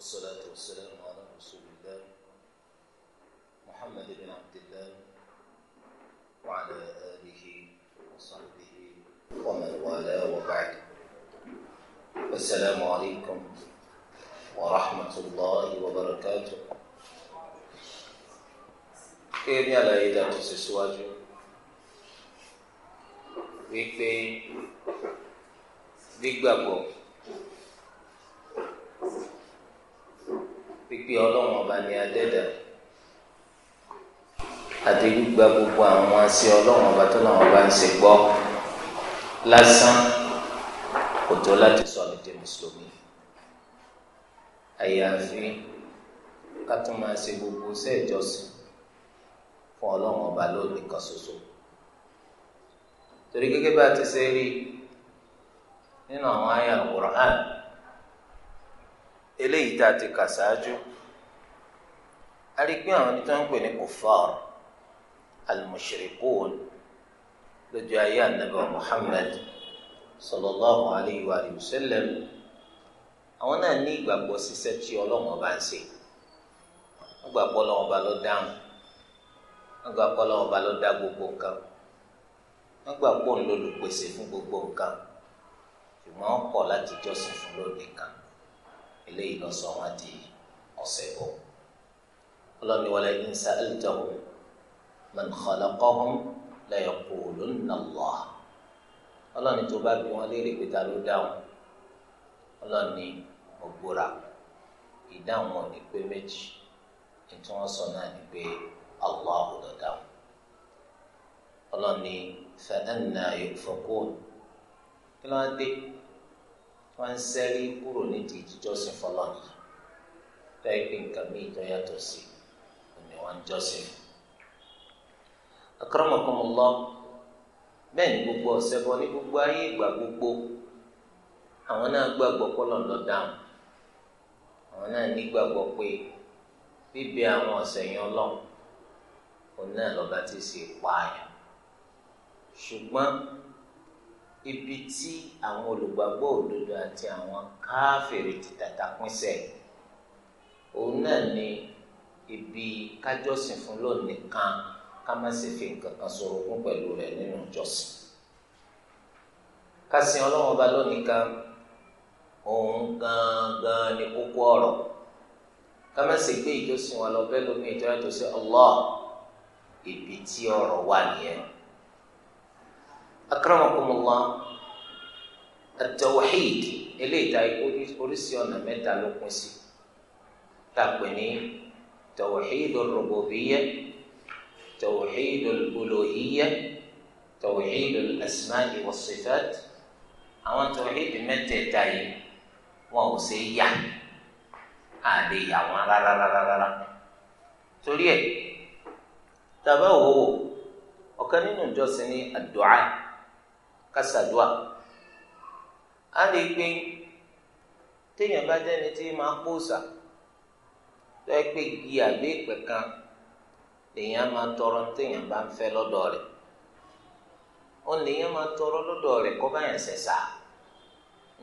والصلاة والسلام على رسول الله محمد بن عبد الله وعلى آله وصحبه ومن والاه وبعد السلام عليكم ورحمة الله وبركاته كيف يلا إذا تسسواجه wípé gbígbàgbọ́ wípé ọlọ́run ọba ni adẹ́dà àti gbígba gbogbo àwọn àṣẹ ọlọ́run ọba tó lọ́run ọba ń ṣe gbọ́ lásán kò tó láti sọ ní ti mùsùlùmí àyàfi ká tún máa ṣe gbogbo iṣẹ́ ìjọsìn fún ọlọ́run ọba lónìí kan ṣoṣo torí gẹ́gẹ́ bá a ti ṣe rí nínú àwọn àyà al eléyìí tá a ti kà ṣáájú. a rí i pé àwọn ẹni tó ń pè ní kufar al lójú ayé sallallahu alayhi wa àwọn náà ní ìgbàgbọ́ ṣiṣẹ́ tí ọlọ́wọ́n bá ń ṣe wọ́n gbàgbọ́ lọ́wọ́ ló dáhùn ló dá gbogbo nǹkan wọ́n gbàgbọ́ ń fún gbogbo nǹkan ṣùgbọ́n wọ́n kọ̀ fún lónìí kan eléyìí ọlọ́ni wàlẹ̀ in sa'altahum man khalaqahum la yaqulunna Allah ọlọ́ni tó bá bí wọn léèrè pé ta ló dáhùn ọlọ́ni ọ̀gbọ́ra ìdáhùn wọn ni pé méjì ètò wọn sọ náà ni pé Allah ló dáhùn ọlọ́ni fa anna yufakun kí ló ń dé wọn ń sẹ́rí kúrò nídìí jíjọ́sìn fọlọ́ni tẹ́ pé nǹkan mí ìtọ́ yàtọ̀ sí i wọ́n ń jọ́sìn. akramakumullah bẹ́ẹ̀ ni gbogbo ọ̀sẹ̀bọ ní gbogbo ayé ìgbà gbogbo àwọn náà gbàgbọ́ pọ́lọ̀ lọ dáhùn àwọn náà nígbàgbọ́ pé bíbẹ àwọn ọ̀sẹ̀ yẹn ọlọ́run òun náà lọ́ba ti ṣe pààyàn ṣùgbọ́n ibi tí àwọn olùgbàgbọ́ òdodo àti àwọn káfíìrì ti tàtà pín sẹ́yìn òun náà ni ibi kájọ́sìn fún lónìí kan ká má sì fi nǹkan kan sọ̀rọ̀ fún pẹ̀lú rẹ̀ nínú ìjọsìn. kásìn ọlọ́wọ́n bá lónìí kan òun gangan ni kókó ọ̀rọ̀ ká má sì gbé ìjọsìn wa lọ bẹ́ẹ̀ lómi ìjọba tó ṣe Allah ibi tí ọ̀rọ̀ wà nìyẹn. akramakumullah at-tawhid eléyìí ta oríṣi ọ̀nà mẹ́ta ló pín sí tá a pè ní. توحيد الربوبية توحيد الألوهية توحيد الأسماء والصفات àwọn tòwíìdì mẹ́tẹ̀ẹ̀ta yìí wọn ò ṣe yá á lè yà wọn rárárárá torí ẹ̀ tàbá òwòwò ọ̀kan nínú ìjọsìn ní àdúà kásàdúà á lè gbé téèyàn bá jẹ́ni tí máa kó sàá. tọ́yẹ gi igi àbí ìpè kan lèèyàn máa tọrọ téèyàn bá ń fẹ́ lọ́dọ̀ rẹ̀ ó tọrọ lọ́dọ̀ rẹ̀ kọ́ báyẹn ṣẹ̀ṣà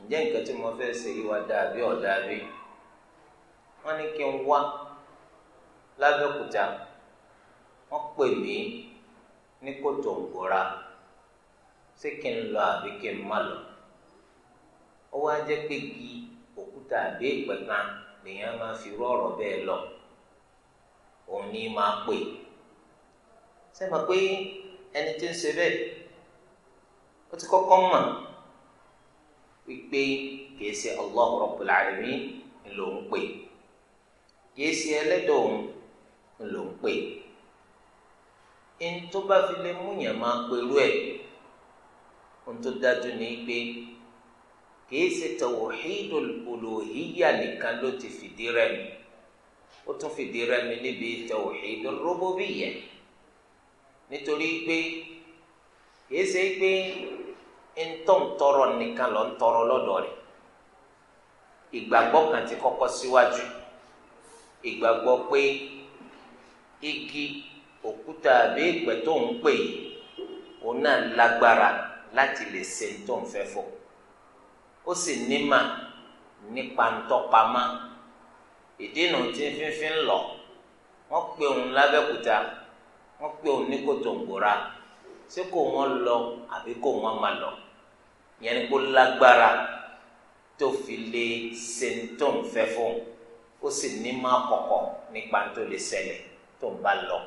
ǹjẹ́ nǹkan tí mo fẹ́ ṣe ìwà dàbí ọ̀dàbí wọ́n ní kí n wá lábẹ́òkúta wọ́n pè mí ní kòtò ṣé kí n lọ àbí kí kan. lèèyàn máa fi rú ọ̀rọ̀ bẹ́ẹ̀ lọ òun ní máa pè sẹ́mi pé ẹni tí ń ṣe bẹ́ẹ̀ ó ti kọ́kọ́ mọ̀ wípé kìí ṣe Allahu Rabbul Alamin ló ń pè kìí ṣe ẹlẹ́dọ̀ òun ló ń pè ẹni tó bá fi lè múyàn máa pẹ̀lú ẹ̀ ohun tó dájú ni pé kìí ṣe tawhidul uluhiyya nìkan ló ti fìdí rẹmi ó tún fìdí rẹmi níbi tawhidul rububiyya nítorí pé kìí ṣe pé ntọ́ ntọrọ nìkan lọ ntọrọ lọ́dọ̀ rẹ̀ ìgbàgbọ́ kan ti kọ́kọ́ síwájú ìgbàgbọ́ pé igi òkúta àbí ìpẹ́ tó ń pè yìí òun náà lágbára láti lè ṣe ntọ́ nfẹ́ fún ó sì nímà nípa ntọ́pamá ìdínà tí ń fínfín lọ wọ́n pe òun lábẹ́kúta wọ́n pe òun ní kòtòǹgbòrà ṣé kò wọ́n lọ àbí kò wọ́n má lọ ìyẹn ni kó lágbára tó fi lè ṣe tó ń fẹ́ fún ó sì nímà kọ̀kọ̀ nípa tó lè ṣẹlẹ̀ tó ń bá lọ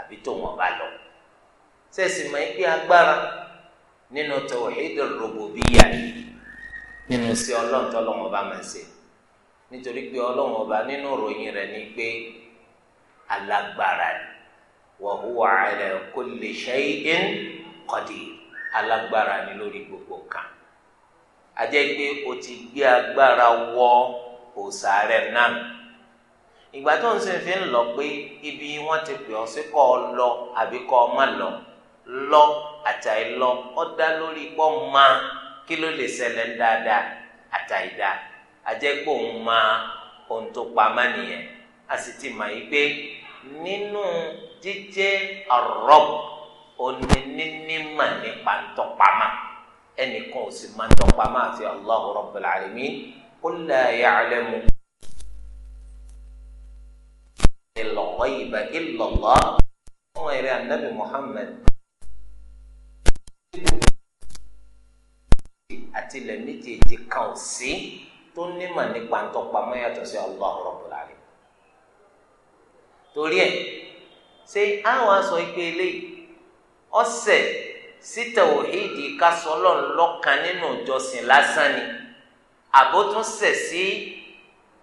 àbí tó wọ́n bá lọ sẹ́sì máa ń gbé agbára nínú tawhid ar-rububiyyah yìí nínú sí ọlọ́run tó lọ́wọ́ ọba máa ṣe nítorí pé ọlọ́run ọba nínú ìròyìn rẹ̀ ni pé alágbára wa huwa ala kulli shay'in qadir alágbára ni lórí gbogbo kan ajẹ́ pé o ti gbé agbára wọ òòsà rẹ̀ náà ìgbà tó ń sìn fi ń lọ pé ibi wọn ti pè ọ́ sí kọ́ ọ lọ àbí kọ́ ọ má lọ lọ àtàìlọ ọ dá lórí pọ́ máa kí ló lè ṣẹlẹ̀ ń dáadáa àtàìdá àjẹpọ̀ òun máa ohun tó pamá nìyẹn a sì ti mọ̀ yí pé nínú jíjẹ́ ọ̀rọ̀b òní níní mà nípa ntọ́pamá ẹnìkan ò sì máa ntọ́pamá àti Allahu Rabbul Alamin qul la ya'lamu al-ghayba illa Allah fún ẹ̀rẹ́ anabi Muhammad àti ilẹ̀ méjèèjì kan ò sí tó nímọ̀ nípa ntọ́pamọ́ yàtọ̀ sí Allah Rabbul Alamin. torí ẹ̀ ṣé àwọn aṣọ ìpè eléyìí ọ̀sẹ̀ sí tawhidi ká sọ Ọlọ́run lọ́kan nínú ìjọsìn lásán ni àbótún sẹ̀ sí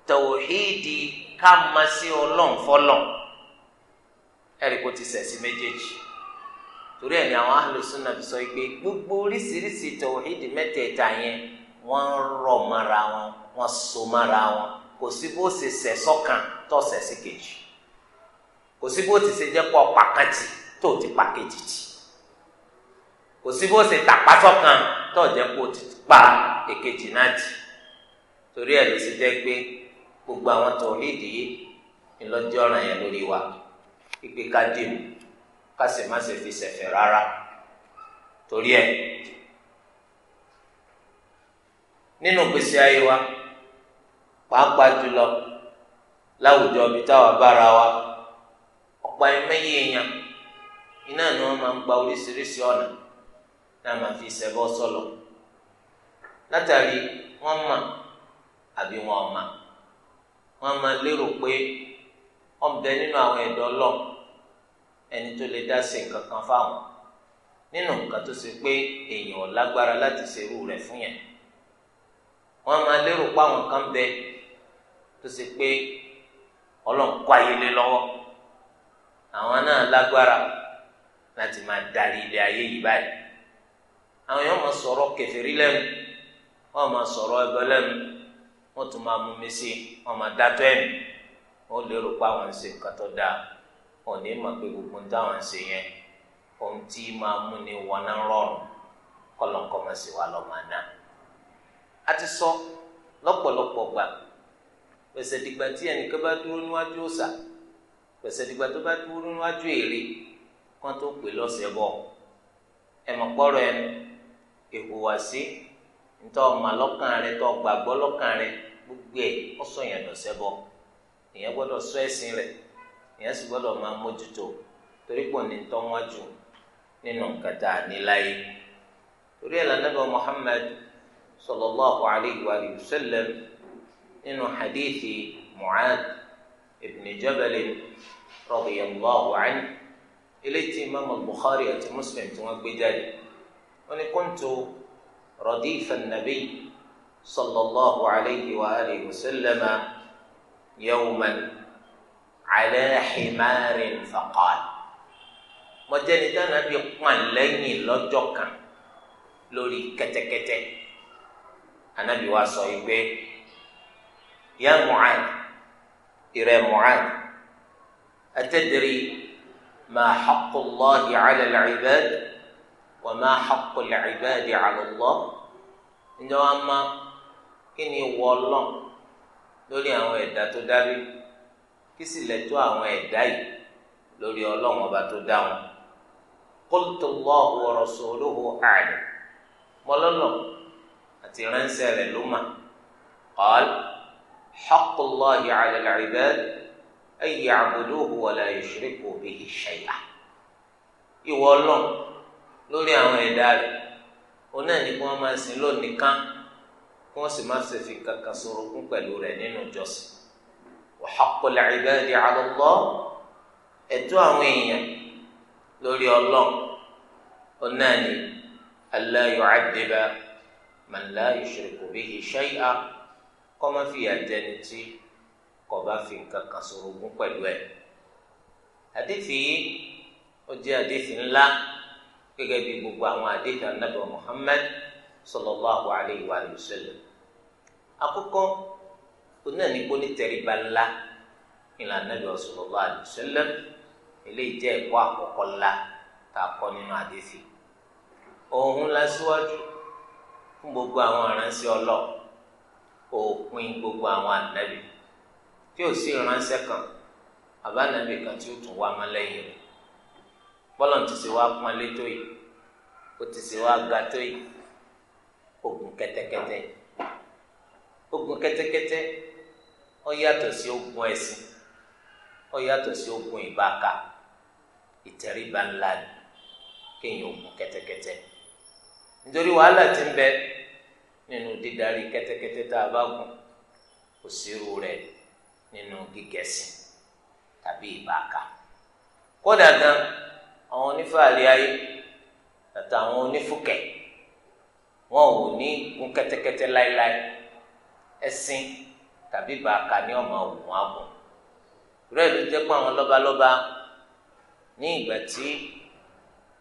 tawhidi ká máa sí Ọlọ́run fọlọ́n ẹ̀rí kò ti sẹ̀ sí méjèèjì. torí ẹ̀ ni àwọn ahlùsùnà fi sọ pé gbogbo oríṣiríṣi tọ̀wọ̀hídì mẹ́tẹ̀ẹ̀ta yẹn wọ́n rọ̀ mọ́ra wọn wọ́n so mọ́ra wọn kò sí bó ṣe ṣẹ̀ sọ́kàn tó ṣẹ̀ sí kejì kò sí bó ti ṣe jẹ́ kó pàkàtì tó ti pàkejì tì kò sí bó ṣe tàpá sọ́kàn tó jẹ́ kó ti pa èkejì náà tì torí ẹ̀ ló jẹ́ pé gbogbo àwọn tọ̀wọ̀hídì yìí ńlọ́jọ́ ọ̀ràn yẹn lórí wa ìgbéka dìbò. kásì má ṣe fi ṣẹ̀fẹ̀ rárá torí ẹ nínú gbèsè ayé wa pàápàá jùlọ láwùjọ ibi táwa bára wa ọ̀pọ̀ ẹ̀mẹ́yẹ èèyàn iná ni wọ́n máa ń gba oríṣiríṣi ọ̀nà náà máa fi ṣẹbọ sọ̀lọ̀ látàrí wọ́n mà àbí wọ́n mà wọ́n máa lérò pé ọ̀bẹ nínú àwọn ẹ̀dọ́ ọlọ́run ẹni tó lè dá ṣe nǹkan kan fáwọn nínú nǹkan tó ṣe pé èèyàn ò lágbára láti ṣerú rẹ̀ fún yẹn wọ́n máa lérò pé àwọn kan bẹ tó ṣe pé Ọlọ́run kọ́ ayé lé lọ́wọ́ àwọn náà lágbára láti máa darí ilé ayé yìí báyìí àwọn èèyàn máa sọ̀rọ̀ kèfèrí lẹ́nu wọ́n máa sọ̀rọ̀ ẹbọ lẹ́nu wọ́n tún máa mú mi sí wọ́n máa dátọ́ ẹ̀mí wọ́n lérò pé ń ṣe nǹkan tó dáa. na mọ̀ pé gbogbo ń táwọn ṣe yẹn ohun tí máa mú na wọná rọrùn kọlọ̀ǹkọ́ máa ṣe wà lọ́mọ àná. a sọ lọ́pọ̀lọpọ̀ gbà pèsè tí ẹnìkan bá dúró níwájú òòṣà pèsè tó bá dúró níwájú rẹ rẹ gbogbo yẹn ìyẹn sọ ìyẹn sì gbọ́dọ̀ máa mójútó torí pò ní tọ́wọ́n jù nínú nǹkan tá a ní láyé torí ẹ̀ lànà bá Muhammad sallallahu alayhi wa sallam nínú hadithi Mu'ad ibn Jabal radiyallahu anhu eléyìí tí imam al-Bukhari àti Muslim tí wọ́n gbé jáde wọ́n ní kuntu radifa nabi sallallahu alayhi wa alihi wa ala himarin faqal mo jẹ́ ni dáná bí pọ́n lẹ́yìn lọ́jọ́ kan lórí kẹ́tẹ́kẹ́tẹ́ anabi wa sọ yìí pé ya Mu'ad ìrẹ Mu'ad atadri ma haqqu Allahi ala al-ibad wa ma haqqu al-ibad ala Allah ǹjẹ́ wàá ma kí ni wọ́ ọlọ́n lórí àwọn ẹ̀dá kí sì lẹ́tọ́ àwọn ẹ̀dá yìí lórí ọlọ́run ọba tó dá wọn. qultu Allahu wa rasuluhu a'lam mọ́lọ́lọ́ àti ránṣẹ́ rẹ̀ ló mà qal haqqu Allahi 'ala al-'ibad an ya'buduhu wa la ìwọ ọlọ́run lórí àwọn ẹ̀dá rẹ̀ òun náà ní kí wọ́n máa sin lónìí kan kí wọ́n sì má ṣe fi kankan sorogún pẹ̀lú rẹ̀ nínú ìjọsìn wa haqqul ibadi ala Allah ẹ̀tọ́ àwọn èèyàn lórí Ọlọ́run onáni alla yu'addiba man la yushriku bihi shay'a kọ́má fi àjẹni tí kò bá fi nǹkan kan ṣorogún pẹ̀lú ẹ̀. àdìsí yìí ó jẹ́ àdìsí ńlá gẹ́gẹ́ bí gbogbo àwọn àdìsí anábọ̀ Muhammad sallallahu alayhi wa sallam. àkọ́kọ́ òun náà ní kó ní tẹríba ńlá ìlànà Ànábì sallallahu alaihi eléyìí ńlá tá a nínú àdéfì òun la síwájú fún gbogbo àwọn aránṣẹ́ ọlọ́ òpin gbogbo àwọn ànábì tí ò sí ìránṣẹ́ kan àbánábì kan tí ó tún wá ti ṣe wá pọ́nlé tó yìí ó ti ṣe wá ga tó yìí ogun ọ yàtọ̀ sí ogun ẹ̀sìn ọ yàtọ̀ sí ogun ìbáka ìtẹríba ńlá ni kéèyàn ogun kẹ́tẹ́kẹ́tẹ́ nítorí wàhálà ti ń bẹ nínú dídarí kẹ́tẹ́kẹ́tẹ́ tá a bá gùn kò sírú rẹ̀ nínú gígẹ̀sìn tàbí ìbáka kódà gan àwọn onífàlẹ́ ayé àtàwọn onífúkẹ́ wọn ò ní gun kẹ́tẹ́kẹ́tẹ́ láéláé tàbí bàákà ní ọmọ òun àbọ̀ rẹ ló pé àwọn lọ́balọ́ba ní ìgbà tí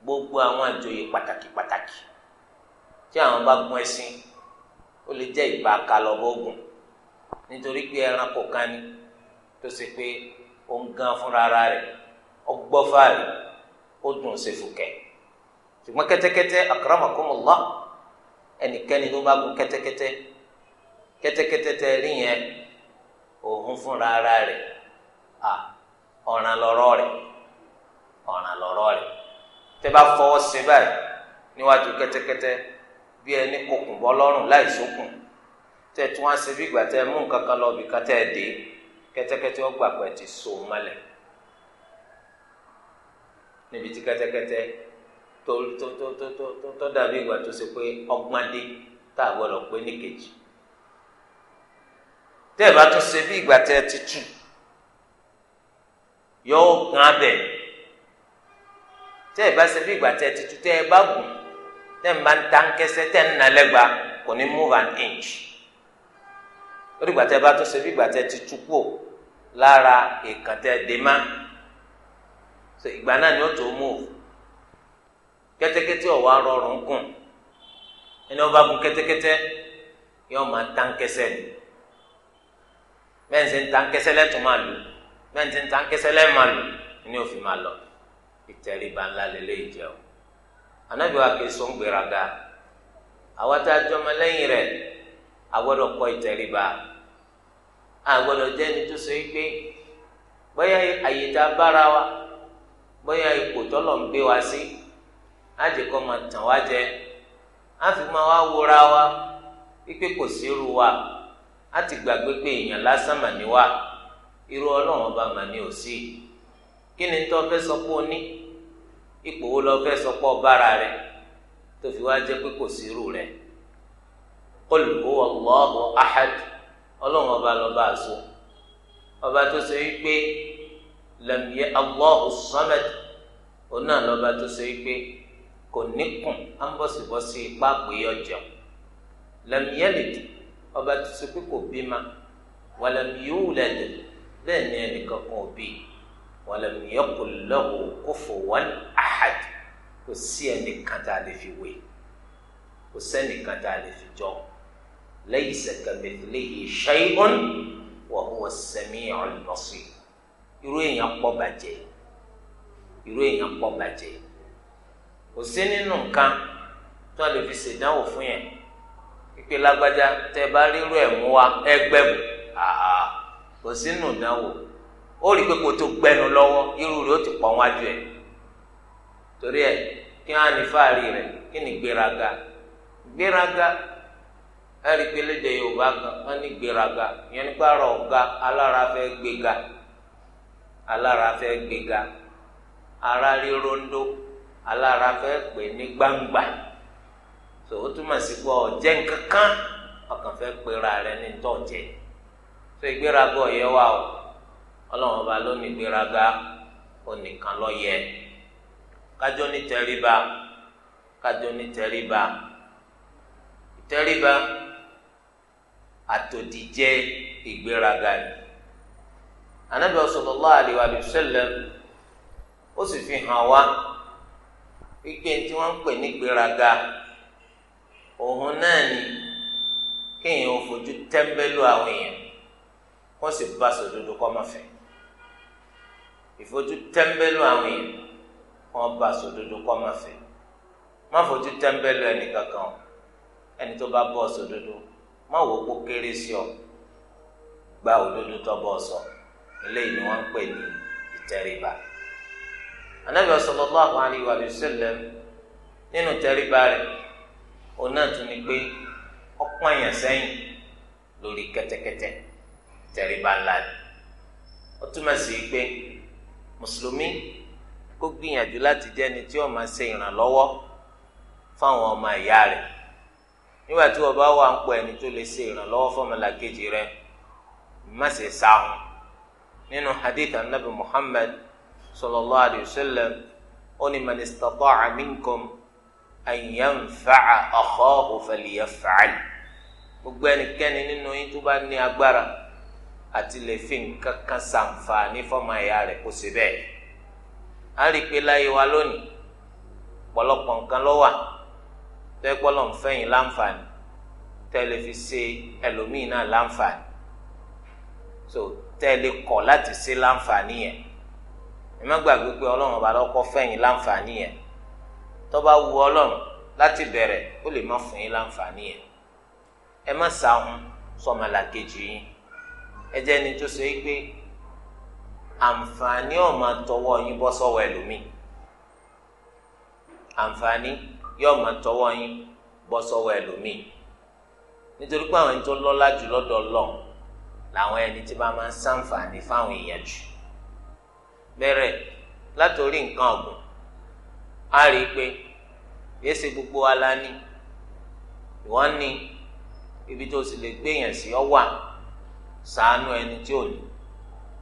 gbogbo àwọn àjòyè pàtàkì pàtàkì tí àwọn bá gun ẹṣin ó lè jẹ́ ìbàákà lọ́bọ̀ ogun nítorí pé kan ni tó ṣe pé ó ń gan fúnra òun fúnra ara rẹ̀ a ọ̀ràn lọ́rọ̀ rẹ̀ ọ̀ràn lọ́rọ̀ rẹ̀ tẹ́ bá fọwọ́ sí báyìí níwájú kẹ́tẹ́kẹ́tẹ́ bí ẹni kokùn bọ́ lọ́rùn láì sókùn tẹ́ tún wá sí ìgbà tẹ́ mú nǹkan lọ bìkan dé kẹ́tẹ́kẹ́tẹ́ ó ti so mọ́lẹ̀ níbi tí kẹ́tẹ́kẹ́tẹ́ tó tó tó tó tó dàbí ìgbà tó tẹ́ ẹ bá tún ṣe bí ìgbà tẹ́ ẹ ti tù yóò gan abẹ tẹ́ ẹ bá ṣe bí gùn tẹ́ ta kẹsẹ́ tẹ́ ẹ ń lẹ́gba kò ní move an inch lórí ìgbà tẹ́ ẹ bá tún ṣe bí ìgbà tẹ́ ẹ ti tù lára tẹ́ ẹ dé má so ta bẹ́ẹ̀ ṣe ń ta kẹsẹ́lẹ́ tún máa lò bẹ́ẹ̀ ṣe ń ta kẹsẹ́lẹ́ máa lò ní òfin máa lọ ìtẹríba ńlá lélẹ́yìí jẹ́ o anabi wa kì í so gbéraga àwa tá a jọmọ lẹ́yìn rẹ̀ a gbọ́dọ̀ kọ́ ìtẹríba a gbọ́dọ̀ jẹ́ ẹni tó so pé bóyá àyè bára wa bóyá ipò tọ́lọ̀ ń gbé wa sí á jẹ́ kó máa tàn wá jẹ á fi máa wá wúra wa wípé kò sí irú wa á ti gbàgbé pé èèyàn lásán mà ní wá irú ọlọ́run ọba mà ní òsì kí ni tó fẹ́ sọ pé o ní ipò wo lọ fẹ́ sọ pé ọbára rẹ tó fi wá jẹ́ pé kò sí irú rẹ qul huwa ahad ọlọ́run ọba lọ́ba àṣọ ọba tó ṣe wípé lam ya Allahu samad lọ́ba tó ṣe wípé kò níkùn á ń bọ̀sibọ́sí ipá pé ọjọ́ lam yalid ọba tó so pé kò bí ma walam yulad bẹ́ẹ̀ ni ẹnìkan kan ò bí walam yakul lahu kufuwan ahad kò sí ẹnìkan tá a lè fi wé kò sẹ́nìkan tá a lè fi jọ laysa kamithlihi shay'un wa huwa as-sami'ul basir irú èèyàn pọ̀ bàjẹ́ irú èèyàn pọ̀ bàjẹ́ kò sí nínú nǹkan tó a lè fi ṣèdánwò fún yẹn. pé lágbájá tẹ bá rírú ẹ̀ mú wa ẹgbẹ́ mu kò sínú ìdánwò ó rí i pé kò tó gbẹnu lọ́wọ́ irú rẹ̀ ó ti pọ̀ torí ẹ̀ kí wọn á ní fáàrí rẹ kí ni gbéraga gbéraga ẹ̀rí pé lédè yorùbá gan wọn ní gbéraga nípa alára rí so ó túmọ̀ sí pé ọ̀jẹ́ nkankan ọkàn fẹ́ pera rẹ ní tọ́jẹ́ so ìgbéraga ọ̀yẹ́ wa o ọlọ́run ọba ló ní ìgbéraga onìkan ló yẹ kájọ ní tẹríba kájọ ní tẹríba tẹríba àtòdìjẹ ìgbéraga ni anabi sallallahu alaihi wa sallam ó sì fi hàn wá wípé tí wọ́n ń pè ní ìgbéraga. òun náà ni kéèyàn ò fojú tẹ́ḿbẹ́lú àwọn èèyàn kó sì bá sòdodo kọ́ máa fẹ́ ìfojú tẹ́ḿbẹ́lú àwọn èèyàn kó bá sòdodo kọ́ máa fẹ́ má fojú tẹ́ḿbẹ́lú ẹnì kankan ẹni tó bá bọ́ sòdodo má wò ó kó kéré sí ọ gba òdodo tó bọ́ sọ eléyìí ni wọ́n ń pè ní ìtẹríba anabi sallallahu alaihi wa sallam nínú tẹríba rẹ̀. òun náà tún ni pé ọpọ́n lori sẹ́yìn lórí kẹ́tẹ́kẹ́tẹ́ tẹríba ńlá ni ó túmọ̀ sí pé mùsùlùmí kó gbìyànjú láti jẹ́ ẹni tí ó ṣe ìrànlọ́wọ́ fáwọn ọmọ ìyá rẹ̀ nígbà tí wọ́n bá wà ń pọ̀ ẹni tó lè ṣe ìrànlọ́wọ́ fọmọlàkejì rẹ̀ má ṣe hadith anabi muhammad sallallahu alayhi wa sallam ó ní àyànfàá ọ̀họ́ òfẹ̀lìyà fàálì gbogbo ẹnikẹ́ni nínú yín tó bá ní agbára àti lè fi nǹkan kan ṣàǹfààní fọ́mọ ẹ̀yà rẹ̀ kó ṣe bẹ́ẹ̀ a rí i pé láyé wa lónìí pọ̀lọpọ̀ nǹkan ló wà tẹ́gbọ́lọ̀ ń fẹ́yìn láǹfààní tẹ́lẹ̀ fi ṣe ẹlòmíì náà láǹfààní so tẹ́lẹ̀ kọ̀ láti ṣe láǹfààní yẹn ẹ má gbàgbé pé ọlọ́run ọba lọ́kọ́ fẹ́yìn láǹfààní yẹn tó bá wu ọlọ́run láti bẹ̀rẹ̀ ó lè má fún yín láǹfààní yẹn ẹ má sàhún sọmọlàkejì yín ẹ jẹ́ ẹni tó ṣe é pé àǹfààní ọ̀ máa tọwọ́ yín bọ́ sọ́wọ́ ẹlòmíì àǹfààní yóò máa tọwọ́ yín bọ́ sọ́wọ́ ẹlòmíì nítorí pé àwọn ẹni tó lọ́lá jù lọ́dọ̀ Ọlọ́run làwọn ẹni tí bá máa ń ṣàǹfààní fáwọn èèyàn jù bẹ̀rẹ̀ látòrí nǹkan ọ̀gbìn a rí i pé èsì gbogbo ala ni ìwọ́n ní ibi tó sì lè gbé yẹn sí ọ wà ṣàánú ẹni tí ò ní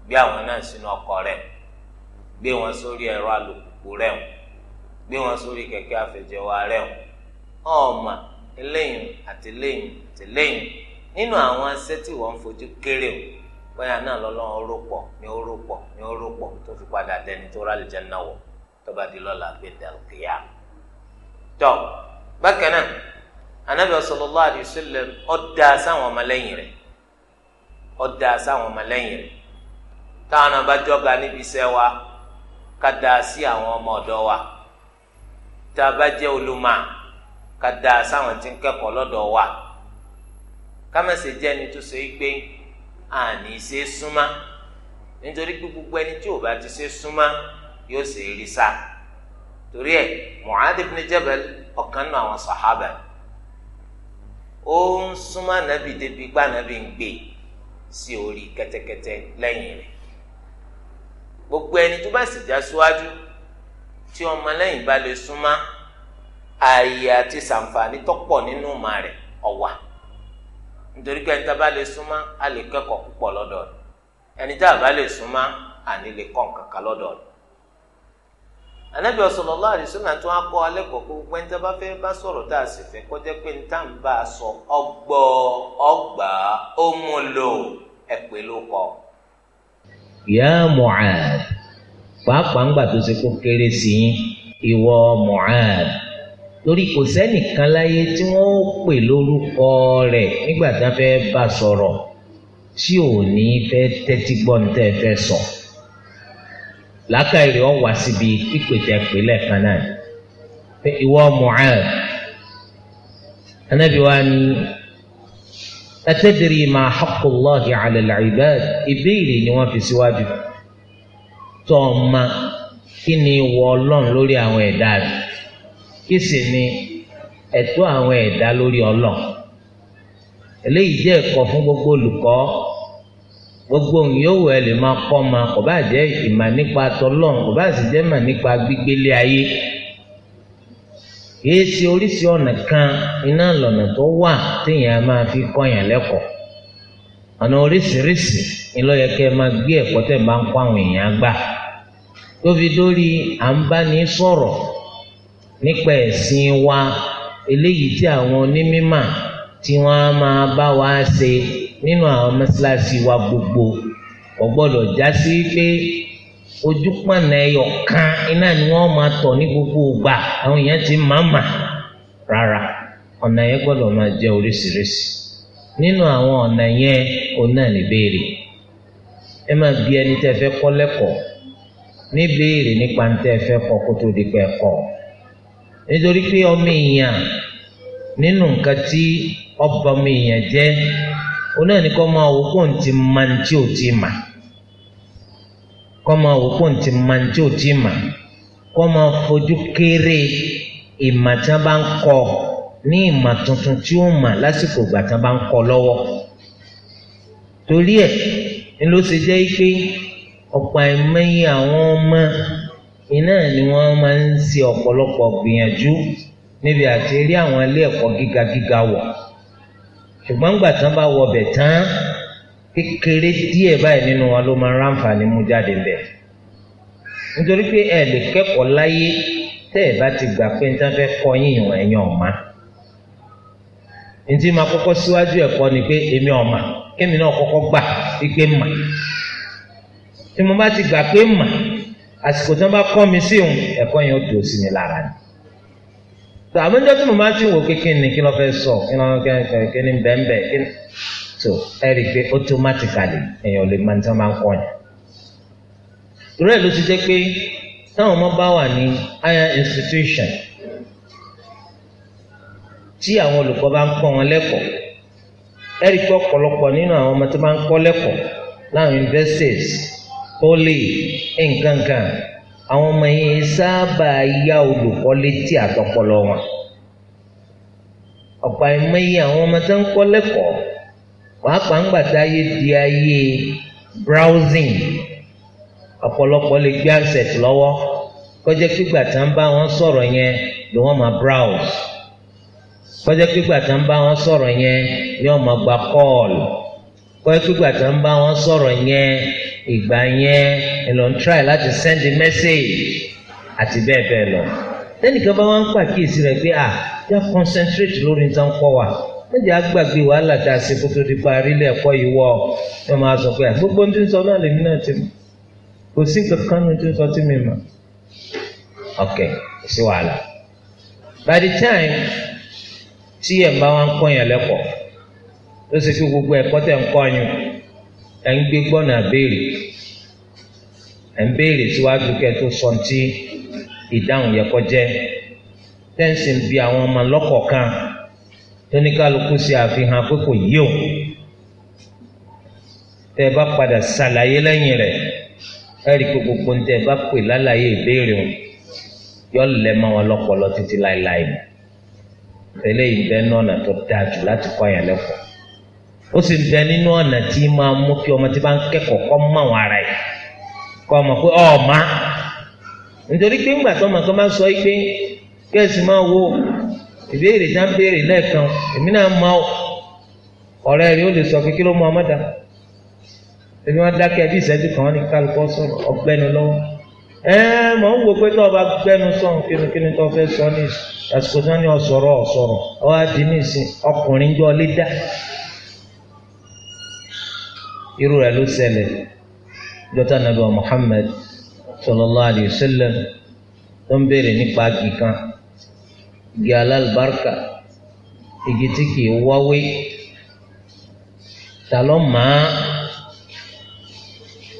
gbé àwọn náà sínú ọkọ rẹ gbé wọn sórí ẹ̀rọ alùpùpù rẹ o gbé wọn sórí kẹ̀kẹ́ afẹjẹwà rẹ o ọmọ eléyìn àti léyìn àti léyìn nínú àwọn ẹsẹ tí wọn ń fojú kéré o bóyá náà lọlọrun ó rò pọ̀ ni ó rò pọ̀ ni ó rò pọ̀ tó fi padà dẹni tó rálẹ jẹ náà wọ. tọba di lọ́la gbẹdẹ òkèèyà tọ bákan náà anabi sallallahu alaihi wasallam ọdá sáwọn ọmọlẹ́yìn rẹ̀ ọdá sáwọn ọmọlẹ́yìn rẹ̀ táwọn abájọba níbi iṣẹ́ wa ká dáa sí àwọn ọmọ ọ̀dọ̀ wa tá a bá jẹ́ olùmọ̀ ká dáa sáwọn tí ń kẹ́kọ̀ọ́ lọ́dọ̀ wa ká má ẹni tó ṣe é gbé àní ṣe é nítorí gbogbo ẹni tí ò bá ti ṣe é yóò sì rí sá torí ẹ Mu'adh ibn Jabal ọ̀kan nù àwọn sàhábà ó ń súnmọ́ débi gbá ń gbé gbogbo ẹni tó bá sì já síwájú tí ọmọ lẹ́yìn bá lè súnmọ́ ààyè àti sàǹfààní tó nínú ìmọ̀ suma ọ̀wà nítorí pé ẹni tá a bá lè súnmọ́ a anabi sallallahu alaihi wasallam tó akọ alẹ kọ kó gbẹ níta bá fẹ́ bá sọ̀rọ̀ tá a sì fẹ́ kọjá pé níta ń bá a sọ ọgbọ ọgbà ọmọlò ẹpẹ ló kọ. ya Mu'adh pàápàá ńgbà tó ṣe kó kéré sí ìwọ Mu'adh torí kò sẹ́nìkan láyé tí wọ́n ó pè lórúkọ rẹ̀ nígbà tá a fẹ́ bá sọ̀rọ̀ tí ò ní fẹ́ tẹ́tí gbọ́ ní tẹ́ fẹ́ sọ. So làákàyèrè ọ̀ wá síbi pípètè pèlè kan náà pé ìwọ Mu'adh anabi wa ni atadiri ma haqqullahi ala al-ibad ìbéèrè ni wọ́n fi síwájú tó o ma kí ni ìwọ Ọlọ́run lórí àwọn ẹ̀dá rẹ̀ kí ni ẹ̀tọ́ àwọn ẹ̀dá lórí Ọlọ́run eléyìí jẹ́ ẹ̀kọ́ fún gbogbo olùkọ́ gbogbo òyìnbó ẹ lè máa kọ́ ma kò bá jẹ́ ìmà nípa tọlọ́n kò bá sì jẹ́ ìmà nípa gbígbélé ayé kìí ṣe oríṣi ọ̀nà kan iná lọ́nà tó wà téèyàn máa fi kọ́yàn lẹ́kọ̀ọ́ ọ̀nà oríṣiríṣi ni ló yẹ kẹ́ ẹ máa gbé ẹ̀kọ́ tẹ̀ bá ń kọ́ àwọn èèyàn gbà tó fi dórí à ń bá ní sọ̀rọ̀ nípa ẹ̀sìn wa eléyìí tí àwọn onímímà tí wọ́n á máa bá wa ṣe nínú àwọn mọ́sálásí wa gbogbo kò gbọ́dọ̀ já pé ojú ẹyọ kan iná ni wọn máa tọ̀ ní gbogbo ìgbà àwọn èèyàn ti máa mà rárá ọ̀nà yẹn gbọ́dọ̀ máa jẹ́ oríṣiríṣi nínú àwọn ọ̀nà yẹn òun náà ẹ máa bí ẹni tẹ́ fẹ́ kọ́ lẹ́kọ̀ọ́ nípa ní tẹ́ fẹ́ kọ́ kó di pẹ́ kọ́ nítorí pé ọmọ èèyàn nínú nǹkan oní ẹni kọ́ máa wò pọ̀ ntí ma ntí ò tí ma kọ́ máa wò pọ̀ ntí ma ntí ò tí ma kọ́ máa fojú kéré ìmà tí wọ́n bá ń kọ́ ní ìmà tuntun tí ó mà lásìkò ìgbà tí wọ́n bá ń kọ́ lọ́wọ́ torí ẹ̀ ni ló ṣe jẹ́ pé ọ̀pọ̀ àìmọye àwọn ọmọ iná ni wọ́n máa ń ṣe ọ̀pọ̀lọpọ̀ gbìyànjú níbi àti rí àwọn ilé ẹ̀kọ́ gíga gíga wọ̀ ṣùgbọ́n gbà tán bá wọ ọbẹ̀ tán kékeré díẹ̀ báyìí nínú wọn ló máa ń mú jáde bẹ̀ nítorí pé ẹ lè kẹ́kọ̀ọ́ láyé tẹ́ ẹ bá ti gbà pé níta fẹ́ kọ́ yín ìwọ̀n ẹ̀yìn ọ̀ma ntí máa kọ́kọ́ síwájú ẹ̀kọ́ ni pé èmi ọ̀ma kémi náà kọ́kọ́ gbà pé mà tí mo bá ti gbà pé mà àsìkò tí wọ́n bá kọ́ mi sí òun ẹ̀kọ́ yẹn ó dùn sí mi lára ni tó àmọ́jọ́ tí mo máa ti wò kékeré ni kí ló fẹ́ sọ kí ló fẹ́ sọ kí ni bẹ́ẹ̀nbẹ́ kí ni tó ẹ rí i pé automatically èèyàn lè máa ń tán máa ń kọ́ yẹn. ìrẹ́ ló ti jẹ́ pé táwọn ọmọ bá wà ní higher institution tí àwọn olùkọ́ bá ń kọ́ wọn lẹ́kọ̀ọ́ ẹ rí i pé ọ̀pọ̀lọpọ̀ nínú àwọn ọmọ tó máa ń kọ́ lẹ́kọ̀ọ́ láwọn universities poli nǹkan àwọn ọmọ yẹn sábà yá olùkọ́ létí àtọpọlọ wọn ọ̀pọ̀ àìmọye àwọn ọmọ tó ń kọ́ lẹ́kọ̀ọ́ pàápàá ń gbà tá ayé di ayé browsing ọ̀pọ̀lọpọ̀ lè gbé handset lọ́wọ́ kọjá pígbà tá ń bá wọn sọ̀rọ̀ yẹn ni wọ́n máa browse kọjá pígbà tá ń bá wọn gba kọ́ọ̀lù kọ́ ẹ́ pípa tó ń bá wọn sọ̀rọ̀ yẹn ìgbà yẹn ẹ̀lọ́ ń try láti send a message àti bẹ́ẹ̀ bẹ́ẹ̀ lọ. tẹ́nìkan bá wọn ń pàkíyèsí rẹ̀ pé à yà concentrate lórí nǹkan kọ́ wa méjì agbàgbé wàhálà tá a ṣe kó tó di parí ilé ẹ̀kọ́ yìí wọ̀ ẹ máa sọ pé gbogbo ohun tí sọ náà lèmi náà ti mọ̀ kò sí nǹkan kan ohun sọ tí mi mọ̀ ok kò sí wàhálà by the time tí ẹ̀ ń bá wọn kọ́ yẹn lẹ́kọ̀ọ́ ó sì fi gbogbo ẹ̀kọ́ tẹ̀ ń kọ́ yín ẹ̀ ń gbé gbọ́nà béèrè ẹ̀ ń béèrè síwájú kẹ́ tó sọ ti ìdáhùn yẹ kọjẹ́ tẹ́ǹsì ń bi àwọn ọmọ lọ́kọ̀ọ̀kan tóníkàlùkù ṣe àfihàn pé kò yí o tẹ́ ẹ bá padà ṣàlàyé lẹ́yìn rẹ̀ ẹ rí i gbogbo ń tẹ́ ẹ bá pè lálàyé ìbéèrè o yọ lẹ́ mọ́ wọn lọ́pọ̀lọ́ títí láéláé tẹ́lẹ̀ ìbẹ́nu ọ̀nà tó dáa jù láti kọ́ yẹn lẹ́kọ̀ọ́. ó sì bẹ nínú ọ̀nà tí máa mú kí ọmọ tí bá ń kẹ́kọ̀ọ́ kọ́ mọ̀ ara ẹ̀ kọ́ ọmọ pé ọ̀ọ́mà nítorí pé ńgbà tó ọmọ kan bá sọ pé kẹ́sì máa wo ìbéèrè tá ń béèrè lẹ́ẹ̀kan èmi náà ọ̀rẹ́ ó sọ pé kí ló mú ọmọ èmi wọn dákẹ́ bí ìṣẹ́jú kan ní kálukọ́ sọ̀rọ̀ ẹ mọ̀ ń wo pé tó o gbẹ́nu sọ̀rọ̀ kínníkínní tó fẹ́ sọ ní àsìkò tó ní irú rẹ̀ ló ṣẹlẹ̀ jọ́tà nàbẹ̀ Muhammad sallallahu alayhi wa sallam tó ń béèrè nípa igi kan igi alálùbáríkà igi tí kì í wáwé ta ló máa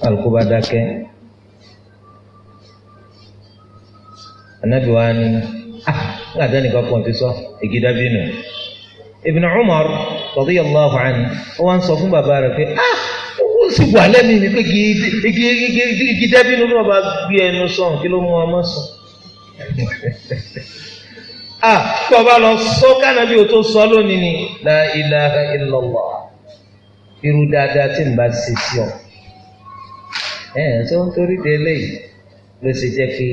alùpùpù dákẹ́ anabi wa ni ah nga dani ka pọnti sọ igi dabi nù Ibn Umar radiyallahu anhu wọn sọ fún bàbá rẹ̀ pé ah sì wà lẹ́nu mi pé igi dẹ́bínú náà bá gbé ẹnu sàn kí ló mú ọmọ sàn. a kí ah, ọba lọ sọ kánàbí o tó sọ lónìí ni la ilaha illallah irú dáadáa tí n bá ṣe sí ọ. ẹ ẹ tó ń torí de eléyìí ló ṣe jẹ́ pé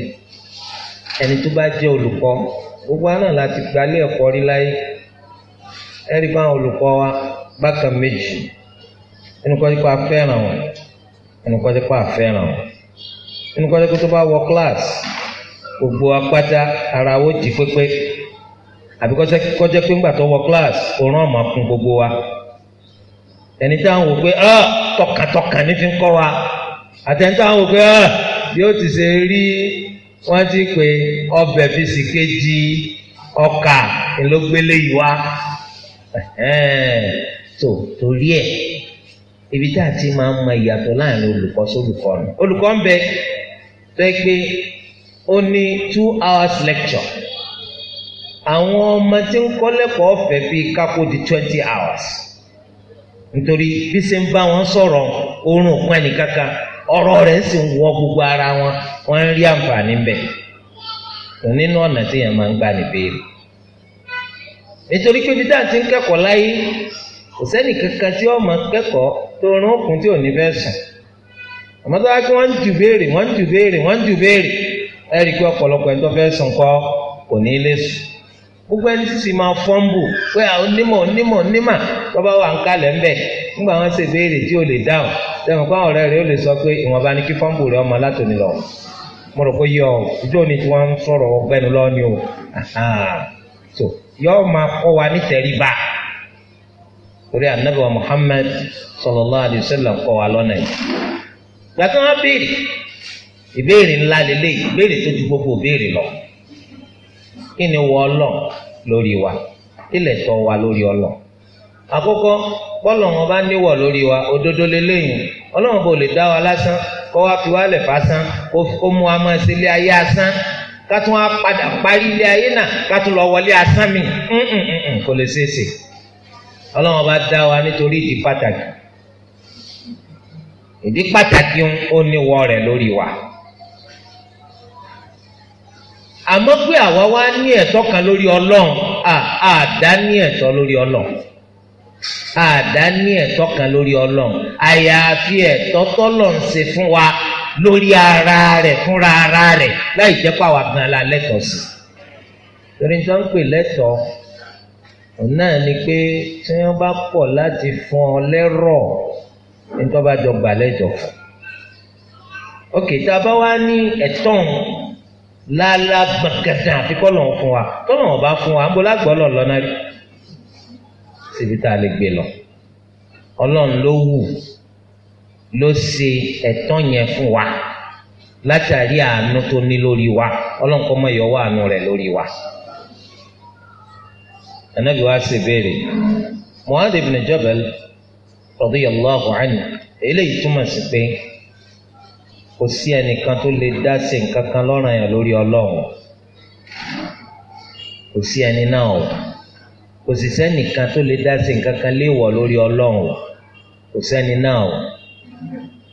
ẹni tó bá jẹ́ olùkọ́ gbogbo àná láti gbalẹ̀ ẹ̀kọ́ rí láyé ẹ̀rí bá àwọn wa bákan méjì ẹnu kọ́ dípò afẹ́ràn wọn ẹnu kọ́ dípò afẹ́ràn wọn ẹnu kọ́ dípò tó bá wọ kíláàsì gbogbo apáta ara wo jí pépé àbí kọ́jẹ́ pé ńgbà tó wọ kíláàsì òórùn ọ̀mà fún gbogbo wa ẹni tí àwọn wò pé ọ́ tọkàntọkàn ní fi ń kọ́ wa àtẹni tí àwọn wò pé ọ́ yóò ti ṣe rí wọ́n ti pè ọbẹ̀ fi sì kejì ọkà ìlógbélé yìí wá tó torí ẹ̀. ibi a ti máa ń mọ ìyàtọ̀ láàrin olùkọ́ sólùkọ́ nù olùkọ́ ń bẹ tó pé ó ní two hours lecture àwọn ọmọ tí ń kọ́ lẹ́kọ̀ọ́ di twenty hours nítorí bí ṣe ń bá wọn sọ̀rọ̀ oorun òpin ẹnìkankan ọ̀rọ̀ rẹ̀ sì ń wọ gbogbo ara wọn wọn ń rí àǹfààní ń bẹ̀ nínú ọ̀nà tí máa ń gbà nítorí pé kò sẹ́ni kankan tí ọmọ kẹ́kọ̀ọ́ tó rún òkun tí ò ní fẹ́ sùn àmọ́ tó wá kí wọ́n ń ju béèrè wọ́n ń ju béèrè wọ́n ń ju béèrè ẹ rí i pé ọ̀pọ̀lọpọ̀ ẹni tó fẹ́ sùn kọ́ kò ní lè sùn gbogbo ẹni sì máa fọ́ǹbù pé onímọ̀ onímọ̀ onímọ̀ tó bá wà ń kalẹ̀ ńbẹ̀ nígbà wọn ṣe béèrè tí sọ pé ìwọ̀nba ni kí ọmọ látòní lọ mo rò pé yọ ìjọ ni tí wọ́n ń sọ̀rọ̀ o máa kọ́ wa orí anabi wa muhammed sallallahu alayhi wa sallam kọ́ wa lọ́nà yìí. gbàtà wọn béèrè ìbéèrè ńlá gbogbo béèrè lọ kí ni ọlọ lórí wa ilẹ̀ tọ́ ọlọ àkọ́kọ́ bọ́lọ̀ wọn bá níwọ̀ lórí wa òdodo bò lè dá wa lásán fi lẹ̀ fásán kó ọlọ́run bá dá wa nítorí ìdí pàtàkì ìdí pàtàkì ó níwọ rẹ̀ lórí wa àmọ́ pé àwa wá ní ẹ̀tọ́ kan lórí ọlọ́run àdá ní ẹ̀tọ́ lórí ọlọ́run àdá ní ẹ̀tọ́ kan lórí ọlọ́run àyàfi ẹ̀tọ́ tọ́lọ̀ ń ṣe fún wa lórí ara rẹ̀ fúnra ara rẹ̀ láì jẹ́ pàwọ́ gan la lẹ́tọ̀ọ́ sí torí nítorí pé lẹ́tọ̀ọ́ náà ni pé tí wọ́n bá kọ̀ láti fún ọ lẹ́rọ̀ nítorí bá jọ gbà lẹ́jọ́ fún. ok tá a bá wá ní ẹ̀tọ́n lálá gbàgàdà àfi kọ́ lọ́n fún wa tó lọ́n bá fún wa àbó lágbọ́ lọ́n lọ́nà rí síbi tá a lè gbé lọ ọlọ́run ló wù ló ṣe ẹ̀tọ́n yẹn fún wa látàrí àánú tó ní lórí wa ọlọ́run kọ́ mọ̀ yọ wá àánú rẹ̀ lórí wa anabi wa ṣe béèrè mu'adh جبل رضي الله عنه eléyìí ثم sí pé kò sí ẹnìkan tó lè dá sí nǹkan kan lọ́ràn yẹn lórí ọlọ́run kò sí ẹni náà o kò sì sẹ́nìkan tó lè dá sí nǹkan kan léèwọ̀ lórí ọlọ́run o kò sẹ́ni náà o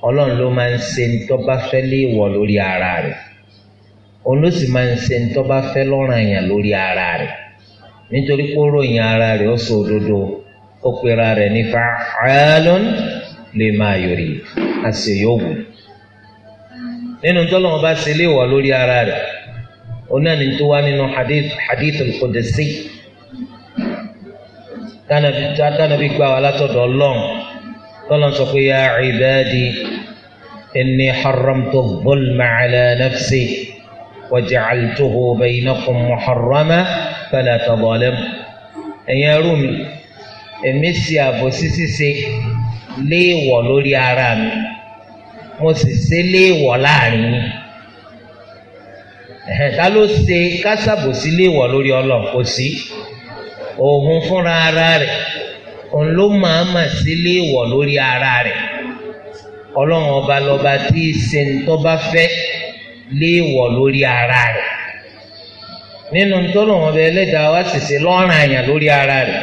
ọlọ́run ló máa ń ṣe ní tó fẹ́ léèwọ̀ lórí ara rẹ̀ òun ló sì máa ń ṣe ní tó fẹ́ lọ́ràn yẹn lórí ara rẹ̀ nítorí pé ó ròyìn ara rẹ̀ ó sọ òdodo ó pera rẹ̀ ní fa'alun lima yurid àṣeyọ̀wò nínú tọ́lọ́wọ́n bá ṣe léèwọ̀ lórí ara rẹ̀ onáni tó wá nínú hadith hadith al-qudsi tánàbí gbà wà látọ̀dọ̀ ọlọ́run tọ́lọ́n sọ pé ya ibadi inni haramtu dhulma ala nafsi. وجعلته بينكم محرما فلا تظالموا ẹ̀yin ẹrú mi èmi ṣe àbòsí ṣíṣe léèwọ̀ lórí ara mi mo sì ṣe léèwọ̀ láàrin yín ẹ̀hẹ̀ ta ló ṣe kásàbòsí léèwọ̀ lórí ọlọ́run kò sí òun fúnra ara rẹ̀ òun ló máa mà sí léèwọ̀ lórí ara rẹ̀ ọlọ́run ọba lọ́ba tí í ṣe bá fẹ́ léèwọ̀ lórí ara rẹ̀ nínú ntọ́lọ́wọ́n bẹ ẹlẹ́dàá wá ṣẹ̀ṣẹ̀ lọ́rùn àyàn lórí ara rẹ̀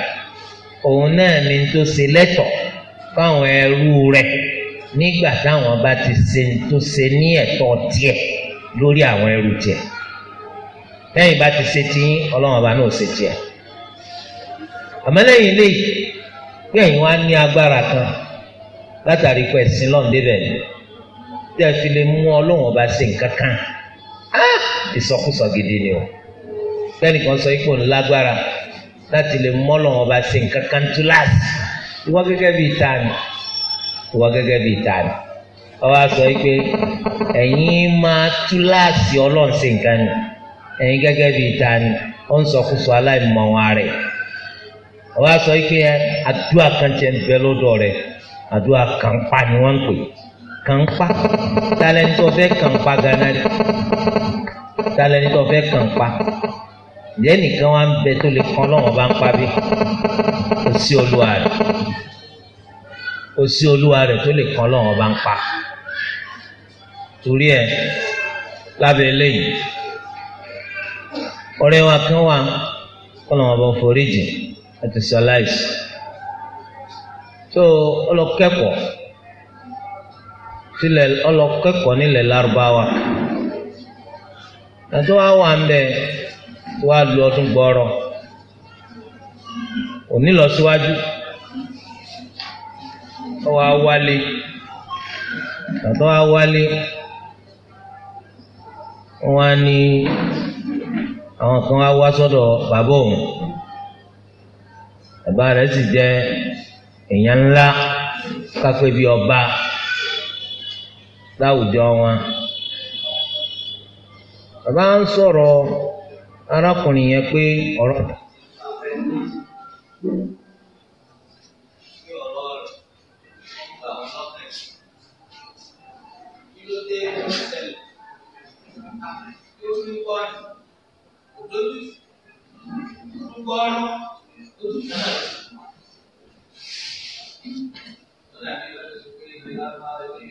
òun náà ni tó ṣe lẹ́tọ̀ fáwọn ẹrú rẹ̀ nígbà táwọn bá ti ṣe tó ṣe ní ẹ̀tọ́ tiẹ̀ lórí àwọn ẹrú tiẹ̀ lẹ́yìn bá ti ṣe tiyín ọlọ́wọ́n bá náà ṣe tiẹ̀ àmọ́ lẹ́yìn léyìí pé ẹ̀yin wá ní agbára kan látàrí pé ẹ̀sìn tẹ́ ẹ fi lè mú ọlọ́run ọba ṣe nǹkan kan ah! ìsọkúsọ gidi ni o lẹ́nìkan sọ ipò ńlágbára láti lè mú ọlọ́run ọba ṣe nǹkan kan túláàsì ìwọ gẹ́gẹ́ bíi ta ni ìwọ gẹ́gẹ́ bíi ta ni ọba sọ pé ẹ̀yin máa túláàsì ọlọ́run ṣe nǹkan ni ẹ̀yin gẹ́gẹ́ bíi ta ni ó ń sọkúsọ aláìmọ̀ wọn rẹ̀ ọba sọ pé àdúrà kan tiẹ̀ ń bẹ lọ́dọ̀ rẹ̀ àdúrà kan pa ni wọ́n ń pè kànpa talẹni tó fẹ́ kànpa gana ni talẹni tó fẹ́ kànpa ìyẹn nìkan wà ń bẹ tó lè kàn lọ́wọ́n bá ń pa bí kò sí olúwa rẹ̀ o sí olúwa rẹ̀ tó lè kàn lọ́wọ́n bá ń pa torí ẹ̀ lábẹ́ eléyìí ọ̀rẹ́ wa kan wà kọ́lọ́wọ́n bá ń àti sọ tó ọlọ́kẹ́kọ̀ọ́ tilẹ̀ ọlọ́kẹ́kọ̀ọ́ nílẹ̀ lárúbáwá àti wàá wà ń bẹ wà lu ọdún gbọ́rọ̀ òní lọ síwájú ọwọ́ awálé àti wàá wálé wọn á ní àwọn kan wá wá sọ́dọ̀ bàbá òun bàbá rẹ̀ sì jẹ́ èèyàn ńlá kápẹ́ bíi ọba láwùjọ wọn. bàbá ń sọ̀rọ̀ arákùnrin yẹn pé ọ̀rọ̀. Thank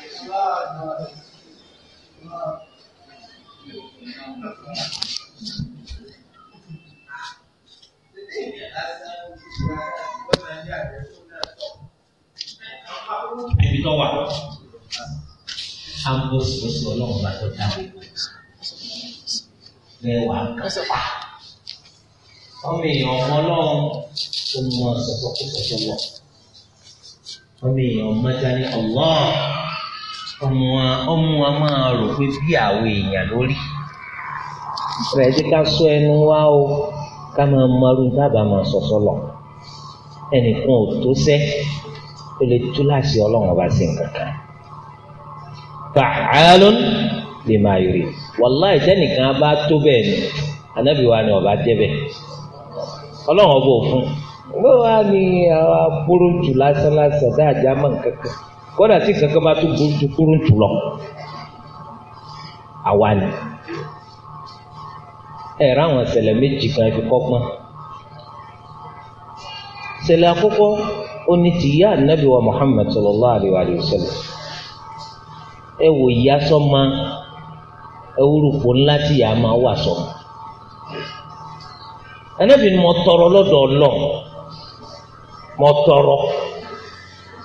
你说吧。他们不是不是弄来混蛋，来玩干什么？他们有么弄？什么什么不什么？他们有么在呢？Allah。ọmú wọn máa rò pé bí àwọn èèyàn lórí rẹ̀ ti ká sọ ẹnu wá o ká máa marú dábàá máa sọ̀sọ́ lọ ẹnìkan ò tó sẹ́ ó lè tú láti ọlọ́run ọba sí nǹkan kan fàálùn lè máa yòrè wàláì sẹ́nìkan bá tó bẹ́ẹ̀ ni anábì wa ni ọba jẹ́ bẹ́ẹ̀ ọlọ́run ọba ò fún un gbọ́dọ̀ wá ní àwọn aburú jù lásán lásán dáàjá mọ̀ nǹkan kan kódà tí kankan bá tún burú kúrú tù lọ àwa ni ẹ rà àwọn ìṣẹ̀lẹ̀ méjì kan fi kọ́gbọ́n ìṣẹ̀lẹ̀ àkọ́kọ́ ó ní ti ìyá ànábì wa Muhammad sallallahu alayhi wa sallam ẹ wò ìyá sọ́mọ ẹ wúrúkọ ńlá tí ìyá máa wà sọ ànábì ni mo tọrọ lọ́dọ̀ Ọlọ́run mo tọrọ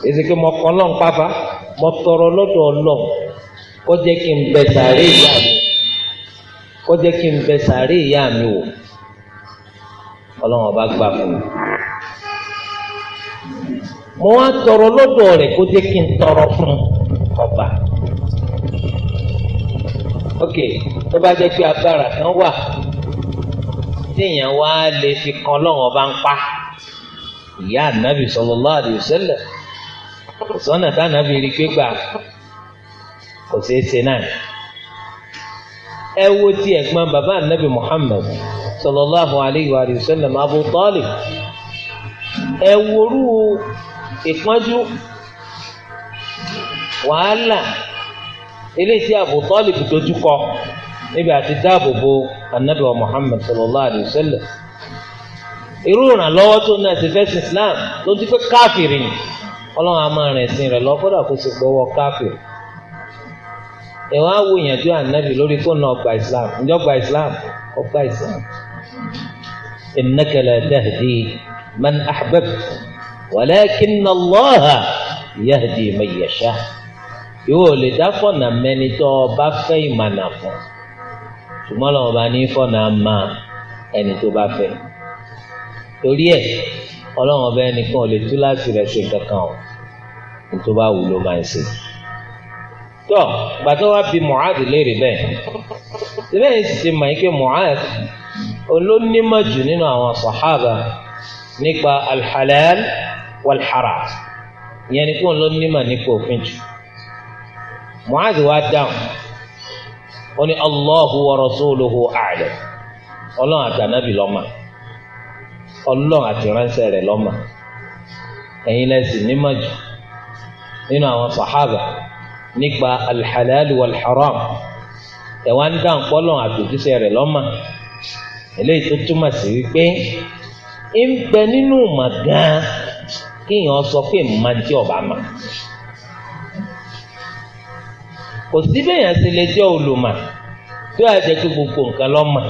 èsì pé mo kọ́ lọ́n pàfà mo tọrọ lọ́dọ̀ ọlọ́n kó jẹ́ kí n bẹ sàárè ìyá mi kó jẹ́ kí n bẹ sàárè ìyá mi wò ọlọ́run ọba gbà fún mi mo wá tọrọ lọ́dọ̀ rẹ̀ kó kí n tọrọ fún ọba ok tó bá jẹ́ pé agbára kan wà téèyàn wá lè fi kan lọ́wọ́ bá ń pa ìyá ànábì sallallahu alaihi wasallam kò sọ́nà táwọn abèrè pé gbà kò ṣeé ṣe náà ẹ wo ti ẹ̀gbọ́n bàbá anabi muhammed sallallahu alayhi wa sallam abu talib ẹ worú ìpọ́njú wàhálà eléyìí abu talib dojú kọ níbi àti dáàbò bo anabi wa muhammed sallallahu alayhi wa sallam irú ìrànlọ́wọ́ tó náà ti fẹ́ sin islam ló ti fẹ́ káfìrì ni ọlọ́run a máa rìn sin rẹ̀ lọ kódà kó sì gbọ́wọ́ káfíìn ẹ̀wọ̀n á wo ìyànjú ànábì lórí fóònù ọgbà islam ǹjọ́ gba islam ọgbà islam innaka la tahdi man ahbabta walakinna Allaha yahdi man yasha ìwọ lè dá fọ̀nà mẹ́ni tó o bá fẹ́ ìmànà fún ṣùgbọ́n lọ́wọ́ bá ní fọ̀nà máa ẹni tó bá fẹ́ torí ẹ̀ ọlọ́run ọba ẹnìkan ò lè tú láti rẹ̀ ṣe kankan o tó bá wù ló máa ń ṣe. tó gbàtọ́ wá bí Mu'adh léèrè bẹ́ẹ̀ síbẹ̀ yìí ti mọ̀ ike Mu'adh olónímọ̀ jù nínú àwọn sàhábà nípa alḥalal wàlḥaram ìyẹn ni kó olónímọ̀ nípa òfin jù Mu'adh wá dáhùn ó ní Allahu wa rasuluhu a'lam ọlọ́run àtànábì lọ́mà ọlọ́run àtìránṣẹ́ rẹ̀ lọ́mà ẹ̀yin lẹ́sìn nímọ̀ jù nínú àwọn sàhábà nípa alḥalal walḥaram ẹ̀wá ń dá nǹkọ́lọ̀ àdójúṣe rẹ̀ lọ́mà eléyìí tó túmọ̀ sí wípé ń bẹ nínú mà gan kéèyàn sọ pé mà ń jẹ́ ọ̀bà mà kò sí bẹ́yàn sì lè jẹ́ olùmọ̀ tó yà jẹ́ pé gbogbo nǹkan lọ́mà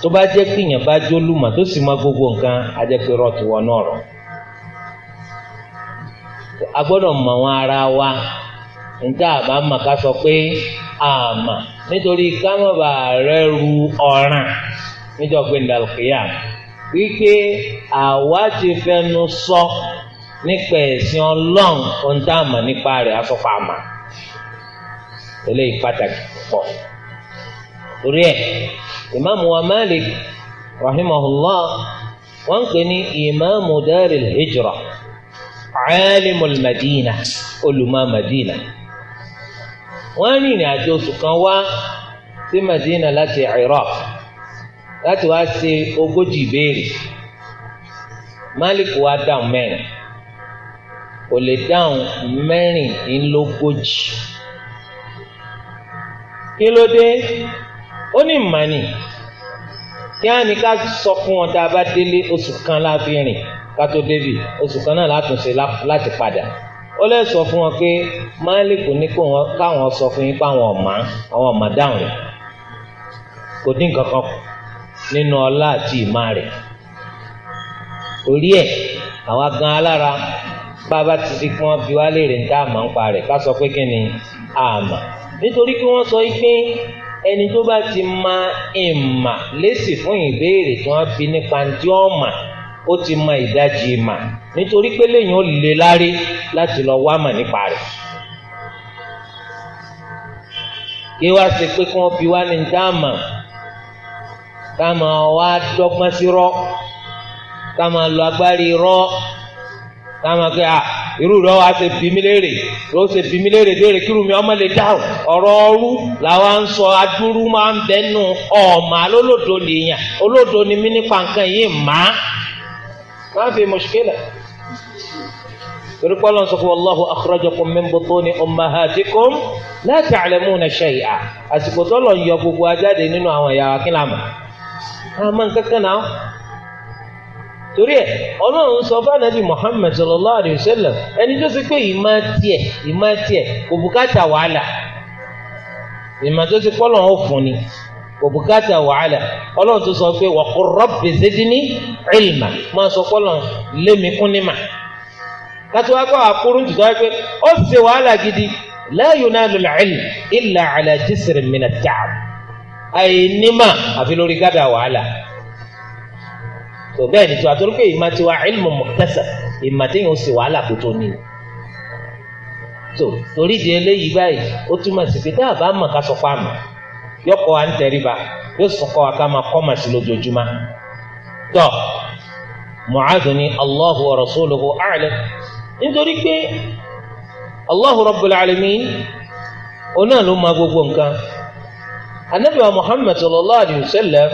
tó bá jẹ́ kéèyàn bá jólùmọ̀ tó sì mọ gbogbo nǹkan á pé rọ́ọ̀tù wọnú ọ̀rọ̀. a gbọ́dọ̀ mọ̀ wọn ara wa níta àbá mà ká sọ pé àmà nítorí kámọ́bà rẹ ru ọ̀ràn níjọba ìdàlùkìyà wípé àwa ti fẹnu sọ nípa ẹ̀sìn ọlọ́run ohun tá a nípa àmà eléyìí pàtàkì wa Malik rahimahullah wọ́n ń pè ní ìmáàmù daril hijra. alimul madina olùmọ̀ madina wọ́n ní ìrìn àjò oṣù kan wá sí madina láti iraq láti wá ṣe ogójì ìbéèrè malik wá dáhùn mẹ́rin kò lè dáhùn mẹ́rìndínlógójì kí ló dé ó ní ìmọ̀ ni kí á ní ká sọ fún wọn tá a bá délé oṣù kan láfi rìn kátó débì oṣù kan náà látúnṣe láti padà ó lè sọ fún wọn pé máàlìkù ní kó wọn káwọn sọ fún yín páwọn ọ̀mà àwọn ọ̀mà dáhùn rẹ̀ kò dín kankan nínú ọlá àti ìmá rẹ̀ orí ẹ̀ àwa gan alára bàbá ti di kí wọ́n fi wá léèrè ń dá àmà ń pa ká sọ pé kí ni àmà nítorí pé wọ́n sọ pé ẹni tó bá ti ma ìmà lésì fún ìbéèrè tí wọ́n fi nípa tí wọ́n mà ó ti mọ ìdajì ìmà nítorí pé lẹ́yìn ó lè lárí láti lọ wá mà nípa rẹ̀ kí wá ṣe pé kí wọ́n fi wá ní dáàmà táàmà wá dọ́gbọ́n sí rọ́ táàmà lọ agbárí rọ́ táàmà pé à irú rẹ wá ṣe bí mi léèrè ló ṣe bí mi léèrè léèrè kí irú mi ọmọ lè dáhùn ọ̀rọ̀ ọrú làwa ń sọ adúrú máa ń bẹnu ọ̀ọ́mà lólódo lèèyàn olódo ni mí nípa nǹkan yìí máa. ما في مشكلة torípọ́ lọ́n sọ fún wallahu akhrajakum min butuni ummahatikum la ta'lamuna shay'a àsìkò tó lọ́n yọ gbogbo ajáde nínú àwọn ìyá wa kílà mọ̀ àmọ́ nǹkankan náà torí ẹ ọlọ́run sọ fánàbí Muhammad sallallahu alayhi wa sallam ẹni tó ti pé ìmọ̀ tiẹ̀ ìmọ̀ tiẹ̀ kò bùkátà wàhálà ìmọ̀ tó ti pọ́ lọ́n ó fún ni òbúkátà wàhálà ọlọ́run tó sọ pé wa qur rabbi zidni ilma máa sọ pọ́lọ̀ lémi kún ní mà kátó wá pé àkúrú ń tutọ́ pé ó ṣe wàhálà gidi la yunalul ilm illa ala jisrin min at-ta'ab àìnímà àfi lórí gádà wàhálà tó bẹ́ẹ̀ ni tó àtọ́rọ́ pé ìmọ̀ tiwa ilmu muktasab ìmọ̀ tí yóò ṣe wàhálà kó tó ní tó torí di eléyìí báyìí ó túmọ̀ sí pé tá bá mọ̀ ká sọ fáàmù yóò kọ́ wa ń tẹríba yóò sùn kọ́ wa ká máa kọ́ màsí lójoojúmọ́ tọ́ Mu'adh ni Allahu wa rasuluhu a'lam nítorí pé Allahu rabbul alamin onáà ló máa gbogbo nǹkan anabi wa Muhammad sallallahu alayhi wa sallam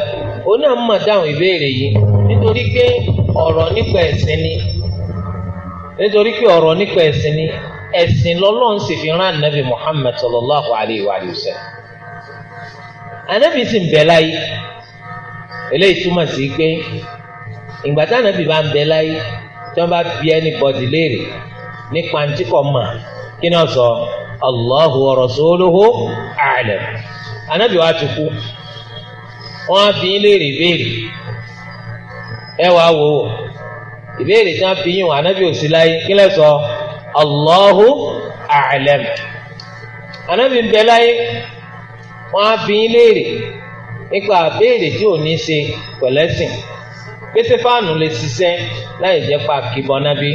onáà máa dáhùn ìbéèrè yìí nítorí pé ọ̀rọ̀ nípa ẹ̀sìn ni nítorí pé ọ̀rọ̀ nípa ẹ̀sìn ni ẹ̀sìn lọ́lọ́run sì fi rán anabi Muhammad sallallahu alayhi wa sallam anabi sì ń bẹ láyé eléyìí túmọ̀ sí pé ìgbà tí anabi bá ń bẹ láyé tí wọ́n bá bí anybody léèrè nípa ntí kò mà kí ni wọ́n sọ allahu wa rasuluhu a'lam anabi wa ti kú wọ́n á fi yín léèrè béèrè ẹ wà wò ó ìbéèrè tí wọ́n fi yín wọn anabi ò sí láyé kí lẹ sọ allahu a'lam anabi ń bẹ láyé. wọ́n á bí léèrè nípa àbéèrè tí ò ní ṣe pẹ̀lẹ́sìn pété lè ṣiṣẹ́ láì jẹ́ pa kìbọn nábí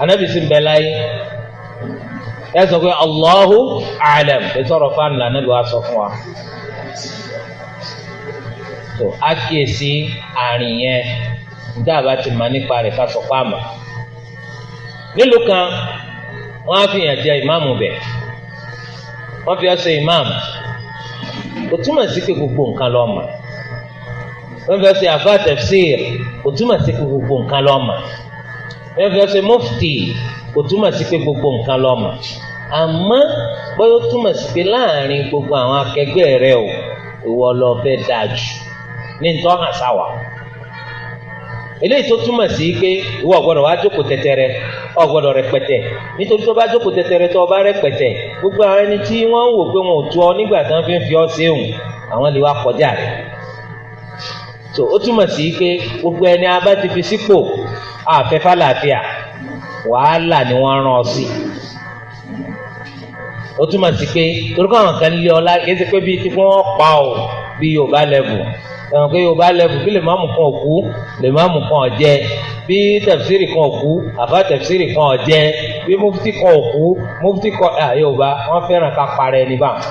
anábì sì ń bẹ láyé ẹ sọ pé wa sọ fún wa tó àárín yẹn níta ti nípa ká sọ wọ́n fi ọ́ ṣe imam kò túmọ̀ sí pé gbogbo nǹkan ló mọ̀ wọ́n fi ọ́ ṣe àfa tafsir kò túmọ̀ sí pé gbogbo nǹkan ló mọ̀ wọ́n fi ọ́ ṣe mufti kò túmọ̀ sí pé gbogbo nǹkan ló mọ̀ àmọ́ bóyá ó túmọ̀ sí pé láàrin gbogbo àwọn akẹgbẹ́ rẹ o ìwọ ló fẹ́ dáa ní ntọ́ hàn sáwà eléyìí tó túmọ̀ sí pé ìwọ ọ̀gbọ́dọ̀ wá jókòó tẹ̀tẹ̀rẹ ọ̀gbọ́dọ̀ rẹpẹtẹ nítorí tó bá jókòó tẹ̀tẹ̀rẹ tó bá rẹpẹtẹ gbogbo àwọn ẹni tí wọ́n ń wò pé wọn ò tó ọ nígbà tí wọ́n fi ń fi ọ séhùn àwọn lè wá kọjá rẹ tó ó túmọ̀ sí pé gbogbo ẹni abá ti fi sípò àfẹ́fà làáfíà wàhálà ni wọ́n rán ọ sí ó túmọ̀ sí pé torí kọ́ kan lé ọ lá ẹ̀wọ̀n pé yorùbá lẹ́bù bí lè má mú kan òkú lè má mú kan ọ̀jẹ́ bí tẹ̀fsírì kan òkú àbá tẹ̀fsírì kan ọ̀jẹ́ bí mufti kan òkú mufti kan ẹ̀ yorùbá wọ́n fẹ́ràn ká parẹ́ ní báwọn.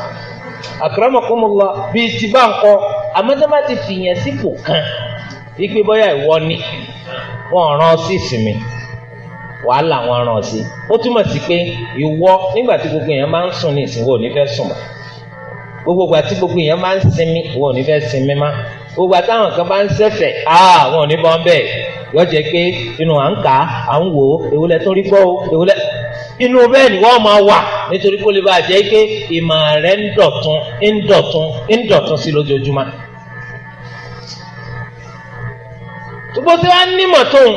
akramakumullah bí ti bá ń kọ amẹ́tẹ́má ti fìyẹn sípò kan wípé bóyá ìwọ ni wọ́n rán sí ìsinmi wàhálà wọn ràn sí ó túmọ̀ sí pé ìwọ nígbà tí gbogbo yẹn máa ń sùn ní ìsìnwó ò ní fẹ́ sùn mọ́ gbogbo ìgbà tí gbogbo yẹn máa ń sinmi ìwọ ò ní fẹ́ sinmi má gbogbo àtàwọn kan bá ń ṣẹ̀fẹ̀ àwọn ah, òní bọ́ ń bẹ̀ yọ jẹ́ pé inú à ń kà á ń wò ó èwúlẹ̀ tó rí gbọ́ ó èwúlẹ̀ inú bẹ́ẹ̀ ni wọ́n máa wà nítorí kó lè bá a jẹ́ pé ìmọ̀ rẹ̀ ń dọ̀tun ń dọ̀tun ń dọ̀tun sí lójoojúmọ́. gbogbo tí wọ́n á nímọ̀ tó ń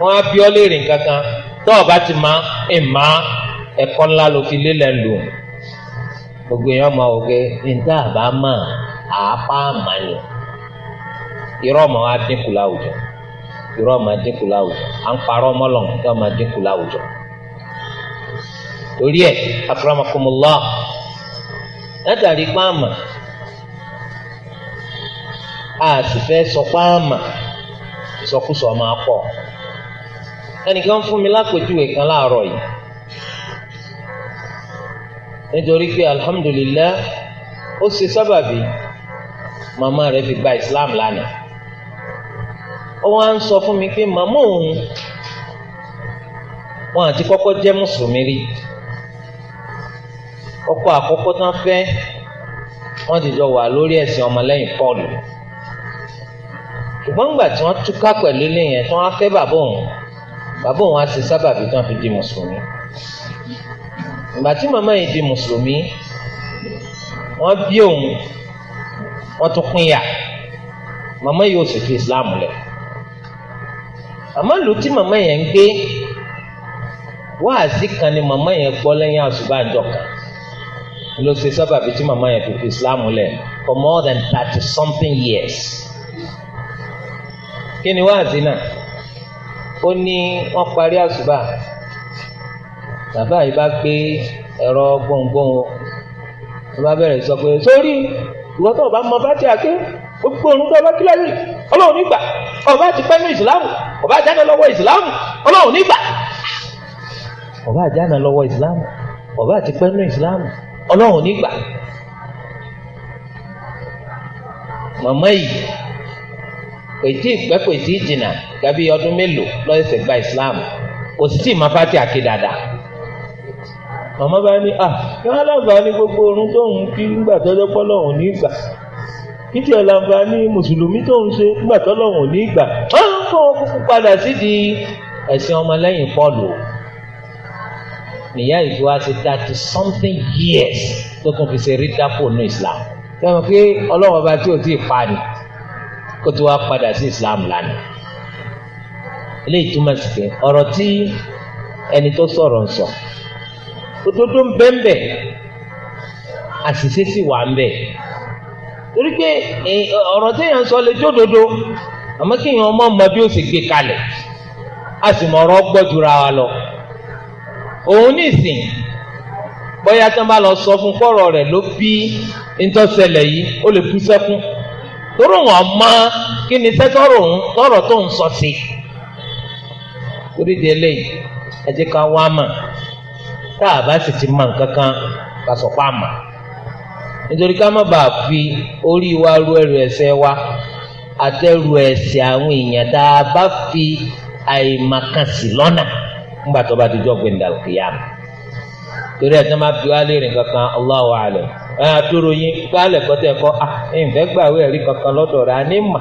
wọ́n á bí ọ léèrè nǹkan kan tó o bá ti ma ẹ̀ má ẹ̀kọ́ ńlá ló fi lélẹ̀ lò gbogbo èèyàn máa wò pé níta àbá mà àápá mà irọ́ ọmọ wa dínkù láwùjọ irọ́ ọmọ dínkù láwùjọ à ń parọ́ mọ́lọ̀ irọ́ ọmọ dínkù láwùjọ. torí ẹ akramakumullah látàrí páàmà a sì fẹ́ sọ páàmà ìsọkúsọ máa pọ̀ ẹnìkan fún mi lápèjúwe kan láàárọ̀ yìí nítorí pé alhamdulillah ó ṣe sábàbí màmá rẹ̀ fi gba islam lánàá ó wá ń sọ fún mi pé màmá òun wọn àti kọ́kọ́ jẹ́ mùsùlùmí rí ọkọ àkọ́kọ́ tán fẹ́ wọ́n ti jọ wà lórí ẹ̀sìn ọmọlẹ́yìn Pọ́ọ̀lù ṣùgbọ́n ńgbà tí wọ́n túká pẹ̀lú ilé yẹn tí wọ́n á fẹ́ bàbá òun bàbá òun á ṣe sábàbí tí wọ́n fi di mùsùlùmí ìgbà tí màmá yìí di mùsùlùmí wọ́n bí òun wọ́n tún pínyà màmá yìí ò sì fi Islam lẹ̀ àmọ́ ìlú tí màmá yẹn ń gbé wáàsí kan ni màmá yẹn gbọ́ lẹ́yìn àṣùbàjọ kan ló ṣe sábàbí tí màmá yẹn fi fi Islam lẹ̀ for more than thirty something years kí ni wáàsí náà ó ní wọ́n parí àṣùbà bàbá yìí bá gbé ẹ̀rọ gbohùngbohùn ló bá bẹ̀rẹ̀ sọ pé sórí ìwọ́n tó ọba mọ bá ti àké gbogbo òun tó ọba kílẹ̀ yìí ọlọ́run nígbà ọba ti pẹ́ ní ìsìláàmù ọba àjáde lọ́wọ́ ìsìláàmù ọlọ́run nígbà ọba àjáde lọ́wọ́ ìsìláàmù ọba àti pẹ́ ní ìsìláàmù ọlọ́run nígbà màmá yìí ètí ìpẹ́ kò sí ìjìnà gàbí ọdún mélòó lọ́sẹ̀ gba ìsìláàmù kò sì tí ì máa fá àké dáadáa màmá bá ní à ah, yàrá láǹfààní gbogbo oorun tó ń kí ńgbà tọ́jọ́ pọ́lọ́ òun ní ìgbà títí ẹ̀ láǹfààní mùsùlùmí tó ń ṣe ńgbà tọ́lọ́ òun ní ìgbà ó ń kó wọn kúkú padà sídìí ẹ̀sìn ọmọlẹ́yìn pọ́ọ̀lù nìyá ìfúwa ti thirty something years tó tún fi ṣe rí dápò ní Islam fẹ́ràn pé ọlọ́wọ́n bá tí ò tí ì pa ni kó tó wá padà sí Islam lánàá eléyìí túmọ̀ sí pé ọ̀rọ̀ tí ẹni tó sọ̀rọ̀ ń sọ. So òdodo ń bẹ ń bẹ àṣìṣe sì wà ń bẹ torí pé ọ̀rọ̀ téèyàn sọ lè jó dodo àmọ́ kéèyàn ọmọ mọ bí ó sì gbé kalẹ̀ a sì mọ̀ ọ̀rọ̀ gbọ́ jura wa lọ òun ní ìsìn bóyá tí wọ́n bá lọ sọ fún kọ́rọ̀ rẹ̀ ló bí ntọ́sẹ̀lẹ̀ yìí ó lè kú sẹ́kún torí wọn mọ kí ni sẹ́tọ́rọ̀ òun tọ́rọ̀ tó ń sọ sí i torí di eléyìí ẹ jẹ́ ká wá mọ̀ tá bá sì ti mọ nǹkan kan ká sọ fi orí wa ru ẹrù wa àtẹrù ẹ̀ṣẹ̀ àwọn èèyàn tá a fi àìmọ̀kànsì lọ́nà ńgbà tó bá ti jọ gbẹ̀ndà kìyàmù torí ẹ̀ fi wá léèrè kankan Allahu alam ẹ̀ àtúrò yín gbálẹ̀ kọ́tẹ́ kọ́ à ẹ̀ ń fẹ́ ẹ̀rí kankan lọ́dọ̀ rẹ̀ àní mà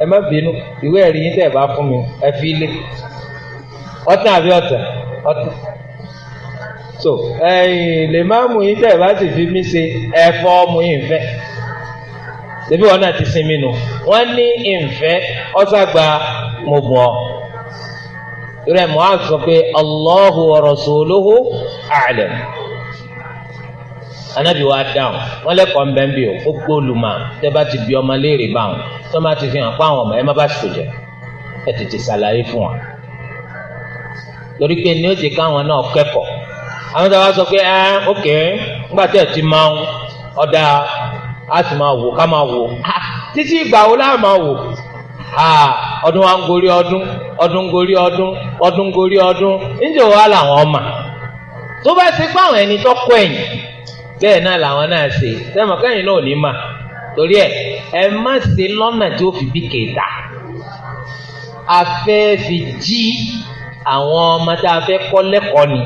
ẹ má bínú ìwé ẹ̀rí yín tẹ̀ bá so ẹ̀yin lè má mú yín tẹ̀ bá sì fi mí ṣe ẹ̀fọ́ mú yín fẹ́ ṣebí wọn náà ti sinmi nù wọn ní ìfẹ́ ọ̀sàgbà mo bọ̀ rẹ̀ mọ́ a sọ pé Allahu wa rasuluhu a'lam anabi wa dáhùn wọn lẹ́kọ̀ọ́ nbẹ́nbí o ó gbó olùmọ̀ tẹ́ bá ti bí ọmọ léèrè báwọn tọ́ bá ti fi hàn pa àwọn ọmọ ẹ má bá sòjẹ́ ẹ tètè ṣàlàyé fún wa lórí pé ní ó jẹ káwọn náà kẹ́kọ̀ọ́. àwọn tó wá sọ pé ẹ ok ńgbà tẹ̀ ti máa ń ọ̀dà ma sì máa wò ká máa wò títí ìgbà wo láà máa wò ọdún wa ń gorí ọdún ọdún gorí ọdún ọdún gorí ọdún níjẹ́ wàá làwọn ọmọ tó bá ṣe pé àwọn ẹni tó kọ ẹ̀yìn bẹ́ẹ̀ náà làwọn náà ṣe náà ò ní mà fi bí a fi jí ni.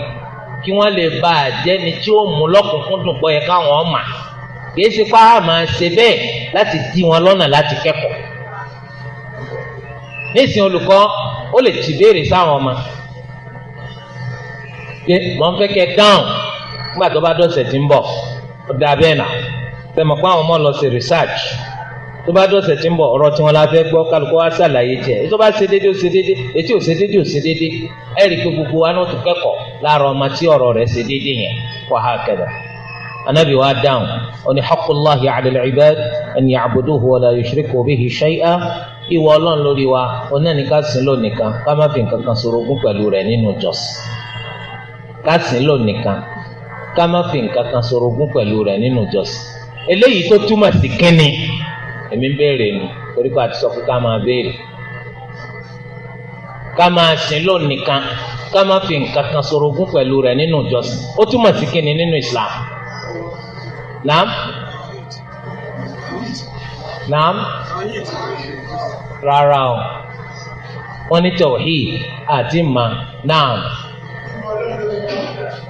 kí wọ́n lè bá a jẹ́ni tí ó mú lọ́kùnkúndùn pọ̀ yẹ káwọn ọ̀ma kìí ṣe pa á máa ṣe bẹ́ẹ̀ láti dí wọn lọ́nà láti kẹ́kọ̀ọ́ nísìnyí olùkọ́ ó lè ti béèrè sáwọn ọmọ pé mọ̀ ń fẹ́ kẹ́ dáhùn nígbà tó bá dọ̀sẹ̀ tí ń bọ̀ ó dà bẹ́ẹ̀ náà fẹ́ mọ̀ pé àwọn ọmọ lọ sí research tó bá dọ̀sẹ̀ tí ń bọ̀ ọ̀rọ̀ tí wọ́n la fẹ́ gbọ́ kálukú wa ṣàlàyé jẹ́ ètò bá ṣe déédéé ó ṣe déédéé ètò ò ṣe déédéé ò ṣe déédéé ẹ̀rí pé gbogbo wa náà tó kẹ́kọ̀ọ́ láàárọ̀ ọmọ tí ọ̀rọ̀ rẹ̀ ṣe déédéé yẹn wà á kẹ́dà. anabi wa dáhùn oní haqqulahi alal ibad an ya'buduhu wa la yushriku bihi shay'a ìwọ ọlọ́run lórí wa onáni ká sìn lọ kan ká má fi nǹkan èmi ń béèrè ni torí pé a ti sọ fún ká máa béèrè ká máa sìn lónìí nìkan ká máa fi nǹkan kan ṣorogún pẹ̀lú rẹ̀ nínú ìjọsìn ó túmọ̀ sí kíni nínú Islam naam naam rárá o wọ́n ní tawhid àti ma naam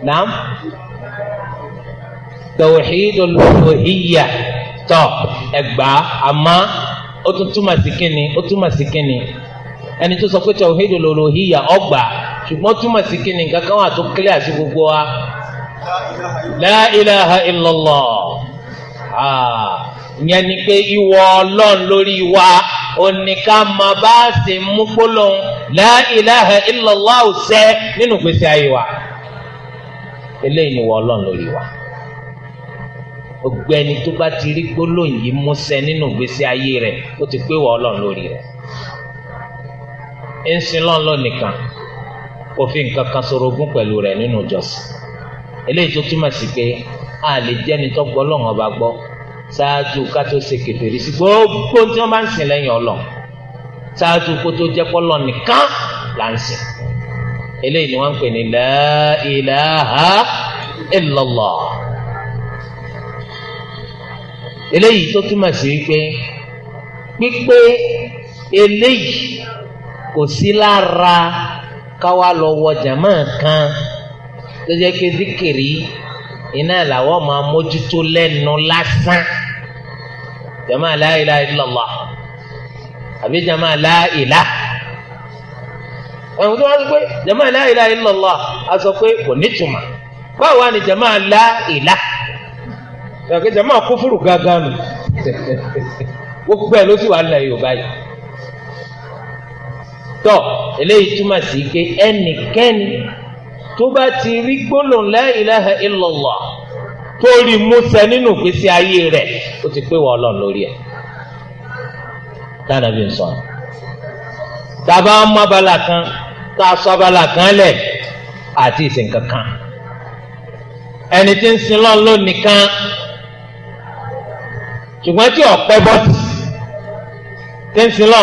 naam tawhid al-uluhiyyah tọ ẹgbà àmọ́ ó tún túmọ̀ sí kínni ó túmọ̀ sí kínni ẹni tó sọ pé tauhidul uluhiyya ọgbà ṣùgbọ́n túmọ̀ sí kínni nǹkan kan wà tó clear sí gbogbo wa la ilaha illallah ah, ìyẹn ni pé ìwọ ọlọ́run lórí wa oníkà máa bá a sì mú gbólóhùn la ilaha illallah nínú ìgbésí ayé wa eléyìí ni ìwọ ọlọ́run lórí wa ọ̀gbẹ́ni tó bá ti rí gbólóhùn yìí músẹ nínú ìgbésí ayé rẹ̀ ó ti pé wọ́ọ́ lọ́n lórí rẹ̀ ń sin lọ́n lọ́n nìkan kò fi nǹkan kan sorogún pẹ̀lú rẹ̀ nínú ìjọsìn eléyìí tó túmọ̀ sí pé a lè jẹ́ni tó gbọ́ lọ́wọ́n ọba gbọ́ ṣáájú ká tó ṣe kèfèrí sí gbogbo tí wọ́n bá ń sìn lẹ́yìn ọlọ́ ṣáájú kó tó jẹ́ pọ́lọ́ nìkan là ń sìn eléyìí ni wọ́n ń pè ní la ilaha illallah eléyìí tó túmọ̀ sí wípé pípé eléyìí kò sí lára káwa lọ wọ jàmọ́ kan tó jẹ́ pé zikiri iná làwọn máa mójútó lẹ́nu lásán jàmọ́ la ilaha illallah àbí jàmọ́ la ilaha ẹ̀wọ̀n tó wá sọ pé jàmọ́ la ilaha illallah a sọ pé kò nítumọ̀ báwo wá jàmọ́ la ẹ̀kẹ́jẹ́ máa kó fúrù gángan nù gbogbo ẹ̀ ló sì wà lẹ̀ Yorùbá yìí tọ́ eléyìí túmọ̀ sí pé ẹnikẹ́ni tó bá ti rí gbólóhùn la ilaha illallah tó rí músẹ nínú ìgbésí ayé rẹ̀ ó ti pé wọ́n Ọlọ́run lórí ẹ̀ tánàbí ń sọ tàbá mọ́bala kan tá a sọ́bala kan lẹ̀ àti ìsìn kankan ẹni tí ń sin lọ́n lónìí kan ṣùgbọ́n tí ọ̀pẹ bọ́tì tí ń sin lọ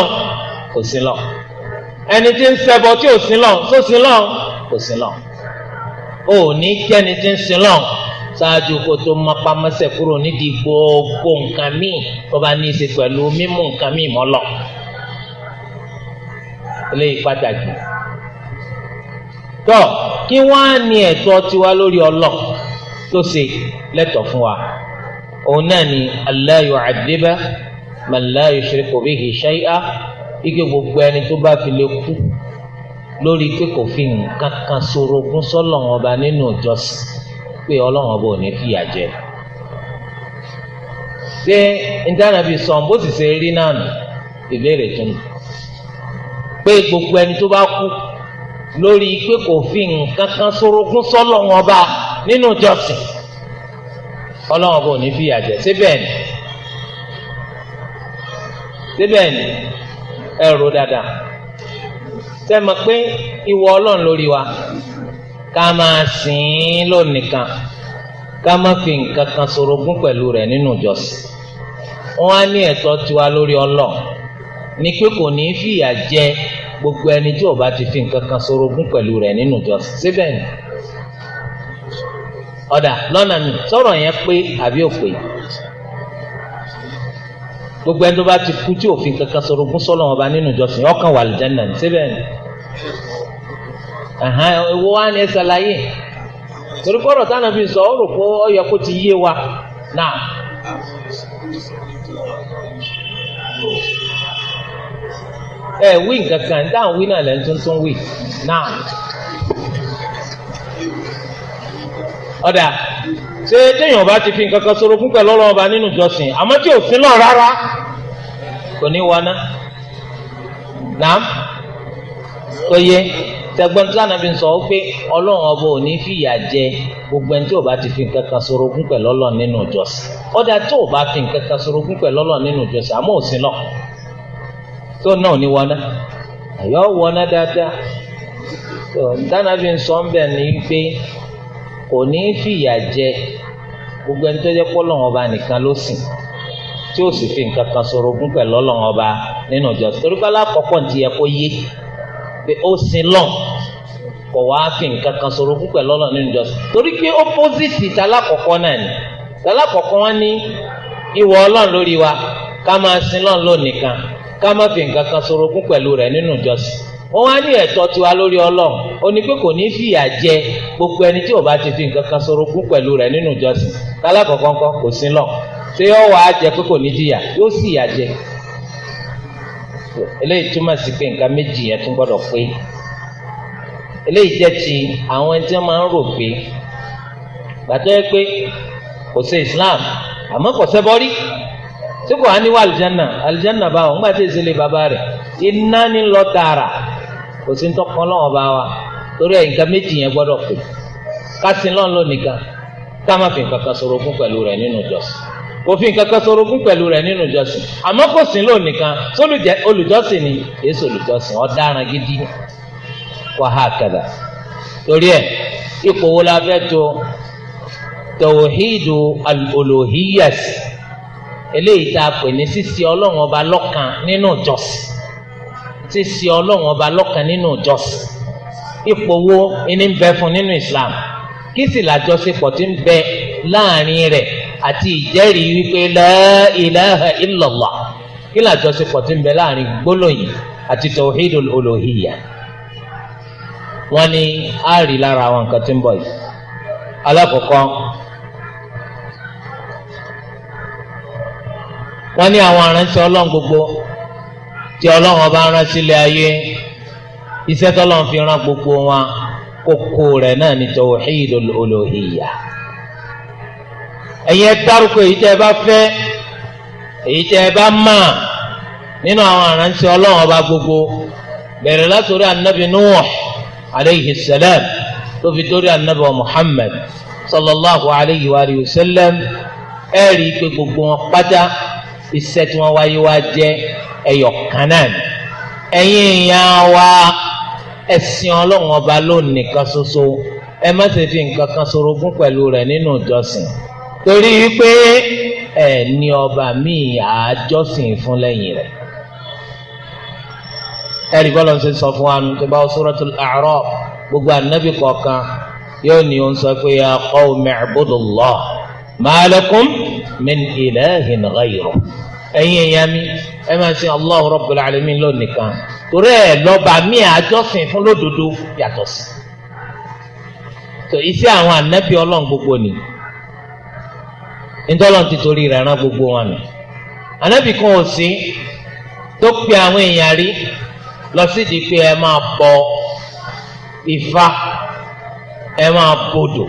kò sin lọ ẹni tí ń ṣẹbọ tí ò sin lọ só sin lọ kò sin lọ ò ní kí ẹni tí ń sin lọ ṣáájú kó tó mọpamọsẹ̀ kúrò nídìí gbogbo nǹkan míì tó bá ní í ṣe pẹ̀lú mímú nǹkan míì mọ́ lọ eléyìí pàtàkì tọ kí wọn á ní ẹ̀tọ́ tiwa lórí ọlọ tó ṣe lẹ́tọ̀ọ́ fún wa òun náà ni alla yu'adhiba man la yushriku bihi shay'a ike gbogbo ẹni tó bá fi lè kú lórí pé kò fi nǹkan kan sorogún sọ́lọ́run ọba nínú ìjọsìn pé Ọlọ́run ọba ò ní fìyà jẹ ṣé ìdánábì sàn bó sì ṣe rí náà nù ìbéèrè tó nù pé gbogbo ẹni tó bá kú lórí pé kò fi nǹkan kan sorogún sọ́lọ́run ọba nínú ìjọsìn ọlọ́run kò ní fìyà jẹ síbẹ̀ ni síbẹ̀ ni ẹ rò dáadáa ṣe mọ̀ pé ìwọ ọlọ́run lórí wa ká máa sìn ín lónìkan ká má fi nǹkan kan sorogún pẹ̀lú rẹ̀ nínú ìjọsìn wọ́n á ní ẹ̀tọ́ tiwa lórí ọlọ́run ni pé kò ní fìyà jẹ gbogbo ẹni tí ò bá ti fi nǹkan kan sorogún pẹ̀lú rẹ̀ nínú ìjọsìn síbẹ̀ ni. ọ̀dà lọ́nà mi sọ̀rọ̀ yẹn pé àbí ò gbogbo ẹni tó bá ti kú tí òfin kankan sọ̀rọ̀ ogún sọ̀rọ̀ ọba nínú ìjọsìn ọkàn wà lìjánà ní síbẹ̀ ni ewu wa ni ẹ ṣàlàyé torí kọ́rọ̀ táwọn fi sọ ọ́ rò pé kó ti yé wa náà. ẹ wí nǹkan kan dáhùn wí náà lẹ́nu tó wí náà. ọ̀dà ṣé téèyàn bá ti fi nǹkan kan sọ̀rọ̀ fún pẹ̀lú ọba nínú ìjọsìn àmọ́ tí òfin rárá kò ní wọná kò yẹ gbogbo ẹni tí bá fi nǹkan kan sọ̀rọ̀ fún pẹ̀lú nínú ìjọsìn ọ̀dà tí ò bá fi nǹkan kan sọ̀rọ̀ fún pẹ̀lú nínú ìjọsìn àmọ́ òsín lọ tó náà ní wọná kò ní í fìyà jẹ gbogbo ẹni tó jẹ́ pé Ọlọ́run ọba nìkan ló sìn tí ó sì fi nǹkan kan ṣorogún pẹ̀lú Ọlọ́run ọba nínú ìjọsìn torí pé alákọ̀ọ́kọ́ ti yẹ kó yé pé ó sin lọ́n kò wá fi nǹkan kan ṣorogún pẹ̀lú Ọlọ́run nínú ìjọsìn torí pé opposite talákọ̀ọ́kọ́ náà ni talákọ̀ọ́kọ́ wọn ní ìwọ Ọlọ́run lórí wa ká máa sin lọ́n lónìí kan ká má fi nǹkan kan ṣorogún pẹ̀lú rẹ̀ nínú ìjọsìn wọ́n wá ní ẹ̀tọ́ tiwa lórí ọlọ́run ó ní pé kò ní fìyà jẹ gbogbo ẹni tí ò bá ti fi nǹkan kan sorogún pẹ̀lú rẹ̀ nínú ìjọsìn tálákọ̀ọ́kọ́ ńkọ́ kò sí lọ ṣé yóò wá jẹ pé kò ní jìyà yóò sì yà jẹ eléyìí túmọ̀ sí pé nǹkan méjì yẹn tún gbọ́dọ̀ pé eléyìí jẹ́ ti àwọn ẹni tí wọ́n máa ń rò pé gbàtọ́ yẹ pé kò sí Islam àmọ́ kò sẹ́bọ́ rí tí kò á níwá alìjánà alìjánà báwọn ńgbà tí èsì kò sí ntọ́kan lọ́wọ́ bá wa torí ẹ̀ nǹkan méjì yẹn gbọ́dọ̀ pè kásìn lọ́n ló nìkan ká má fi nǹkan kan sorogún pẹ̀lú rẹ̀ nínú ìjọsìn kò fi nǹkan kan sorogún pẹ̀lú rẹ̀ nínú ìjọsìn àmọ́ kò sí lọ́n nìkan olùjọsìn ni èso olùjọsìn ọ̀daràn gidi wàhákàdà torí ẹ̀ ipò wo la fẹ́ tó tòwòhídù alòlòhíyàsì eléyìí tá a pè ní sísí ọlọ́run ọba lọ́kan nínú ìjọsìn se ọlọ́run ọba lọ́kàn nínú ìjọsìn ipò wo ni ń bẹ fún nínú Islam kí sì làjọṣepọ̀ ti ń bẹ láàrin rẹ̀ àti ìjẹ́rìí wípé la ilaha illallah kí làjọṣepọ̀ ti ń bẹ láàrin gbólóyìn àti tawhidul uluhiyya wọ́n ní á rí lára àwọn nǹkan tí ń bọ̀ yìí alákọ̀ọ́kọ́ wọ́n ní àwọn aránṣẹ́ ọlọ́run gbogbo tí ọlọ́run ọba rán sílẹ̀ ayé iṣẹ́ tọ́lọ́run fi rán gbogbo wọn kókó rẹ̀ náà ní tawhidul uluhiyya ẹ̀yin ẹ dárúkọ èyí tẹ́ ẹ bá fẹ́ èyí tẹ́ ẹ bá mọ̀ nínú àwọn aránṣẹ́ ọlọ́run ọba gbogbo bẹ̀rẹ̀ látòrí anabi nuh aleyhi salam tó fi dórí anabi muhammad sallallahu alayhi wa sallam ẹ̀rí pé gbogbo wọn pátá iṣẹ́ tí wọ́n wáyé wá jẹ́ ẹyọ kan náà ni ẹ̀yin èèyàn wa ẹ̀sìn ọlọ́run ọba lónìí nìkan ṣoṣo ẹ má ṣe fi nǹkan kan ṣorogún pẹ̀lú rẹ̀ nínú ìjọsìn torí pé ẹ ní ọba míì àjọsìn fún lẹ́yìn rẹ̀ ẹ̀rí bọ́lá ń ṣe sọ fún wa nù tó bá Suratul A'raf gbogbo ànábì kọ̀ọ̀kan yóò ní òun sọ pé ya qawmi i'budullah ma lakum min ilahin ẹ̀yin èèyàn mi ẹ máa sin Allahu Rabbul Alamin lónìkan torí ẹ̀ lọ́ba mi àjọsìn fún lódodo yàtọ̀ sí tó iṣẹ́ àwọn ànábì ọlọ́run gbogbo ni ntọ́lọ́n ti torí rẹ̀ rán gbogbo wọn nù ànábì kan ò sí tó pe àwọn èèyàn rí lọ sí di pé ẹ máa bọ ifá ẹ máa bodò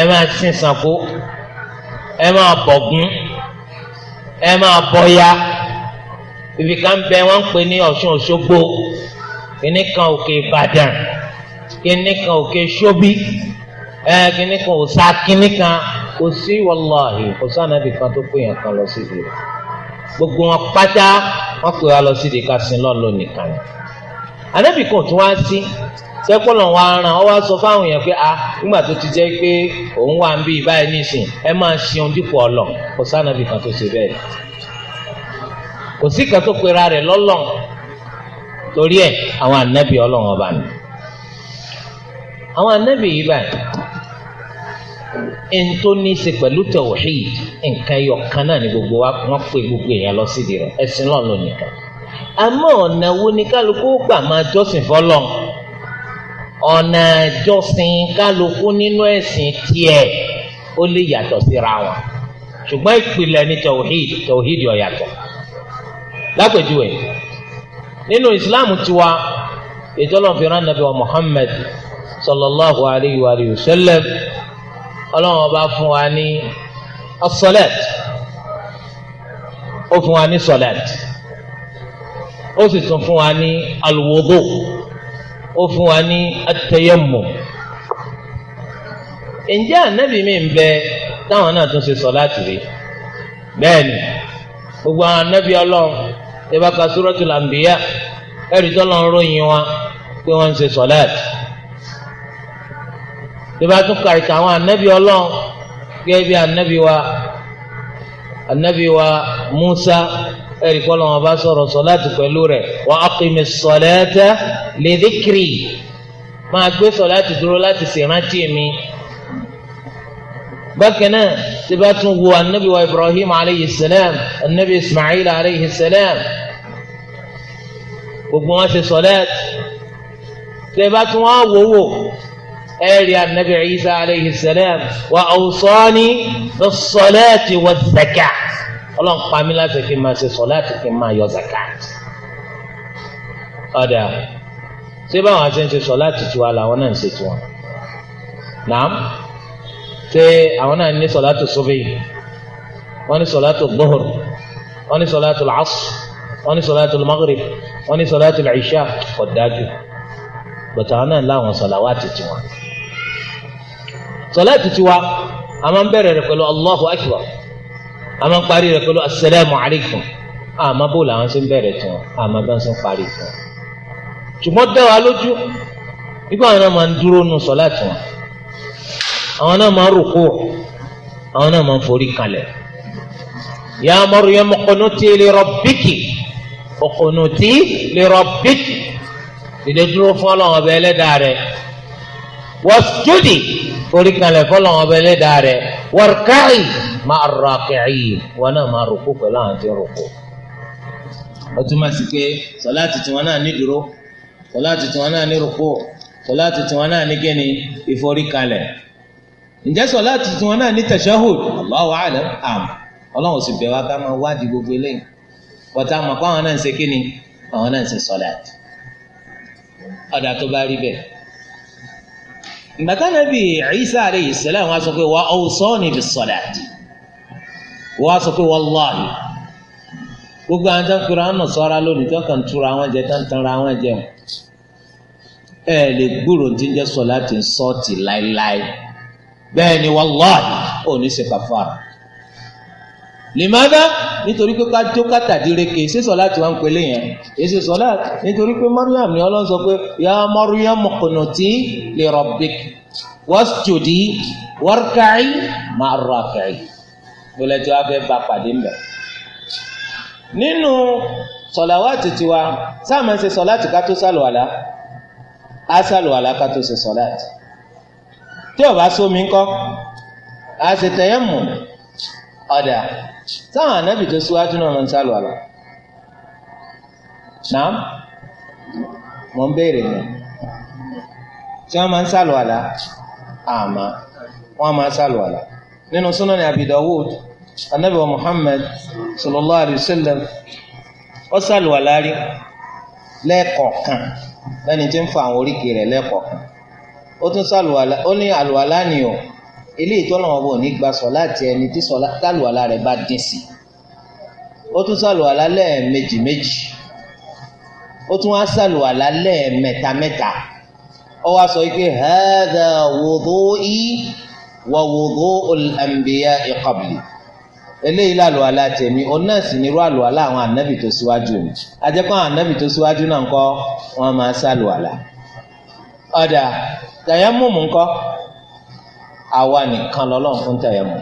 ẹ máa sin Ṣàngó ẹ máa bọ̀gún ẹ máa bọ̀ya ibi kan bẹ wọ́n ń pè ní Ọ̀ṣun Òṣogbo kíní kan òkè Ìbàdàn kíní kan òkè Ṣóbí ẹ kíní kan òsà kíní kan kò sí wàláhì kò sànàbì kan tó pè yàn kan lọ sí ìdí gbogbo wọn pátá wọn pè wá lọ sí ìdí ká sin lọ́ọ̀lọ́ nìkan yẹn. Anabi kan tún wá sí sẹ́kọ̀lọ̀ wa ran ọ wá sọ fáwọn èèyàn pé a ah, nígbà tó ti jẹ́ pé òun wà ń bí báyìí nísìn ẹ máa dípò ọlọ kò anabi kan tó ṣe bẹ́ẹ̀ kò sí kan tó pera rẹ̀ lọ́lọ́n torí ẹ̀ àwọn anabi ọlọ́run ọba ni àwọn ànábì yìí báyìí ẹni tó ní í ni gbogbo wa wọ́n gbogbo èèyàn lọ sídìí rẹ̀ ẹ̀sìn àmọ́ ọ̀nà wo ni kálukú gbà máa jọ́sìn fọlọ́n ọ̀nà jọ́sìn kálukú nínú ẹ̀sìn tiẹ̀ ó lè yàtọ̀ síra wọn ṣùgbọ́n ìpìlẹ̀ ni tawhid tawhid ó yàtọ̀ lápèjúwe nínú ìsìláàmù tiwa ìtọ́lọ́fìrán nàbí wa Muhammad sallallahu alayhi wa sallam ọlọ́run ọba fún wa ní as-salat ó fún wa ní salat ó sì tún fún wa ní alwudu ó fún wa ní atayammum ǹjẹ́ ànábì mi ń bẹ táwọn náà tún ṣe sọ̀láàtì rí bẹ́ẹ̀ ni gbogbo àwọn ànábì ọlọ́run ẹ bá ka suratul anbiya ẹ̀rí tọ́lọ́ ń ròyìn wa pé wọ́n ń ṣe sọ̀láàtì ẹ bá tún ka ìtàn àwọn ànábì ọlọ́run gẹ́gẹ́ bí ànábì wa ànábì wa Musa ẹ̀rí pọ́ lọ́wọ́ bá sọ̀rọ̀ sọ̀láàtì pẹ̀lú rẹ̀ wa aqimi ssalata li dhikri máa gbé sọ̀láàtì dúró láti ṣèrántí mi. bákan náà tí bá tún wo anabi wa ibrahim aleyhi salam anabi ismail aleyhi salam gbogbo wọn ṣe sọ̀láàtì tí bá tún wọn wò wò ẹ̀rí anabi isa aleyhi salam wa awsani bis salati waz zakah ọlọ́run pa mí láti fi máa ṣe sọ̀láàtì kí n máa yọ zakat ọ̀dà ṣé báwọn àti ń ṣe sọ̀láàtì tiwa làwọn náà ń ṣe tiwọn nàám ṣé àwọn náà ní sọ̀láàtì sọ́bì wọ́n ní sọ̀láàtì gbọ́hùr wọ́n ní sọ̀láàtì làásù wọ́n ní sọ̀láàtì magrib wọ́n ní sọ̀láàtì ìṣá kò dájú bọ̀tà àwọn náà láwọn sọ̀láwàtì tiwọn sọ̀láàtì tiwa a máa ń bẹ̀rẹ̀ rẹ̀ pẹ̀lú Allahu akbar a máa ń parí rẹ̀ pẹ̀lú asalaamu alaykum àmọ́ bó làwọn ṣe ń bẹ̀rẹ̀ tán àmọ́ bá ń ṣe ń parí tán ṣùgbọ́n dá wa lójú nígbà àwọn náà máa ń dúró nu sọ láti wọn àwọn náà máa ń rúkú àwọn náà máa ń forí kalẹ̀ ya Maryam uqnuti li rabbiki uqnuti li rabbiki dìde dúró fún ọlọ́run ọbẹ̀ ẹlẹ́dàá rẹ̀ wasjudi forí kalẹ̀ fọlọ́ wọn bẹ lẹ́dàá rẹ̀ warka'i máa rọ akẹ́yì wọn náà máa rúkú pẹ̀lú àwọn tí ń rúkú. ó túmọ̀ sí pé sọláàtì tiwọn náà ní dúró sọláàtì tiwọn náà ní rúkú sọláàtì tiwọn náà ní kíni ìforí kalẹ̀. ǹjẹ́ sọláàtì tiwọn náà ní tashahhud Allahu a'lam àmọ́ ọlọ́run sì bẹ̀ wá ká máa wádìí gbogbo eléyìí wọ́n gbàtànà bí Isa alayhi salam wọ́n sọ pé wa awsani bis salat wọ́n sọ pé wallahi gbogbo àwọn tán kura ọ̀nà sọ́ra lónìí tán kàn tura àwọn jẹ tán tanra àwọn jẹ wọn ẹ lè gbúrò tí ń jẹ sọ sọ́ọ̀tì láéláé bẹ́ẹ̀ ni wallahi ò ní ṣe kàfàrà lèmọ́dá nítorí pé ká jó kàtàdíreke sísọ láti wá ń pele yẹn èsì sọ nítorí pé mariam ni ọlọ́run sọ pé ya mariam qunuti li rabbik wasjudi warka'i ma'a raki'i gbọlẹ tí wàá fẹ́ bá pàdé mbẹ. nínú sọláwàtì tiwa sáàmù ṣe sọláàtì ká tó sálùwàlá á sálùwàlá ká tó ṣe sọláàtì tí ó sómi ńkọ́ á mọ̀ ọ̀dà táwọn anábì tó síwájú náà máa ń sálù àlà nàám mọ̀ ń béèrè mi tí wọ́n máa ń sálù àlà àmà wọ́n máa ń sálù àlà nínú Sunan Abi Dawud anábì wa Muhammad sallallahu alayhi wa sallam ó sálù àlà rí lẹ́ẹ̀kọ̀ọ̀kan lẹ́ni tí ń fa àwọn oríkèé rẹ̀ lẹ́ẹ̀kọ̀ọ̀kan ó tún sálù àlà ó ní àlùwàlá ni o eléyìí tọ́lọ́wọ́n bò ní gba sọ̀lá ti ẹni tí sọ̀lá tálùwàlá rẹ̀ bá dín sí ó tún sàlùwàlá lẹ́ẹ̀mejì méjì ó tún wá sàlùwàlá lẹ́ẹ̀mẹ́ta mẹ́ta ó wá sọ pé hàdà wùdúì wà wùdúù ànbíyá ìkọ̀bìlì eléyìí làlùwàlá tèmi òun náà sì ní irú àlùwàlá àwọn ànábì tó síwájú mi àjẹpọ̀ àwọn ànábì tó síwájú náà ńkọ́ wọ́n máa sàlùwàlá ọ̀dà tàyẹ́mùmù ńkọ́ àwa nìkan lọ́lọ́run fún tẹ̀yẹ̀mù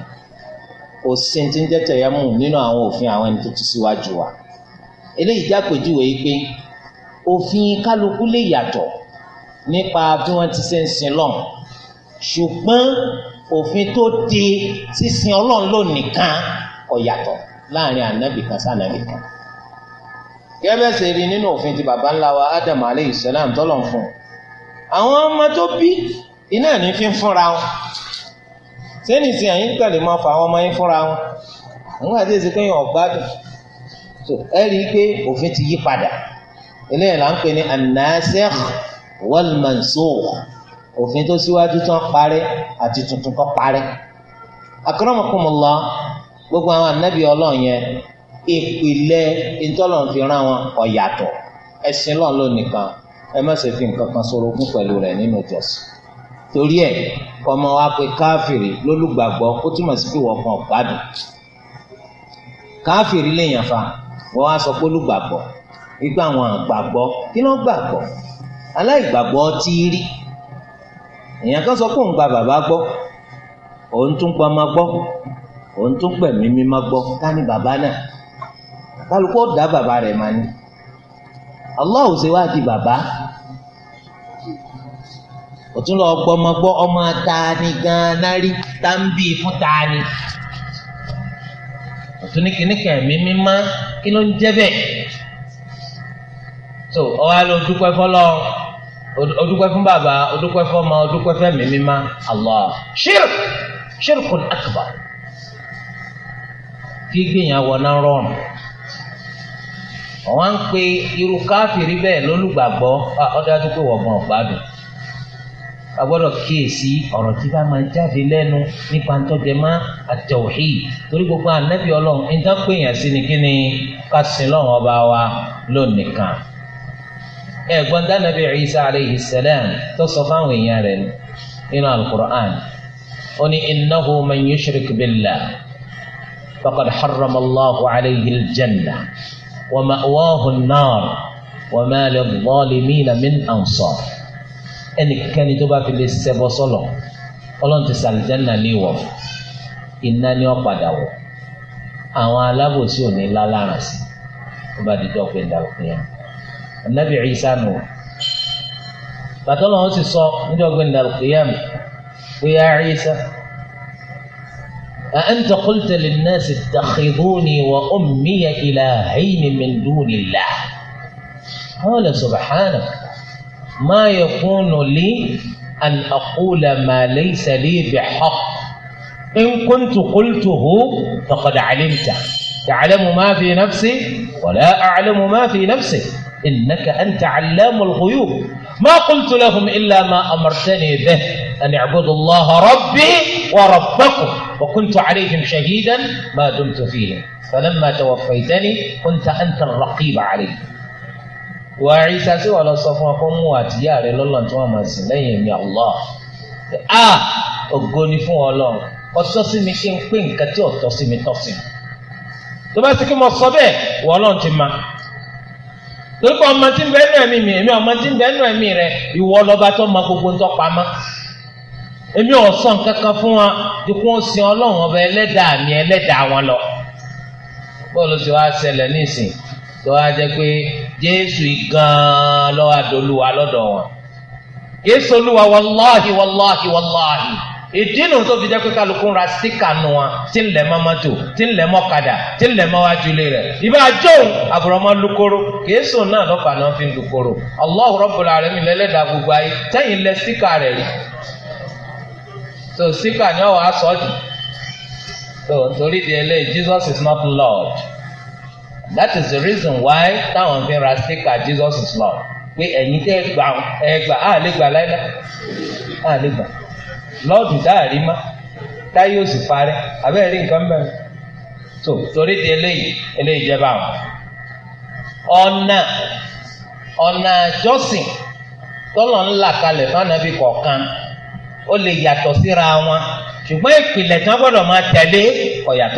kò sí ti ń jẹ́ tẹ̀yẹ̀mù nínú àwọn òfin àwọn ẹni tó ti síwájú wa eléyìí jápèjúwe yìí pé òfin kálukú lè yàtọ̀ nípa bí wọ́n ti ṣe ń sin lọ́n ṣùgbọ́n òfin tó di sísin ọlọ́run ló nìkan ó yàtọ̀ láàrin ànábì kan sànábì kan gẹ́gẹ́ sì rí nínú òfin ti baba ńlá wa Adam aleyhisselam tọ́lọ̀ fún un àwọn ọmọ tó bí iná ní fi ń fúnra wọn sẹ́ni sìn àyín tẹ̀lé máa fa àwọn ọmọ yín fúnra wọn àwọn àti èsì pé yàn ọ̀gbádùn so ẹ rí i pé òfin ti yí padà eléyìí là ń pè ní an-nasikh wal-mansukh òfin tó síwájú tán parẹ́ àti tuntun kan parẹ́ akramakumullah gbogbo àwọn ànábì Ọlọ́run yẹn ìpìlẹ̀ ìtọ́lọ́run fi rán wọn ọ̀yàtọ̀ ẹ̀sìn lọ́n lónìí kan ẹ má ṣe fi nǹkan kan sọ̀rọ̀ ogún pẹ̀lú rẹ̀ nínú ìjọsìn torí ẹ ọmọ wa pé káfìrí lólùgbàgbọ́ ó túmọ̀ sí pé wọ́n kan ọ̀gbádùn káfìrí lèèyàn fa wọ́n wá sọ pé olùgbàgbọ́ wípé àwọn àgbàgbọ́ kí ló gbàgbọ́ aláìgbàgbọ́ tí í rí èèyàn kan sọ pé òun gba bàbá gbọ́ òun tún gba ọmọ gbọ́ òun tún pẹ̀mí mímọ́ gbọ́ ká ní bàbá náà kálukú ó bàbá rẹ̀ máa ní Allah ṣe wá di bàbá o tún lọ gbọ́ ọmọ gbọ́ ọmọ taani gan nari tambi fún taani ni tún ní kìnnìkan ẹ̀mí mímá kí ló ń jẹ́ bẹ́ẹ̀ so ọwọ́ ló dúpẹ́ fọlọ́ o fún bàbá o fún ọmọ fún ẹ̀mí Allah kí gbìyànjú rọrùn wọ́n ń pe irú káfíìrì bẹ́ẹ̀ lólùgbàgbọ́ ah, a gbọ́dọ̀ kíyèsí ọ̀rọ̀ tí bá máa jáde lẹ́nu nípa ntọ́jẹmọ́ àtẹ̀wòhíì torí gbogbo ànábì ọlọ́run níta pé èèyàn sí ni kí ni ká sin lọ́run ọba wa lónìí kan. ẹ̀gbọ́n dánàbí Isa alayhi salam tó sọ fáwọn èèyàn rẹ̀ nínú alukur'an ó ní innahu man yushrik billah faqad harrama allahu alayhi aljanna wa ma'wahu an-nar wa ma lil-zalimina min ẹnikẹ́ni tó bá fi lè ṣẹbọ sọlọ ọlọ́run ti sàlìjánà lè wọ̀ iná ni ó padà wọ̀ àwọn alábòsí ò ní lálàrán sí tó bá di dọ́pẹ́ ìdàgbẹ́ yẹn anabi Isa nù bàtọ́lọ́ wọn sì sọ nídọ́gbẹ́ ìdàgbẹ́ yẹn pé ya Isa أأنت قلت للناس اتخذوني وأمي إلهين من دون الله قال سبحانك ما يكون لي أن أقول ما ليس لي بحق إن كنت قلته فقد علمته تعلم ما في نفسي ولا أعلم ما في نفسك إنك أنت علام الغيوب ما قلت لهم إلا ما أمرتني به أن اعبدوا الله ربي وربكم وكنت عليهم شهيدا ما دمت فيهم فلما توفيتني كنت أنت الرقيب عليهم wà á rí sasi wà lọ sọ fún wa kó mú àtìyá rẹ lọ́lọ́ tí wọ́n máa sìn lẹ́yìn mi Allah a ògo ni fún ọ lọ ọtọ́ sí mi ṣe ń pè nǹkan tí ọ̀tọ́ sí mi tọ́ sí mi tó bá ti kí mo sọ bẹ́ẹ̀ wà ọlọ́run ti ma torí pé ọmọ tí ń bẹ nù ẹ̀mí mi èmi ọmọ tí ń bẹ nù ẹ̀mí rẹ ìwọ lọ́ba tó ma gbogbo ń tọ́pa ma èmi ò sọ nǹkan kan fún wa dikú ó sin ọba ẹlẹ́dàá mi ẹlẹ́dàá wọn lọ bọ́ọ̀lù ti wá ṣẹlẹ̀ nísìnyí lọ́wọ́ á jẹ́ pé jésù gan-an lọ́wọ́ àdolúwa lọ́dọ̀ wọn. jésù olúwa wàláhì wàláhì wàláhì ìdí nù tó fi jẹ́ pé kálukú ń ra síkà nù wọn tí ń lẹ̀ mọ́ mọ́tò tí ń lẹ̀ mọ́ kadà tí ń lẹ̀ mọ́ wájú ilé rẹ̀ ìbá jóun àbùrọ̀mọ́ lukoro kèésù náà lọ́pàá náà fi ń lukoro Allahu Rabbul Alamin lẹ́lẹ́dàá gbogbo ayé tẹ́yìn lẹ síkà rẹ̀ rí so síkà ni ọ̀ wá sọ́ọ̀dì so torí di ẹlẹ́yìí Jesus is not Lord. that is the reason why táwọn fi ra sticker Jesus is Lord pé ẹ̀yin tẹ́ gbà ẹ gbà á lè gbà láyé á lè gbà lọ́ọ̀dù dáàrí má táyé òsì parẹ́ abẹ́rẹ́ rí nǹkan bẹ́ẹ̀ tó torí di eléyìí eléyìí jẹ́ báwọn. ọ̀nà ọ̀nà jọ́sìn tọ́lọ̀ kalẹ̀ kọ̀ọ̀kan ó lè yàtọ̀ síra wọn ṣùgbọ́n ìpìlẹ̀ tí wọ́n gbọ́dọ̀ máa tẹ̀lé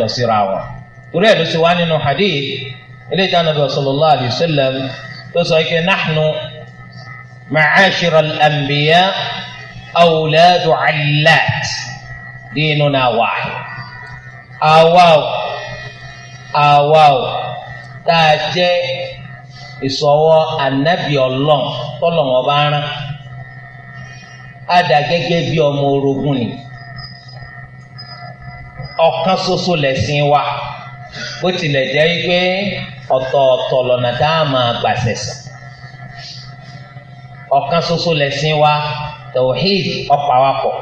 ó síra wọn. torí ẹ̀ ló ṣe wá nínú hadith eléyìí táwọn Ànábì sallallahu alayhi wa sallam tó sọ ike nahnu ma'ashira al-anbiya awladu allat dinuna wahid àwa o àwa o tá a jẹ́ ìsọwọ́ anabi ọlọ́n tọ́lọ́n ọba rán á dà gẹ́gẹ́ bí ọmọ orogún ni ọ̀kan ṣoṣo lẹ̀sìn wa. bó tilẹ̀ jẹ́ pé ọ̀tọ̀ọ̀tọ̀ lọ́nà tá a máa gbà sẹ̀sẹ̀ ọ̀kan ṣoṣo lẹ̀sìn wa tawhid ọ̀pá wa pọ̀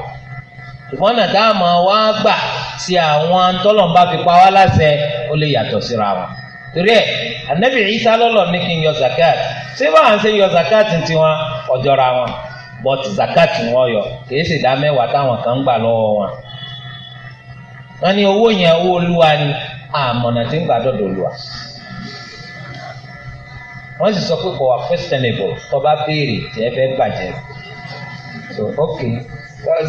ṣùgbọ́n ọ̀nà tá a máa wá gbà sí àwọn tọ́lọ̀mbá fi pa wá láṣẹ ó lè yàtọ̀ síra wọn torí ẹ anabi isa lọlọ ní kí n zakat ṣé ń yọ zakat ti ọjọra wọn but zakat wọn yọ kìí ṣe dá mẹ́wàá táwọn kan ń wọn. wọn owó yẹn owó olúwa ni àmọ̀nà tí ń gbà dọ̀dọ̀ lù wá. wọ́n sì sọ pé kò wá questionable tó bá béèrè tí ẹ fẹ́ gbàjẹ́. so ok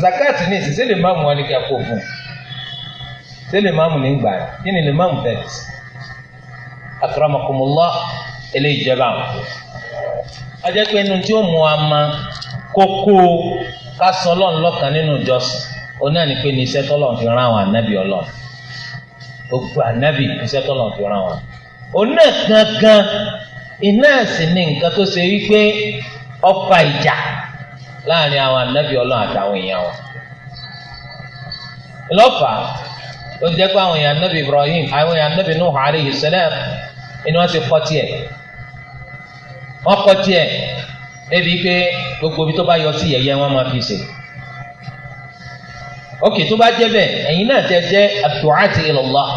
zakat ní ìsìn sílè máàmù wọn ni kí a kó fún un sílè máàmù ní gbà kí ni lè máàmù fẹ́ tì. akramakumullah eléyìí jẹ́ báwọn. ajẹ́ pé inú tí ó mú wa ma kókó ká sọ ọlọ́run lọ́kàn nínú ìjọsìn onáà ni pé ní iṣẹ́ tọ́lọ́run fi rán àwọn ànábì ọlọ́run gbogbo ànábì iṣẹ́ tó lọ́n fi ràn wọn. oná gangan iná ẹ̀sìn ni nǹkan tó ṣe wípé ọ̀pá ìjà láàrin àwọn ànábì ọlọ́run àtàwọn èèyàn wọn. lọ́fà ó jẹ́ pé àwọn èèyàn ànábì Ibrahim àwọn èèyàn ànábì Nuh alayhi salam ni wọ́n ti kọ́ tiẹ̀ wọ́n kọ́ tiẹ̀ débi pé gbogbo ibi tó bá yọ sí yẹ̀yẹ́ wọn máa fi ṣe ókè tó bá jẹ́ bẹ́ẹ̀ ẹ̀yin náà tẹ jẹ́ àdùáàtì ilallah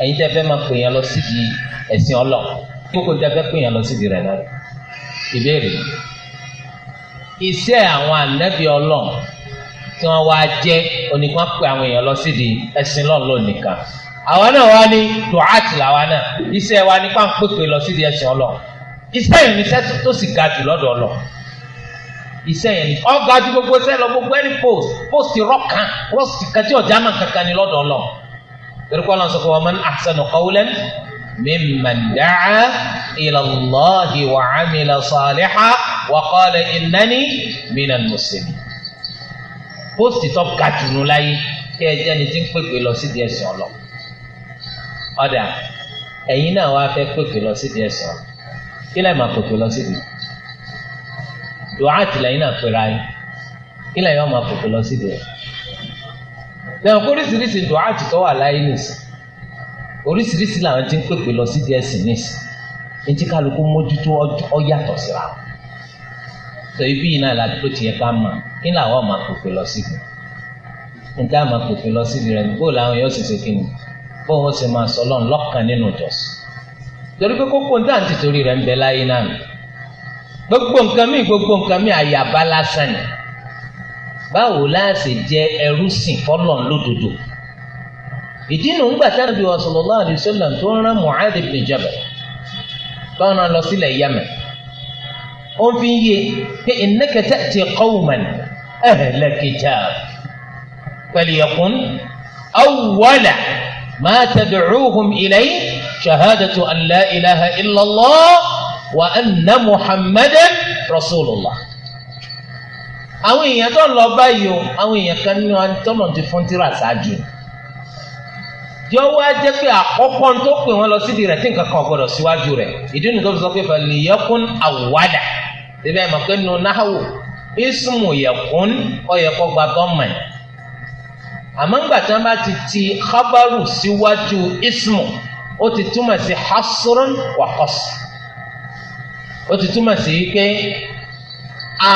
ẹ̀yin tẹ fẹ́ máa pè yẹn lọ sídìí ẹ̀sìn ọlọ́ kókò tẹ fẹ́ pè yẹn lọ sídìí rẹ̀ náà ìbéèrè iṣẹ́ àwọn ànábì ọlọ́ọ̀ tí wọ́n wá jẹ́ oníkan pè àwọn èèyàn lọ sídìí ẹ̀sìn lọ́ọ̀lọ́ nìkan àwa náà wá ní dùáàtì làwa náà iṣẹ́ wa ní pàǹpẹ̀pẹ̀ lọ sídìí ẹ̀sìn ọlọ́ọ̀ iṣẹ́ ìrìnsẹ́ tó sì ga jù lọ́dọ̀ ọlọ́ọ̀ iṣẹ́ yẹn ni ọ̀gá ju gbogbo iṣẹ́ lọ gbogbo ẹni post post rọ́ọ̀kan rọ́ọ̀sì kẹtí ọ̀já máa kankan ni lọ́dọ̀ lọ. torí kọ́ ló ń sọ fún wa man ahsanu qawlan mimman da'a ila Allahi wa 'amila salihan wa qala innani minal muslimin. post tó ga jùlọ láyé kí ẹ jẹ́ ni tí ń pèpè lọ sí díẹ̀ sọ̀ lọ. ọ̀dà ẹ̀yin náà wá fẹ́ pèpè lọ sí díẹ̀ sọ̀ kí lẹ́ẹ̀ máa pèpè lọ sí díẹ̀ dùá àtìlẹ́yìn náà pera yín ilẹ̀ yẹn ọmọ àpòpò Na sí ìdíyẹ. lẹ́yìn oríṣiríṣi dùá àtìtọ́ wà láyé nìsí oríṣiríṣi làwọn ti ń pèpè lọ sí ìdíyẹ sí nìsí etí kálukú mójútó ọ̀yàtọ̀ síra sọ ibi yìí náà ládùúgbò tiẹ̀ ká mà kí làwọn ọmọ àpòpò lọ sí ìdíyẹ níta àmà pèpè lọ sí ìdíyẹ bó làwọn yóò ṣe ṣe kí ni bó wọn ṣe máa sọ lọ́n lọ́kàn nínú torí pé kókó ń dáǹtì torí rẹ̀ ń bẹ láyé náà gbogbo nǹkan mi gbogbo nǹkan mi àyàbá lásán ni báwo láàṣẹ jẹ ẹrú sìn fọlọ́n lódodo ìdí nu ń gbàtà nàbí wa sallallahu alaihi wasallam tó ń rán Mu'adh ibn Jabal báwọn lọ sílẹ̀ Yemen ó fi ń yé pé innaka ta'ti qawman ahla kitab falyakun awwala ma tad'uuhum ilayhi shahadatu ilaha illallah wa anna muhammadan rasulullah àwọn èèyàn tó ń lọ báyìí o àwọn èèyàn kan ní wọn tọ́nà ti fún tíra ṣáájú yọ wá jẹ́ pé àkọ́kọ́ tó pè wọ́n lọ síbi rẹ̀ tí nǹkan kan gbọ́dọ̀ síwájú rẹ̀ ìdí nìkan tó sọ pé fàlìyẹ́kùn àwàdà síbẹ̀ mọ̀ pé nù náhàwò ismu yẹ̀kùn ọ̀yẹ̀kọ́ gba gọ́ọ̀mẹ̀ntì àmọ́ ńgbà tí wọ́n bá ti ti khabaru síwájú ismu ó ti túmọ̀ sí hasrun wa ó ti túmọ̀ sí pé a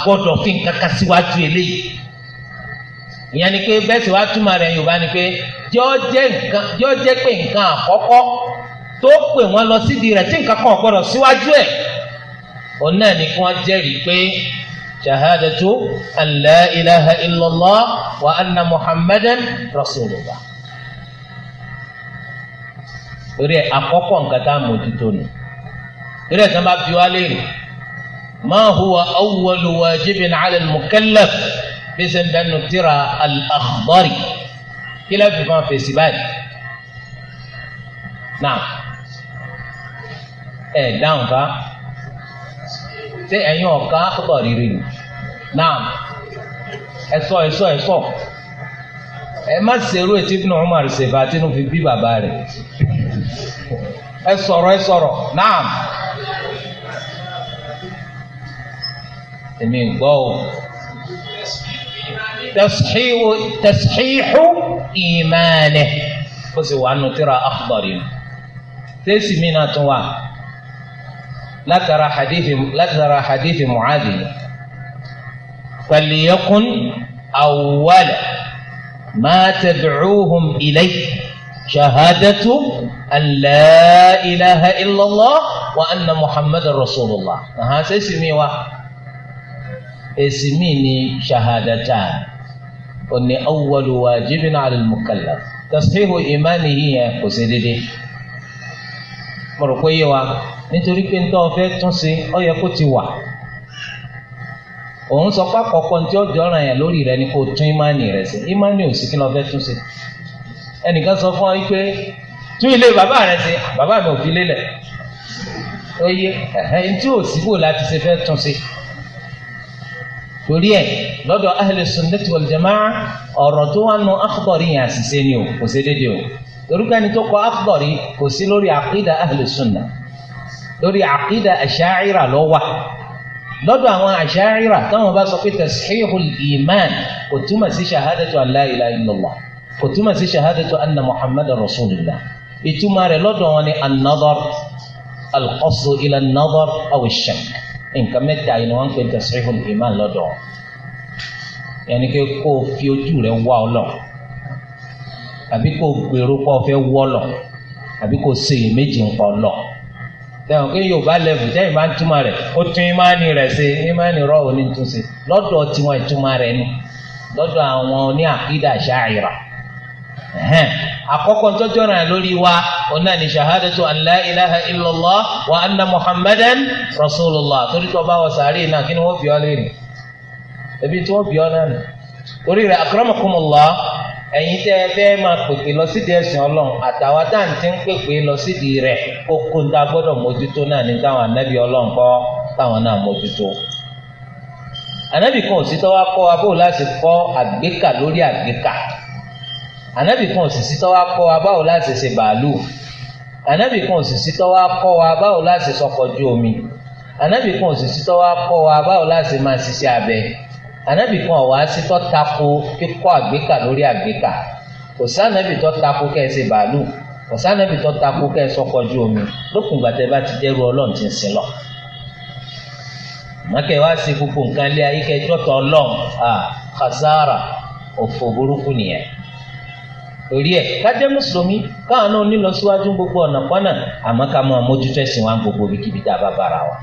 gbọ́dọ̀ fi nǹkan kan síwájú eléyìí ìyẹn ni pé bẹ́ẹ̀ sì wá túmọ̀ rẹ̀ Yorùbá ni pé jọ́ jẹ́ pé nǹkan àkọ́kọ́ tó pè wọ́n lọ sídìí rẹ̀ tí nǹkan kan gbọ́dọ̀ síwájú ẹ̀ òun náà ni kí wọ́n jẹ́rìí pé shahadatu an ilaha illallah wa anna muhammadan rasulullah. torí ẹ̀ àkọ́kọ́ nǹkan tá a mójútó nù eré ẹ̀sán bá fi wá léèrè máa huwa awwalu wajibin ala al-mukallaf bí sẹ́ńdà nùtìrà al-akhbari kí lẹ́ fi máa fèsì báyìí náà ẹ̀ dáhùn ká ṣé ẹ̀yin ọ̀ká ọ̀tọ̀ rírì ni náà ẹ̀sọ́ ẹ̀sọ́ ẹ̀sọ́ ẹ̀ má ṣerú etí Ibn Umar ṣèbá tínú fi bí bàbá rẹ̀. اسرع اسرع نعم امين واو تصحيح تصحيح ايمانه خذوا عنه ترى اخضر تيسي مين اتوا لا ترى حديث لا ترى حديث معاذ فليكن اول ما تدعوهم اليه ṣahadatu alla ilaha illallah wa anna muhammadar rasulullah àhán sẹ́sì mi wá èsì mi ni ṣahadata òní awwalu wajibin ala al-mukallaf tasfihu imanihi yẹn kò sí dédé mo rò pé yé wa nítorí pé nítorí ọ̀fẹ́ tún sí ọ yẹ kó ti wà òun sọ pé àkọ́kọ́ ní tí ọjọ́ yẹn lórí rẹ ni kò tún ìmánì rẹ sí ìmánì ò sí kí lọ́ọ́ fẹ́ tún sí ẹnìkan sọ fún ọ yìí pé tún ilé bàbá rẹ ṣe ah, bàbá mi ò fi lélẹ̀ oye ẹ̀hẹ́n tí ò síbò láti ṣe fẹ́ tún ṣe torí ẹ̀ lọ́dọ̀ ahli sunnati wal jamaa ọ̀rọ̀ tó wà nù akhdari yẹn àṣìṣe ni o kò ṣe déédéé o torúkọ ẹni tó kọ akhdari kò sí lórí àkídà ahli sunna lórí àkídà àṣàírà ló wà lọ́dọ̀ àwọn àṣàírà táwọn bá sọ pé tasihihul iman kò túmọ̀ sí shahadatu an kò túmọ̀ sí shahadatu anna muhammadan rasulillah ìtumọ̀ rẹ̀ lọ́dọ̀ wọn ni an-nadar al-qasdu ila an-nadar aw ash-shakk nǹkan mẹ́ta yìí ni wọ́n ń pè tasrihul iman lọ́dọ̀ wọn yẹn ni pé kó o fi ojú rẹ wá ọ lọ àbí kó o gbèrò kó o fẹ́ wọ́ lọ àbí kó o ṣe ńkọ lọ tẹ̀wọ̀n pé yorùbá lẹ́bù tẹ́yìn bá ń túmọ̀ rẹ̀ ó tún ìmánì rẹ̀ ṣe ìmánì rọ̀ ò ní tún lọ́dọ̀ tiwọn ìtumọ̀ rẹ̀ ni lọ́dọ̀ àwọn oní àkídà ṣáàyìrà àkọ́kọ́ ntọ́jọ́ rẹ̀ lórí wa ọ̀nà ni shahadatu an la ilaha illallah wa anna muhammadan rasulullah torí tó bá wọ sàárè náà kí ni wọ́n fi ọ́ lé ni ebi tí wọ́n fi ọ́ náà ni torí rẹ̀ akramakumullah ẹ̀yin tẹ́ ẹ fẹ́ máa pèpè lọ sídìí ẹ̀sìn ọlọ́run àtàwọn tá à ń ti ń pèpè lọ sídìí rẹ̀ kókó ń ta gbọ́dọ̀ mójútó náà ní táwọn anábì ọlọ́run kọ́ táwọn náà mójútó anábì kan ò sí tọ́wọ́ kọ́ abóhùn láti kọ́ àgbékà lórí àgbékà ànábì kan òsìsì tó wá kọ́ wa báwo láti ṣe bàálù ànábì kan òsìsì tó wá kọ́ wa báwo láti sọkọ̀ ju omi ànábì kan òsìsì tó wá kọ́ wa báwo láti máa ṣiṣẹ́ abẹ ànábì kan ọ̀wá sí tó tako kíkọ́ àgbékà lórí àgbékà kò sànábì tó tako kẹ́ ẹ ṣe bàálù kò sànábì tó tako kẹ́ ẹ sọkọ̀ ju omi lókùn gbàtẹ́ bá ti dẹ́rù ọlọ́run ti ń sin lọ mọ̀kẹ́ wá sí gbogbo nǹkan lé ayé kẹjọ́ tọ́ ọlọ́run khasara òfò burúkú nìyẹn lórí ẹ̀ kájẹ́ mùsùlùmí káwọn náà nílọ síwájú gbogbo ọ̀nà kọ́nà àmọ́ ká máa mójútó ẹ̀sìn wa gbogbo ibikíbi tá a bá bára wa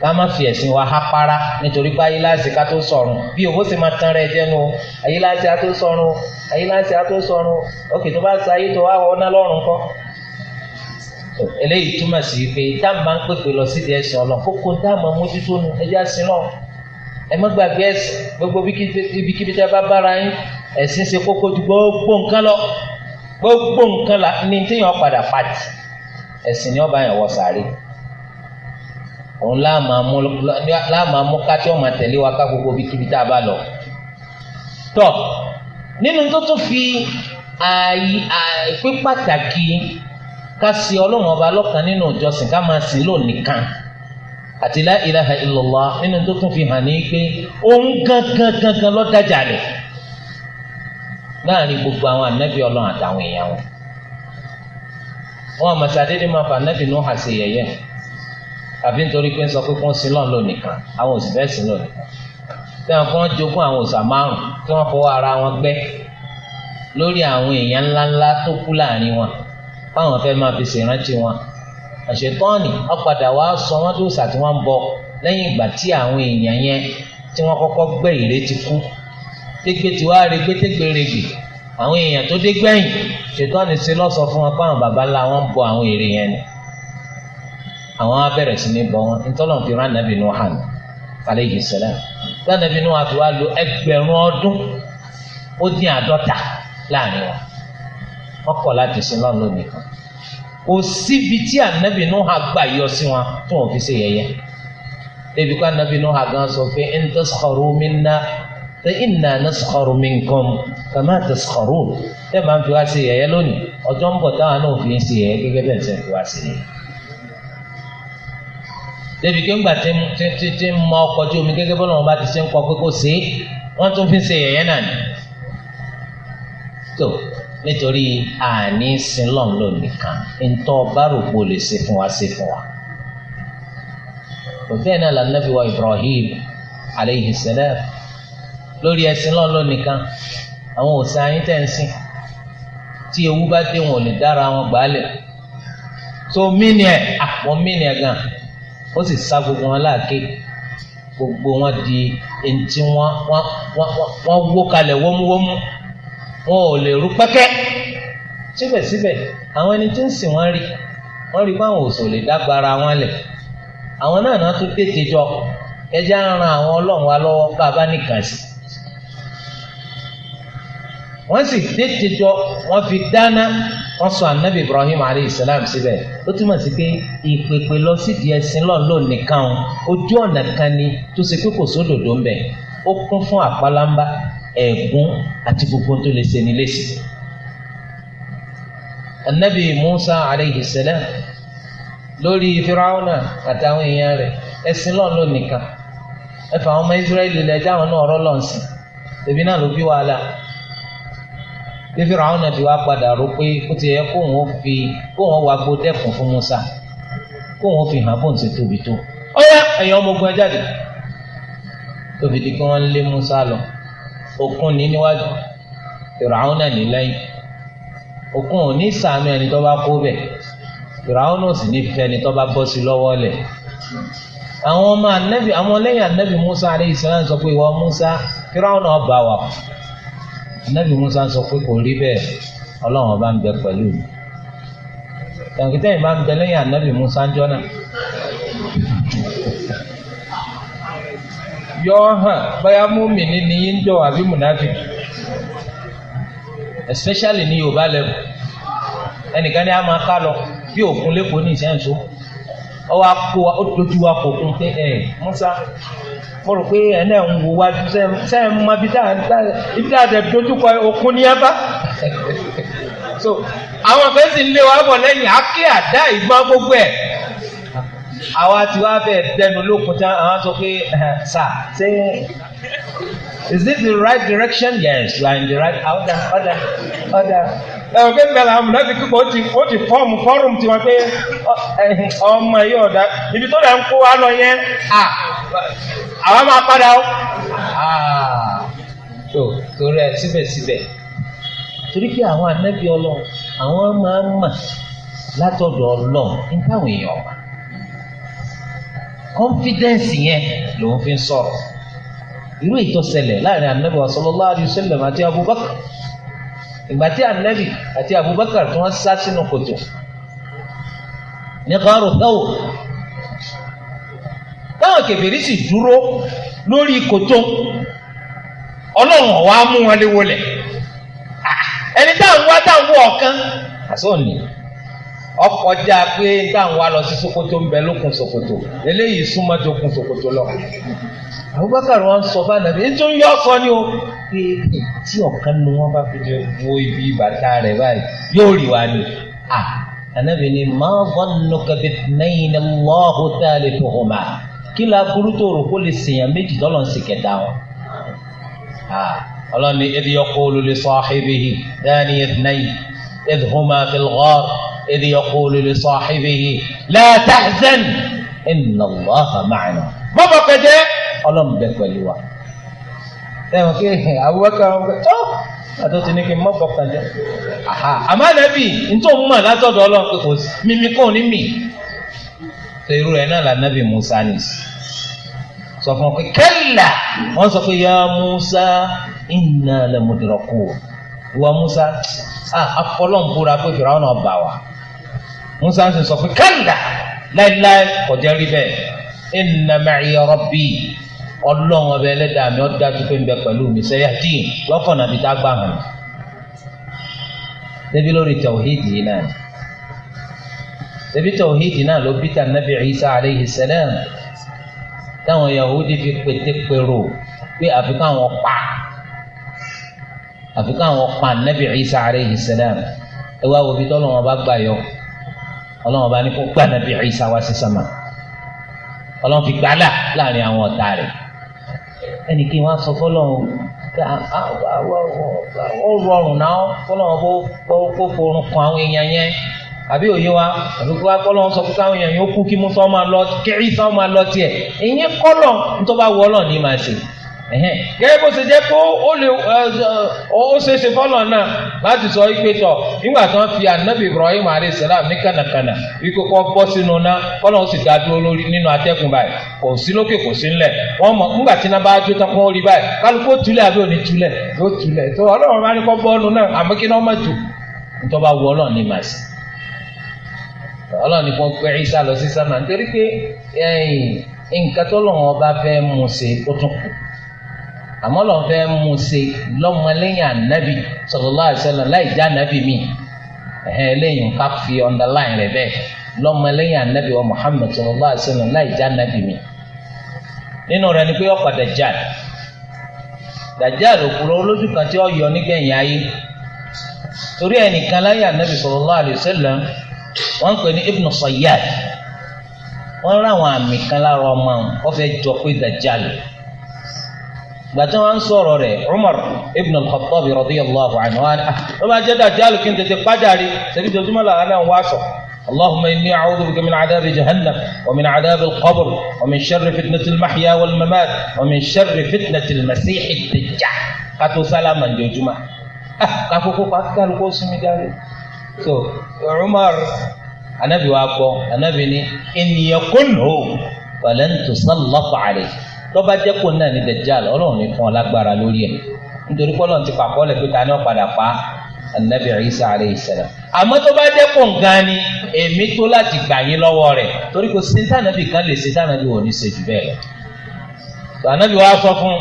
ká má fi ẹ̀sìn wa hápára nítorí pé ayélujáde ká tó sọ̀run bí owó sì máa tán rẹ̀ jẹ́nu o ayélujáde á tó sọ̀run o ayélujáde á tó sọ̀run òkè tó bá sa ayé tó wá wọ ọ́nà lọ́rùn kọ́ eléyìí túmọ̀ sí pé táwọn máa ń pèpè lọ sídìí ẹ̀sìn ọlọ́ kókó táwọn mójútó nu ẹjẹ́ ẹ má gbàgbé ẹ̀sìn gbogbo ibikíbi tí a bá bára yín ẹ̀sìn ṣe kókó ju gbogbo nǹkan lọ gbogbo nǹkan la ní téèyàn padà pàtì ẹ̀sìn ni ọba yẹn wọ sàárè òun láàmà mú kátí ọmọ tẹ̀lé wa ká gbogbo ibikíbi tá a bá lọ tọ nínú tó tún fi àìpé ká sí ọlọ́run ọba lọ́kan nínú ìjọsìn ká máa sìn lónìí kan àti la ilaha illallah nínú tó tún fi hàn ní pé òun gangan gangan lọ́dájà ni láàrin gbogbo àwọn ànábì ọlọ́run àtàwọn èèyàn wọn wọn àmọ̀tàdédé máa fà ànábì náà hà sí yẹ̀yẹ́ àbí nítorí pé ń sọ pé kí wọ́n sin lọ́n lónìí kan àwọn òsì fẹ́ sin lónìí kan tí wọn kàn jogún àwọn òsà márùn tí wọn fọwọ́ ara wọn gbẹ́ lórí àwọn èèyàn ńláńlá tó kú láàrin wọn báwọn fẹ́ máa fi ṣèrántí wọn àṣetọ́ọ̀nì ọ̀padà wàá sọ wọ́n tó sà tí wọ́n ń bọ lẹ́yìn ìgbà tí àwọn èèyàn yẹn tí wọ́n kọ́kọ́ gbẹ́ ìrè ti kú tẹ́gbẹ́ tí wàá rí gbẹ́tẹ́gbẹ́ rẹ̀gbẹ́ àwọn èèyàn tó dé gbẹ̀yìn ṣètọ́ọ̀nì sí lọ́sọ̀ fún wọn páwọn bàbá ńlá wọn bọ àwọn èrè yẹn ni àwọn á bẹ̀rẹ̀ sí ní bọ wọn ntọ́lọ̀ fi rán nàbì nù hàn alayhi salam rán nàbì nù hàn tó wá lo ẹgbẹ̀rún ọdún ó dín àádọ́ta láàrin wọn wọ́n kọ̀ láti sin lọ́nà lónìí kan kò síbi tí ànábì Nuha gbà yọ sí wọn tí wọn fi ṣe yẹ̀yẹ́ débi kó ànábì Nuha gan sọ pé in taskharu minna fa inna naskharu minkum kama taskharun tẹ́ máa ń fi wá ṣe yẹ̀yẹ́ lónìí ọjọ́ ń bọ̀ táwọn náà fi ń ṣe yẹ̀yẹ́ gẹ́gẹ́ bẹ́ẹ̀ ṣe fi wá ṣe yẹ̀yẹ́ débi kí ńgbà tí tí tí mọ ọkọ̀ omi gẹ́gẹ́ bọ́lá wọn bá ti ṣe ń kọ pé kò sí wọ́n tún fi ń ṣe yẹ̀yẹ́ náà ni nítorí àní sinlọ́n ló nìkan ntọ́ bárùkù lè ṣe fún wa ṣe fún wa. òfin náà la nàbí wa Ibrahim aleyhi salam lórí ẹ̀sìn lọ́n ló nìkan àwọn òsè ayé tẹ̀ ń sìn tí ewu bá dé wọn ò lè dára wọn gbà á lẹ̀ tó mínì ẹ̀ àpọ̀ mínì ẹ̀ gan ó sì sá gbogbo wọn láàké gbogbo wọn di ẹni tí wọ́n wó kalẹ̀ wọ́múwọ́mú wọn ò lè rú pẹ́kẹ́ síbẹ̀síbẹ̀ àwọn ẹni tí ń sìn wọ́n rí wọ́n rí báwọn òsò lè dágbára wọn lẹ̀ àwọn náà náà tún tètè jọ ẹjẹ́ á ran àwọn ọlọ́run wa lọ́wọ́ bá a bá nìkan sí wọ́n sì tètè jọ wọ́n fi dáná wọ́n sọ anabi ibrahim alayhi salam síbẹ̀ ó túmọ̀ sí pé ìpèpè lọ sídìí ẹ̀sìn lọ́n lò nìkan ojú ọ̀nà kan ni tó ṣe pé kò sódòdó ń bẹ̀ ó kún fún àpálámbá ẹ̀gún àti gbogbo tó lè ṣe ní léṣe. anabi musa aleyhi salam lórí firawuna àtàwọn èèyàn rẹ̀ ẹ̀sìn lọ́n ló nìkan ẹ̀fà ọmọ israẹli lẹ́jà àwọn náà ọ̀rọ̀ lọ́n sí ẹ̀bí náà ló bí wàhálà bí firawuna ti wá padà rò pé kó ti yẹ kó wọn fi kó wọn wá gbó dẹ́kun fún musa kó wọn fi hàn bó ń ṣe tóbi tó ọ̀yá ẹ̀yàn ọmọ ogun ẹ̀ jáde tóbi di kí wọ́n lé musa lọ òkun ní níwájú fìràwọn náà ní lẹ́yìn òkun ò ní ṣàánú ẹni tó bá kó bẹ̀ fìràwọn náà sì ní fífẹ́ ẹni tó bá bọ́ sí lọ́wọ́ lẹ̀ àwọn ọmọ anabi àwọn ọlẹ́yìn anabi musa aleyhi salam sọ pé ìwọ musa fìràwọn náà bá wà anabi musa sọ pé kò rí bẹ́ẹ̀ ọlọ́run ọba ń bẹ pẹ̀lú mi tàǹkìtẹ́yìn bá ń bẹ lẹ́yìn anabi musa jọ́nà yọ hàn bóyá múmìnì ni yín jọ àbí mùnàfíkì especially ní yorùbá level ẹnìkan ní a máa ká lọ bí òkun lẹ́kọ̀ọ́ ní ìsẹ́ǹsó ọ wa kó wa ó dojú wa kò kún pé ẹ musa mo rò pé ẹ náà ń wo wa sẹ́yìn mọ ibi tá ibi tá àtẹ dojú kọ òkun ní ẹbá so àwọn fèsì ń lé wa bọ̀ lẹ́yìn aké àdá gbogbo ẹ̀ àwa tí wàá fẹ́ dẹnu lókun tán àwọn sọ pé sir ṣé is this the right direction yes you are in the right ah, order order order. ẹ ò gbé bẹ́ẹ̀ àwọn mùnà ti kíkọ ó ti ó ti fọ́ọ̀mù fọ́ọ̀rùm tí wọ́n pé ọmọ yìí ọ̀dà ibi tó dà ń kó wa lọ yẹn àwa máa padà ó. tó torí ẹ síbẹ̀síbẹ̀ torí pé àwọn anábì ọlọ́run àwọn máa ń mà látọ̀dọ̀ ọlọ́run nígbà àwọn èèyàn ọ̀ma confidence yẹn lòun fi ń sọ̀rọ̀ irú ìtọ́sẹ̀lẹ̀ láàrin anabi sallallahu alayhi wa sallam àti abubakar ìgbà tí anabi àti abubakar tí wọ́n sá sínú kòtò ní kárò dáwò táwọn kẹfìrí sì dúró lórí kòtò ọlọ́run ọ̀wá mú wọn léwọlẹ̀ ẹni táwọn wá táwọn wọ ọ̀kan àsọ̀nìyàn ọkọjá pé táwọn wa lọ sí Sokoto ń bẹ lókun Sokoto eléyìí súnmọ́ tó kun Sokoto lọ. Abubakar wọn sọ bá nàbí ètò ń yọ sọ ni o pé tí ọ̀kan nu wọn bá fi wo ibi bàtà rẹ̀ báyìí yóò rí wa ni. Ànábì ni máa bọ́n nùkàbí náyìn ní mọ́ọ̀hún tá a lè fi hùn mà kí la burú tó rò kó lè sèyàn méjì tọ́lọ̀ ń sì kẹta wọn. Ọlọ́ni ẹ̀dí yọ kó lulẹ̀ sọ́ọ́ ẹ̀bí yìí dáníyẹ̀ náyìn ẹ̀dí hùn fi lọ́ọ̀rù. إذ يقول لصاحبه لا تحزن إن الله معنا ما بقى جاء ألم بك ولوا sẹ́wọ̀n kí awúwẹ́kẹ́ ọ̀hún tó àtọ́ ti ní kí n mọ́ fọkàn jẹ́ àmọ́ nàbì ntọ́ mọ̀ látọ̀dọ̀ ọlọ́run pé kò mímí kò ní mì tó irú rẹ̀ náà là nàbì Musa nìsí sọ fún ọ pé kẹ́là wọ́n sọ pé ya Musa inna la mudrakun wa Musa afọlọ́nbúra pé fìrà ọ̀nà ọba wa musa sì sọ fún kálá láéláé kọjá rí bẹ́ẹ̀ inna ma'i rabbi ọlọ́run ọbẹ̀ ẹlẹ́dàá mi ọ̀dájú pé ń bẹ pẹ̀lú mi sẹ́yà tí lọ́kàn náà fi dágbà hàn débi lórí tawhidi náà débi tawhidi náà ló bí tànàbí Isa alayhi salam táwọn yahudi fi pété pérò pé àfi káwọn pa àfi káwọn pa nàbí Isa alayhi salam ẹ wá wo bí tọ́lọ́ bá gbà yọ ọlọ́run bá ní kó gbà nàbí Ìsá wá sí sánmà ọlọ́run fi gbàlà láàrin àwọn ọ̀tá rẹ̀ ẹnì kí wọ́n sọ fọlọ́run ah, ah, ah, ó rọrùn náà fọlọ́run bó kó forun fún àwọn èèyàn yẹn àbí òye wa àbí kó akọ́lọ́run sọ fún àwọn èèyàn yẹn ó kú kí Mùsá máa lọ kí Ìsá máa lọ tiẹ̀ ìyẹn kọ́lọ̀ ní tó bá wọ́ ọlọ́run ní máa ṣe. gẹ́gẹ́ bó ṣe jẹ́ kó ó lè ó ṣeéṣe fọ́lọ̀ náà láti sọ wípé tọ̀ nígbà tí wọ́n fi ibrahim ní kànàkànà wípé bọ́ sínú ná ó sì dá dúró lórí nínú báyìí kò sí lókè kò sí ńlẹ̀ wọ́n mọ̀ nígbà tí bá jó tán kó rí báyìí kálukó túlẹ̀ àbí òní túlẹ̀ yóò túlẹ̀ tó ọlọ́run bá ní bọ́ náà àmọ́ kí àmọ́ lọ́n fẹ́ mú ṣe lọ́mọlẹ́yìn ànábì sallallahu alaihi wasallam láì já ànábì mi ẹ̀hẹ́n lẹ́yìn ká fi underline rẹ̀ bẹ́ẹ̀ lọ́mọlẹ́yìn ànábì wa Muhammad sallallahu alaihi wasallam láì já ànábì mi nínú rẹ̀ ni pé ọ̀pọ̀ dajjal dajjal òkúrò olójú kan tí ó yọ nígbẹ̀yìn ayé torí ẹnìkan láyé ànábì sallallahu alaihi wasallam wọ́n ń pè ní Ibn Sayyad wọ́n ráwọn àmì kan lára ọmọ wọn fẹ́ jọ pé dajjal lò بعدين عن صوره عمر ابن الخطاب رضي الله عنه أنا ما جدا جالك انت تقدري سيد الجمل انا واسع اللهم اني اعوذ بك من عذاب جهنم ومن عذاب القبر ومن شر فتنه المحيا والممات ومن شر فتنه المسيح الدجال قاتو سلاما جو جمع قفو قفو قاتل قوسمي جالي سو عمر انا بواكو انا بني ان يكن فلن تسلط عليه tọ́ba jẹ́pọ̀ náà ní dajjal ọlọ́run ní fún ọ lágbára lórí ẹ̀ nítorí pé ọlọ́run ti pàpọ́ lẹ̀ pé ta ni ó padà pa anabi isa alayhi salam àmọ́ tọ́ba jẹ́pọ̀ nǹkan ni èmi tó láti gbà yín lọ́wọ́ rẹ̀ torí kò sí sànàbì kan lè sí sànàbì wò ní ṣe jù bẹ́ẹ̀ lọ. sànàbì wa sọ fún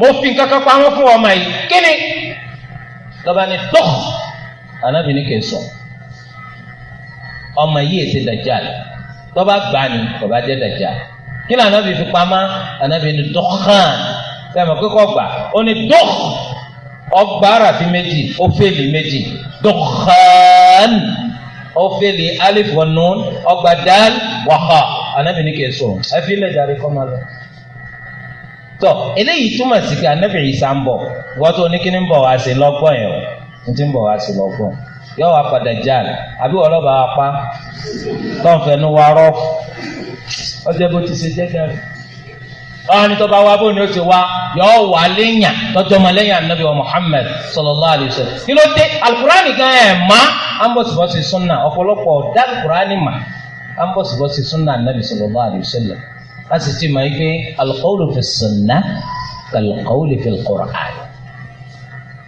mo fi nǹkan kan pamọ́ fún ọmọ yìí kí ni tọ́ba ni tó anabi ni kì í sọ ọmọ yìí èsì dajjal tọ́ba gbani kò bá jẹ́ dajjal kí ni anabi fi pamọ́ anabi ni dọ́kàn sẹ́mi pé kọ́ gbà ó ní dọ́k ọgbà àràfi méjì ó fèlè méjì dọ́kàn ó fèlè alif wa nun ọgbà dal wa kha anabi ni kẹsọ ẹ fi lè darí kọ́ lọ. tọ eléyìí túmọ̀ sí pé anabi Ìsá ń bọ̀ wọ́n tó ni ń bọ̀ wá sí lọ́gbọ̀n yẹn o ní ti ń bọ̀ wá sí lọ́gbọ̀n yọ wá padà jáde àbí wọ́n lọ́ba apá tó ń fẹnu wa rọ́ọ̀fù ọjọ́ bó ti ṣe jẹ́ dàrú ọ̀run tó bá wá bó ni ó ti wá yọ̀ọ́ wà léyìn tọ́jú ọmọ lẹ́yìn anabi wa muhammed sallallahu alayhi wa sallam kí ló dé alukurani gan ẹ̀ má ambosibosi sunna ọ̀pọ̀lọpọ̀ dá alukurani mà ambosibosi sunna anabi sallallahu alayhi wa sallam láti ti máa gbé alukóòlù fi sunna kalukóòlù fi alukurani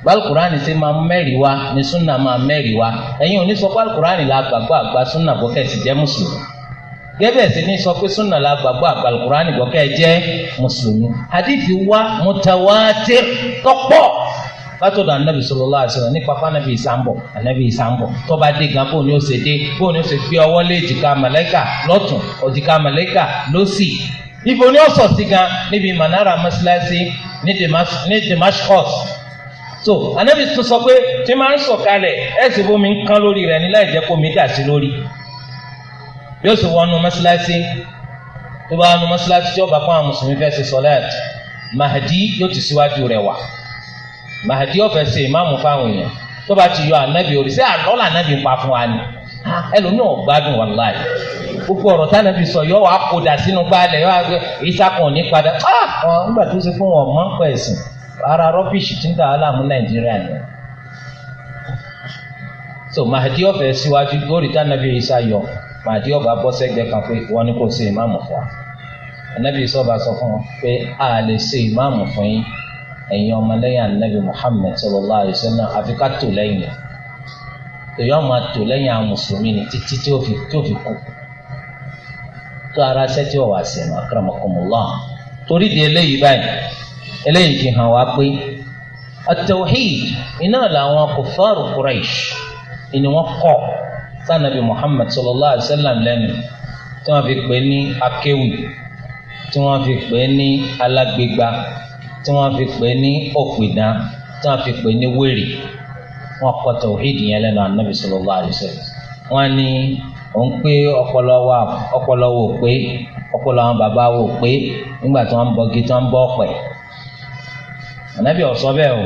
balukurani ti máa mẹ́rin wa ni sunna máa mẹ́rin wa ẹ̀yin ò ní sọ pé la gbàgbọ́ àgbà sunna bọ́kẹ́tì jẹ́ mùsùlùmí gẹ́gẹ́ sì ní sọ pé súnà la gbàgbọ́ àgbàlùkùránì gbọ́ kẹ́ ẹ jẹ́ mùsùlùmí àdìfi wá mutawatir tọ́pọ̀ látọ̀dọ̀ anabi sallallahu alaihi wasallam nípa fanabi ìsàmbọ̀ anabi ìsàmbọ̀ tọ́ba dé gan bóun ni ó ṣe dé bóun ni ó ṣe gbé ọwọ́ lé èjìká màlẹ́kà lọ́tún òjìká màlẹ́kà lọ́sì ibo ni ó sọ sí gan níbi manara mọ́sálásí ní Damascus so anabi tún sọ pé tí máa ń sọ̀kalẹ̀ ẹ̀ sì bomi ń kán lórí rẹ̀ ní láì jẹ́ kó mi dà sí lórí. bí ó wọnú mọ́ṣáláṣí tó bá wọnú mọ́ṣáláṣí tí ó fún àwọn mùsùlùmí fẹ́ ṣe sọ́láàtì mahadi yóò ti síwájú rẹ̀ wá mahadi yóò ṣe ìmáàmù fáwọn èèyàn ti yọ orí sí àlọ́lá ni ẹlòmíràn ò gbádùn gbogbo ọ̀rọ̀ tí sọ yọ wàá kódà sínú gbálẹ̀ yọ àgbẹ̀ padà nígbà tó ṣe fún wọn mọ́ pẹ̀ ara so mahdi síwájú lórí tí pàdé ọba bọ́ sẹ́gbẹ́ kan pé wọ́n ní kò ṣe ìmáàmù fún wa anabi sọba sọ fún wọn pé a lè ṣe ìmáàmù fún yín ẹ̀yin ọmọlẹ́yìn anabi muhammed sallallahu alaihi wasallam àfi ká tò lẹ́yìn èyí ọmọ tò lẹ́yìn àwọn mùsùlùmí ni títí tí ó fi kú tó ara sẹ́tí ọ̀wà sẹ́nu akramakumullah torí di eléyìí báyìí eléyìí fi hàn wá pé at iná làwọn kuffaru Quraysh ni sanabi muhammad sallallahu alayhi wa sallam lẹ́nu tí wọ́n fi pè ní akéwì tí wọ́n fi pè ní alágbègbà tí wọ́n fi pè ní òpìdán tí wọ́n fi pè ní wèrè wọ́n kọ́ tawhid yẹn lẹ́nu anabi sallallahu alayhi wa sallam wọ́n ní òun pé ọpọlọ wa ọpọlọ wò pé ọpọlọ àwọn bàbá wò pé nígbà tí wọ́n ń bọgi tí wọ́n ń bọ ọ̀pẹ anabi ọsọ bẹ́ẹ̀ o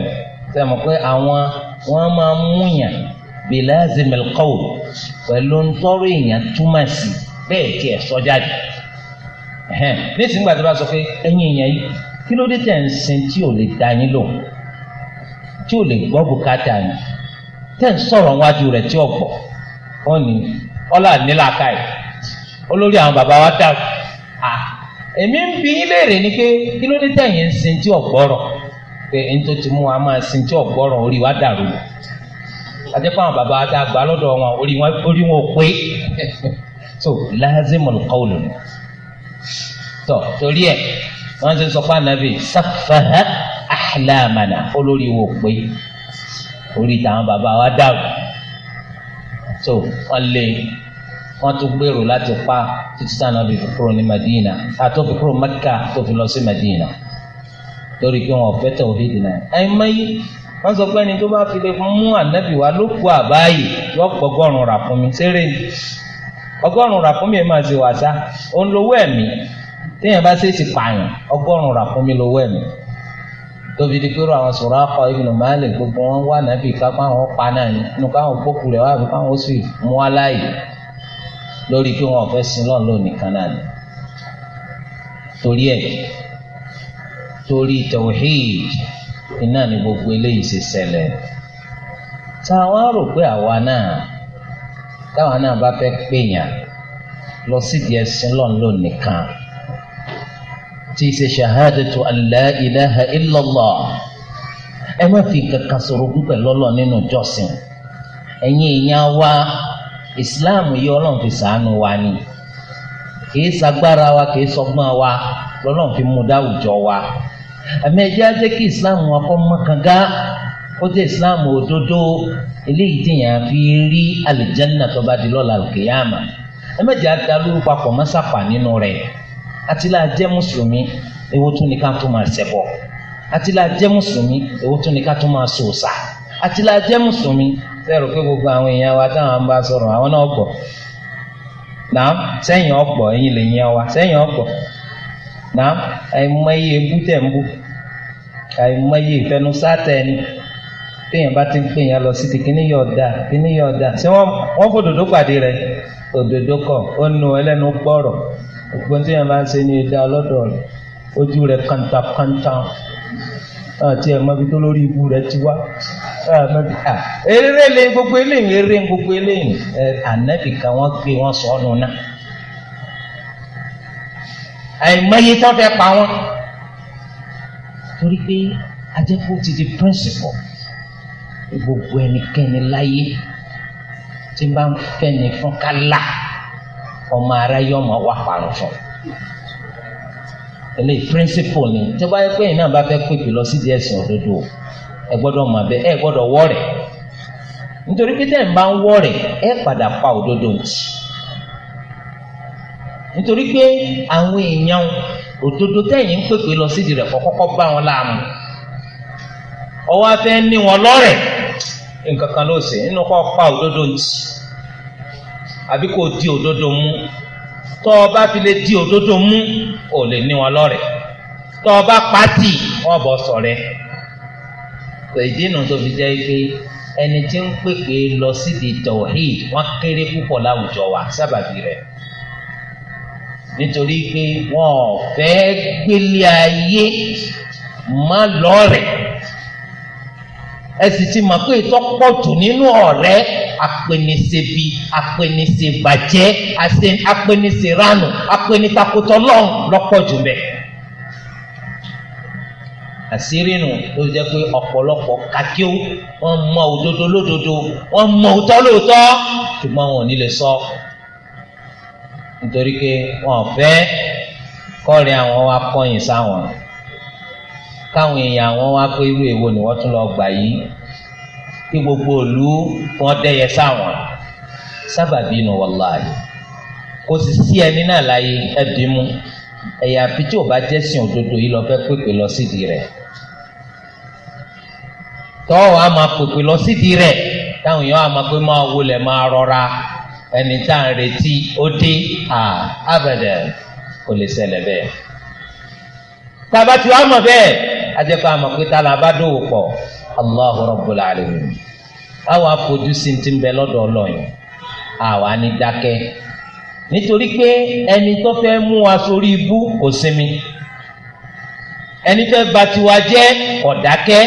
sẹ mo pé àwọn wọ́n máa ń múyàn bilazimil qawl pẹ̀lú ntọ́rọ èèyàn túmọ̀ sí bẹ́ẹ̀ tí ẹ̀ sọ jáde nísìnyí gbàtí wọ́n sọ pé ẹ̀yin èèyàn yìí kí ló dé tẹ̀ ń sin tí ò lè da yín lò tí ò lè gbọ́ bùkátà yín tẹ̀ ń sọ̀rọ̀ wájú rẹ̀ tí ò gbọ́ wọ́n ní ọlá nílàkà yìí olórí àwọn bàbá wa dà èmi ń bi yín léèrè ni pé kí ló dé tẹ̀ yín ń sin tí ò gbọ́rọ̀ pé ẹni tó ti mú wa máa sin tí ò gbọ́rọ̀ orí wa dàrú àtẹ́kọ́ àwọn bàbá tá a gbà lọ́dọ̀ wọn orí wọn orí wọn ò pé so lazimul ni, tọ torí ẹ wọn ti sọ fún anabi safaha ahlamana olórí wo pé orí táwọn bàbá wa dàrú so wọn lè wọn tún gbèrò láti pa títí táwọn anabi fi kúrò ní madina àti òfin kúrò mẹ́kà tó fi lọ sí madina lórí pé wọn ò fẹ́ tẹ̀ òhídìí náà ẹ̀ máa wọ́n sọ pé ẹni tó bá fi lè mú ànábì wá ló kú àbáyé yọ pọ̀ ọgọ́rùn rà fún mi séré ọgọ́rùn rà fún mi máa ṣe wàṣà òun lówó ẹ̀mí téèyàn bá ṣèṣì pààyàn ọgọ́rùn rà fún mi lówó ẹ̀mí tóbi di pérò àwọn sọ̀rọ̀ akọ ibùdó máàlì gbogbo wọn wà nábì kápá àwọn pa náà ni inú káwọn gbókù rẹ̀ wá àbí káwọn sì mú aláì lórí pé wọn fẹ́ sin lọ́n lónìí kan náà ni torí ẹ̀ torí tawhid iná ni gbogbo eléyìí ṣe ṣẹlẹ̀ tá a wá rò pé àwa náà táwa náà bá fẹ́ pèèyàn lọ sídìí ẹ̀sìn lọ́nlọ́ nìkan tí í ṣe ṣahadatu an la ilaha illallah ẹ má fi kankan sorogún pẹ̀lú ọlọ́ nínú jọ́sìn ẹ̀yin èèyàn wa ìsìláàmù yìí ọlọ́run fi ṣàánú wa ni kì í ṣagbára wa kì í ṣọgbọ́n wa lọ́lọ́run fi mú dáwùjọ wa àmì ẹ̀jẹ̀ á jẹ́ kí islam wọn kọ́ mọ́ kanga ó jẹ́ islam òdodo eléyìí tí yàn á fi rí alìjẹ́nà tó bá di lọ́la al-qiyama ẹ mẹ́jẹ̀ á da nínú rẹ̀ àti là mùsùlùmí èwo tún ni ká tún máa ṣẹbọ àti là jẹ́ mùsùlùmí èwo tún ni ká tún máa ṣòòṣà àti là jẹ́ mùsùlùmí sẹ́rù pé gbogbo àwọn èèyàn wa táwọn bá sọ̀rọ̀ àwọn náà gbọ́ náà sẹ́yìn ọ̀pọ̀ ẹ̀yìn lè yẹn wa sẹ́yìn ọ̀pọ̀ náà àìmọye ebú tẹ̀ ń bú àìmọye ìfẹnusátẹ ni péyàn bá ti ń péyàn lọ sí ti kíní yọ ọ̀dà kíní yọ ọ̀dà ṣé wọ́n fòdòdó pàdé rẹ̀ òdòdó kọ̀ ó nu ẹlẹ́nu gbọ́rọ̀ òpin tí yẹn bá ń ṣe ní ẹja ọlọ́dọ̀ rẹ̀ ojú rẹ̀ kàńtàkàńtà àti ẹ̀ mọ́bi tó lórí ibu rẹ̀ ti wá eré lé gbogbo eléyìí eré gbogbo eléyìí ànábì kan wọ́n gbé wọ́n sọ ọ́ nù náà àìmọye tí wọ́n fẹ́ pa wọ́n torí pé ajẹ́pọ̀ ti di principle gbogbo ẹnikẹ́ni láyé tí bá ń fẹ́ni fún kálá ọmọ ara yọ ọmọ wà parun fún eléyìí principle ni tí wọ́n pè náà bá fẹ́ pèpè lọ sí díẹ̀ sìn òdodo ẹ gbọ́dọ̀ mọ̀ bẹ́ẹ̀ ẹ gbọ́dọ̀ wọ́ rẹ̀ nítorí pé tẹ̀ ń bá ń wọ́ rẹ̀ ẹ padà pa òdodo jì nítorí pé àwọn èèyàn òdodo tẹ̀yìn ń pèpè lọ sídìí rẹ̀ kọ́kọ́kọ́ bá wọn láàmú ọwọ́ afẹ́ ní wọn lọ́rẹ̀ nǹkan kan ló ṣe nínú kọ́ pa òdodo ntì àbí kò di òdodo mú tọ́ ọ bá fi lè di òdodo mú ò lè ní wọn lọ́rẹ̀ tọ́ ọ bá pàtì wọn bọ̀ sọ̀rẹ́ pé ìdínà tó fi jẹ́ pé ẹni tí ń pèpè lọ sídìí tọ̀hìn wọn kéré púpọ̀ láwùjọ wa sábàbí rẹ̀ nítorí pé wọn ò fẹ́ gbélé ayé má lọ́rẹ̀ ẹ sì ti mọ̀ pé ìtọ́pọ̀tù nínú ọ̀rẹ́ apẹnisebi apẹnisebàjẹ́ apẹniseranu apẹnitakotọlọ́hún lọ́pọ̀jù bẹ́ẹ̀ àṣírí nù ló jẹ́ pé ọ̀pọ̀lọpọ̀ kakíó wọ́n mọ òdodo lódodo wọ́n mọ òótọ́ lóòótọ́ ṣùgbọ́n wọn ò ní lè sọ nítorí pé wọn fẹ́ kọ́ọ̀rì àwọn wa kọ́yìn sáwọn káwọn èèyàn àwọn wa pé irú èwo ni wọ́n tún lọ gbà yìí kí gbogbo òlu wọn dẹ́yẹ sáwọn sábàbí nu wàláyé kò sì sí ẹni náà láyé ẹbí mú ẹ̀yà àfi tí ò bá jẹ́ sìn òdodo yìí lọ fẹ́ pèpè lọ sídìí rẹ̀ tọ́wọ́ a máa pèpè lọ sídìí rẹ̀ táwọn èèyàn a pé máa wọlé máa rọra ẹni tá à ń retí ó dé à abẹ̀dẹ̀ kò lè ṣẹlẹ̀ bẹ́ẹ̀. tàbá tí wàá mọ̀ bẹ́ẹ̀ ajẹ́pẹ́ àmọ̀ pé tá a là bá dòwò pọ̀ Allahu Rabbul Alamin àwọn afojú sí ti ń bẹ lọ́dọ̀ ọlọ́yìn àwa ní dákẹ́ nítorí pé ẹni tó fẹ́ mú wa sórí ibú kò sinmi ẹni fẹ́ bà tiwa jẹ́ kò dákẹ́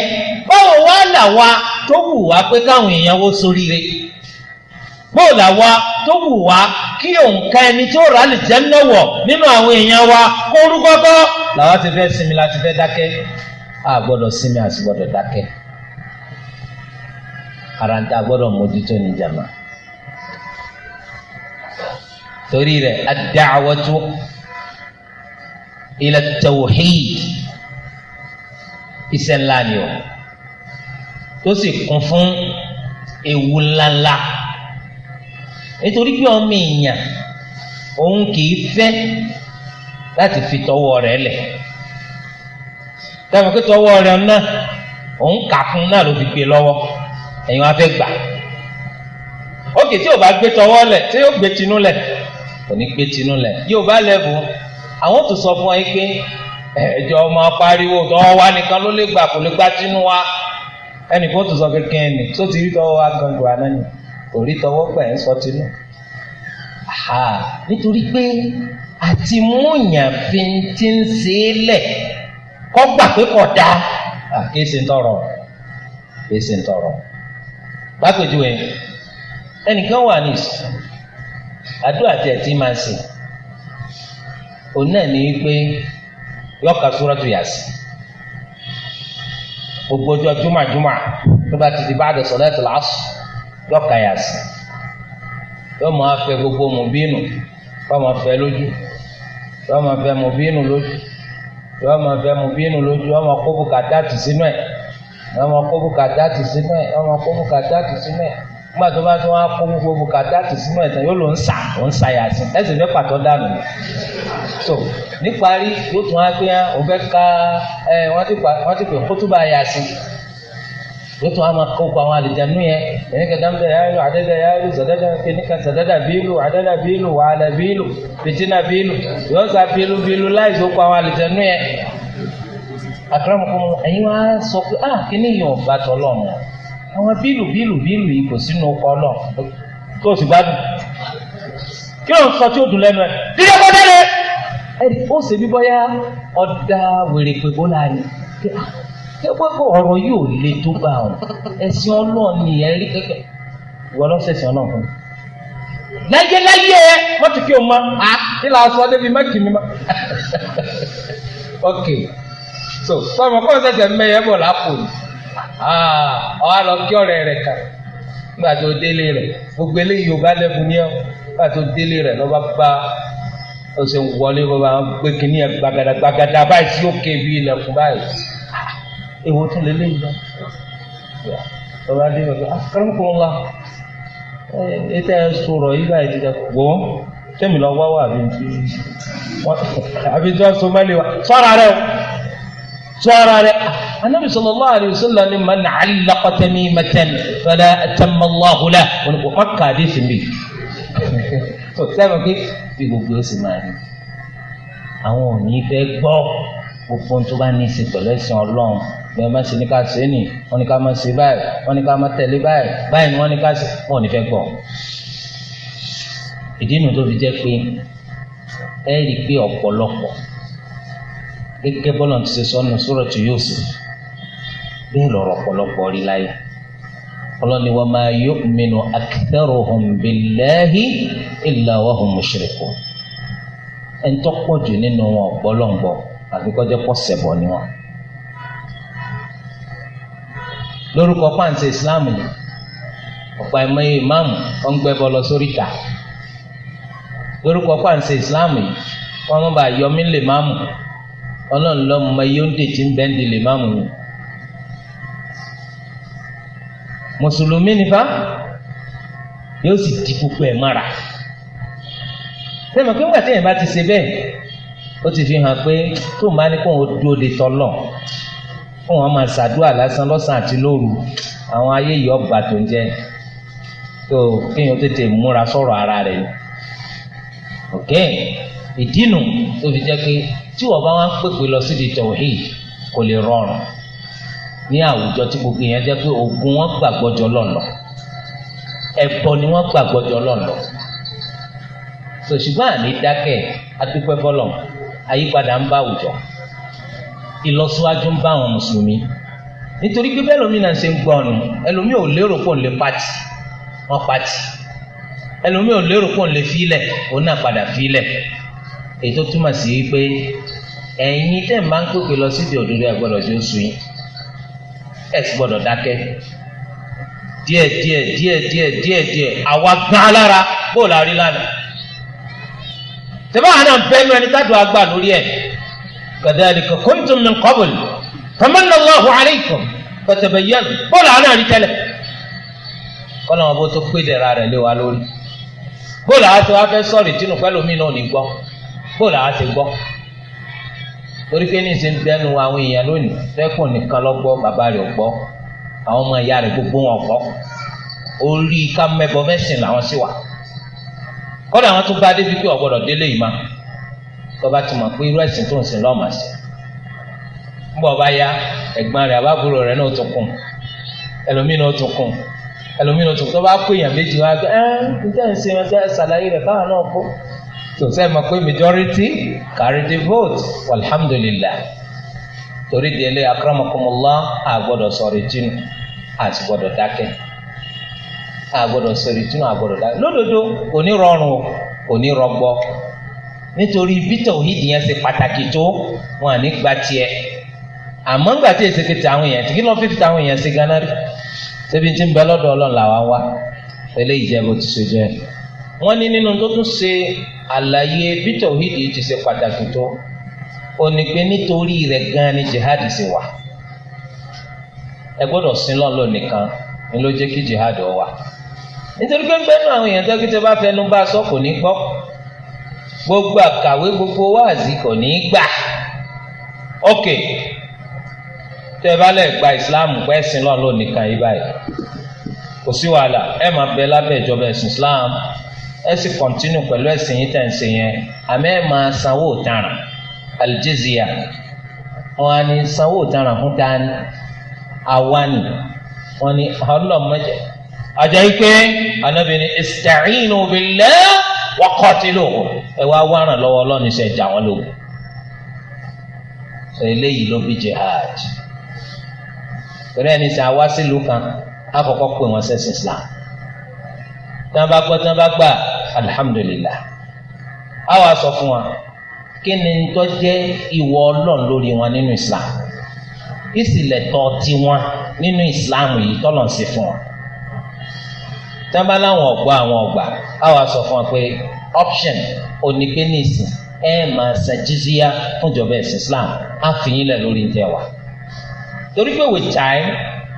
báwo wá là wa tó wù wá pé káwọn èèyàn wó sóríire bóò làwa tó wù wá kí òǹkà ẹni tó rà lè jẹ́ nọ́wọ̀ nínú àwọn èèyàn wa kó rúkọ bọ́ làwa ti fẹ́ sinmi la ti fẹ́ dákẹ́ a gbọ́dọ̀ sinmi a gbọ́dọ̀ dákẹ́ ara ń ta gbọ́dọ̀ mójútó ní jàmá torí rẹ̀ ad-da'watu tawhid iṣẹ́ ńlá ni o tó sì kún fún ewu ńláńlá nítorí pé ọmọ èèyàn òun kìí fẹ́ láti fi tọwọ́ rẹ̀ lẹ̀ dábàá pé tọwọ́ rẹ̀ náà òun kà fún náà ló fi gbé lọ́wọ́ ẹ̀yin wá fẹ́ gbà ókè tí o bá gbé tọwọ́ lẹ̀ tí yóò gbé tinú lẹ̀ kò ní gbé tinú lẹ̀ yóò bá lẹ́bù àwọn tó sọ fún ẹ pé ẹjọ́ ọmọ pariwo tọwọ́ wa nìkan ló lè gbà kò lè gbá tinú wa ẹnì kan tó sọ kékeré ni tó ti rí tọwọ́ wa gangan náà nìyẹn torí tọwọ́ gbà ẹ̀ ń sọ tinú. nítorí pé àti múyàn fi ti ń ṣe é lẹ̀ kọ́ gbà pé kò dáa kìí ṣe ń tọrọ kìí ṣe ń tọrọ. lápèjúwe ẹnìkan wà ní ìsìn àdúrà tí ẹ ti máa ń sìn òun náà ní pé yọkà súrọ́tù yàsí gbogbo ọjọ́ jùmọ̀jùmọ̀ tó bá ti di bá àdẹ̀sọ̀lẹ́tì lásù yọkàyàsí yọọ máa fẹ gbogbo mùbínú yọọ máa fẹ lójú yọọ máa fẹ mùbínú lójú yọọ máa fẹ mùbínú lójú yọọ máa kó bùkátà tì sínú ẹ yọọ máa kó bùkátà tì sínú ẹ yọọ máa kó bùkátà tì sínú ẹ nígbà tó bá tó wá kó gbogbo bùkátà tì sínú ẹ tán yóò ló ń sà ó ń sàyàsí ẹsẹ fẹ pàtó dànù so níparí yóò tún wá pé ah, òun fẹ ká ẹ wọn ti pè kótóbá yàsí yóò tún wá máa kó àwọn àlìjánu yẹn ẹni kan dáńdá yáyò àdádá yáyò sàdádá kìnìkan sàdádá bílù àdádá bílù wàhálà bílù fìtínà bílù yóò sá bílù bílù láì tó kó àwọn àlìjánu yẹn. àkàràmù kọ́ ẹ̀yin wá sọ pé ah kíní yìí ò bá tọ́ lọ́mọ àwọn bílù bílù bílù yìí kò sínú ọkọ̀ náà kó o sì gbádùn kí ló ń sọ tí ó dùn lẹ́nu ẹ̀ dídé kọ́ délé. ó ṣe bí bọ́yá ọ̀dà wèrè pè bó láàyè ẹ gbọ́dọ̀ ọ̀rọ̀ yóò le tó bá ọ ẹ̀sìn ọlọ́run ni ẹ̀ rí kẹ́kẹ́ ìwọ lọ́sẹ̀sìn ọlọ́run fún mi. láyéláyé ẹ wọ́n ti kí o mọ a kí la sọ débi má kì mí mọ́. ok so sọmọ kọ́ ọ́n sẹ̀sẹ̀ mẹ́yẹ bọ̀ lápò ni ọ̀hà lọ kí ọ̀rẹ́ rẹ̀ kà nígbà tó délé rẹ̀ gbogbo eléyìí yorùbá lẹ́bù ní ọ́ nígbà tó délé rẹ̀ lọ́ba bá ọ̀sẹ̀ wọlé bọ́ bá gbé kínní ẹ̀ gbàgàdà gbàgàdà báyìí sí òkè bíi ilẹ̀kùn báyìí èwo tún lè léyìí náà ọba dé ọgbẹ akọrọmọkọrọmọlá ètò ẹ sọ̀rọ̀ yìí báyìí dídá gbọ tẹmí lọ wá wà àbí ntú àbí ntú aṣọ má lè wá sọ ara rẹ o sọ ara rẹ anabi sallallahu alayhi wa sallam ni man allaqa tamimatan fala atamma Allahu lahu wọn kò má kà sí mi tó sẹ́wọ̀n pé bí gbogbo ó sì máa rí àwọn ò ní fẹ́ gbogbo tó bá ní í ṣe pẹ̀lú ẹ̀sìn ọlọ́run bí wọn bá ṣe ní ká ṣe nì wọn ní ká má ṣe báyìí wọn ní ká má tẹ̀lé báyìí báyìí ni wọn ní ká ṣe wọn ò ní fẹ́ gbọ́. ìdí inú tó fi jẹ́ pé ẹ rí i pé ọ̀pọ̀lọpọ̀ gẹ́gẹ́ bọ́lá ti ṣe sọ́nù Suratu Yusuf bẹ́ẹ̀ lọ̀rọ̀ ọ̀pọ̀lọpọ̀ rí láyé ọlọ́ni wa ma yu'minu aktharuhum billahi illa wa hum mushrikun ẹ̀ńtọ́pọ̀jù nínú wọn ọ̀pọ̀lọpọ̀ àfikọ́jọ́pọ̀ sẹ̀bọ̀ ni wọn. lórúkọ pàǹsẹ̀ islam ni ọ̀pọ̀ àìmọye ìmáàmù wọn gbẹ bọ́ lọ sórí ìta lórúkọ pàǹsẹ̀ islam yìí wọn mọ̀ bá yọmí lè máàmù ọlọ́run lọ́mọ ọmọ yóò ń dèjì ń bẹ́ńdì lè máàmù yìí mùsùlùmí nípa yóò sì di gbogbo ẹ̀ mọ́ra sẹ́mi pé ńgbà téèyàn bá ti ṣe bẹ́ẹ̀ ó ti fi hàn pé tóun bá ní kóun dúró de tọ́lọ̀ fún wọn máa ṣàdúrà lásán lọ́sàn àti lóru àwọn ayé yìí ọba tó ń jẹ tó kéèyàn tètè múra sọ̀rọ̀ ara rẹ̀ ok ìdínú tó fi jẹ́ pé tí wọ́n bá wọn pèpè lọ sí di tọ̀hìn kò lè rọrùn ní àwùjọ tí gbogbo yẹn jẹ́ pé ogun wọn gbàgbọ́jọ lọ́nà ẹ̀bọ ni wọ́n gbàgbọ́jọ lọ́nà sòṣùgbọ́n àmì dákẹ́ adúpẹ́ bọ́lọ̀ àyípadà ń bá àwùjọ. So, ìlọsíwájú ń bá àwọn mùsùlùmí nítorí pé bẹ́ẹ̀ lómi náà ṣe ń gbọ́ ọ̀nù ẹlòmíì ò lérò pò ń lè pati wọ́n pati ẹlòmíì ò lérò pò ń lè filẹ̀ òun náà padà filẹ̀ èyí tó túmọ̀ sí pé ẹ̀yin tẹ̀ máa ń pèpè lọ síbi òdodo ẹ̀ gbọ́dọ̀ tí ó sùn yín ẹ̀ sì gbọ́dọ̀ dákẹ́ díẹ̀ díẹ̀ díẹ̀ díẹ̀ díẹ̀ díẹ̀ àwa gan alára bó la rí lánàá tẹ́fà àná bẹ́ẹ̀ كذلك كنتم من قبل فمن الله عليكم fatabayyanu bọ́ọ̀lù àwọn àrí tẹ́lẹ̀ kọ́nà wọn bó tó pé dẹ̀ra rẹ̀ lé wa lórí bóòlù àwọn ti wá fẹ́ sọ̀rọ̀ tínú pẹ́lú mi náà ní gbọ́ bóòlù àwọn ti gbọ́ torí pé ní ìsìn bẹ́nu àwọn èèyàn lónìí fẹ́kùn nìkan lọ́gbọ́ bàbá rẹ̀ gbọ́ àwọn ọmọ ìyá rẹ̀ gbogbo wọn gbọ́ orí ká mẹ́bọ mẹ́sìn làwọn sì wà kọ́dà àwọn tó bá débi pé ọ̀gbọ́dọ̀ délé yìí máa tọba ti mọ̀ pé irú ẹ̀sìn tó ń sin lọ́ọ̀mà sí ńgbọ́ bá yá tọba kó èèyàn méjì wá ẹ ẹ́ níta ń sin ẹsẹ̀ ṣàlàyé káwọn náà kó tó sẹ́ mọ̀ majority carry vote alhamdulillah torí délé akramakumullah àti lódodo nítorí bítọ̀ òhídìí yẹn ṣe pàtàkì tó wọn àní gba tiẹ̀ àmọ́ ńgbà tí èsì kìtà àwọn èèyàn kí ló fi kìtà àwọn èèyàn sí gánà rí ṣébi tí ń bẹ lọ́dọ̀ ọlọ́run làwa wá eléyìí jẹ́ bó ti ṣe jẹ́ wọ́n ní nínú tó tún ṣe àlàyé bítọ̀ òhídìí ti ṣe pàtàkì tó òní pé nítorí rẹ̀ gan ni jihad ṣe wà ẹ gbọ́dọ̀ sin lọ́lọ́ nìkan ni ló jẹ́ kí jihad ọ wà nítorí pé ń bẹ́ẹ̀ nù àwọn èèyàn tó kí tẹ bá fẹnu bá a sọ kò ní gbọ́ gbogbo àkàwé gbogbo wáàzì kò ní í gbà ok tẹ bá lè gba ìsìláàmù pé ẹ̀sìn lọ lónìí kan yìí báyìí kò sí wàhálà ẹ máa bẹ lábẹ́ ìjọba ẹ̀sìn islam ẹ sì kọ̀ntínú pẹ̀lú ẹ̀sìn yìí tẹ̀ ń sìn yẹn àmẹ́ ẹ máa sanwó òtaràn aljizia wọn á ní sanwó òtaràn fún dání awani wọn ní ọlọmọdé àjẹ́ ike anábìrin ista'inu waqatiluhum ẹ wá wárán lọ́wọ́ ọlọ́ni sẹ jà wọn lógun sọ eléyìí ló bí jihad torí ẹni sẹ àwa sílùú kan àkọ́kọ́ pè wọn sẹsìn islam tí wọn bá gbọ́ tí wọn bá gbà alhamdulillah àwa sọ fún wa kí ni tó jẹ́ ìwọ Ọlọ́run lórí wọn nínú islam ìsìlẹ̀ tọ́ tiwọn nínú islam yìí tọ́lọ̀ ń ṣe fún wọn tí wọ́n bá láwọn ọ̀gbọ́ àwọn ọ̀gbà á wàá sọ fún wọn pé option onígbénìsì ẹ máa san jizíyá fúnjọba ẹ̀sìn Islam á fi yín lẹ̀ lórí ntẹ̀ wa torí pé with time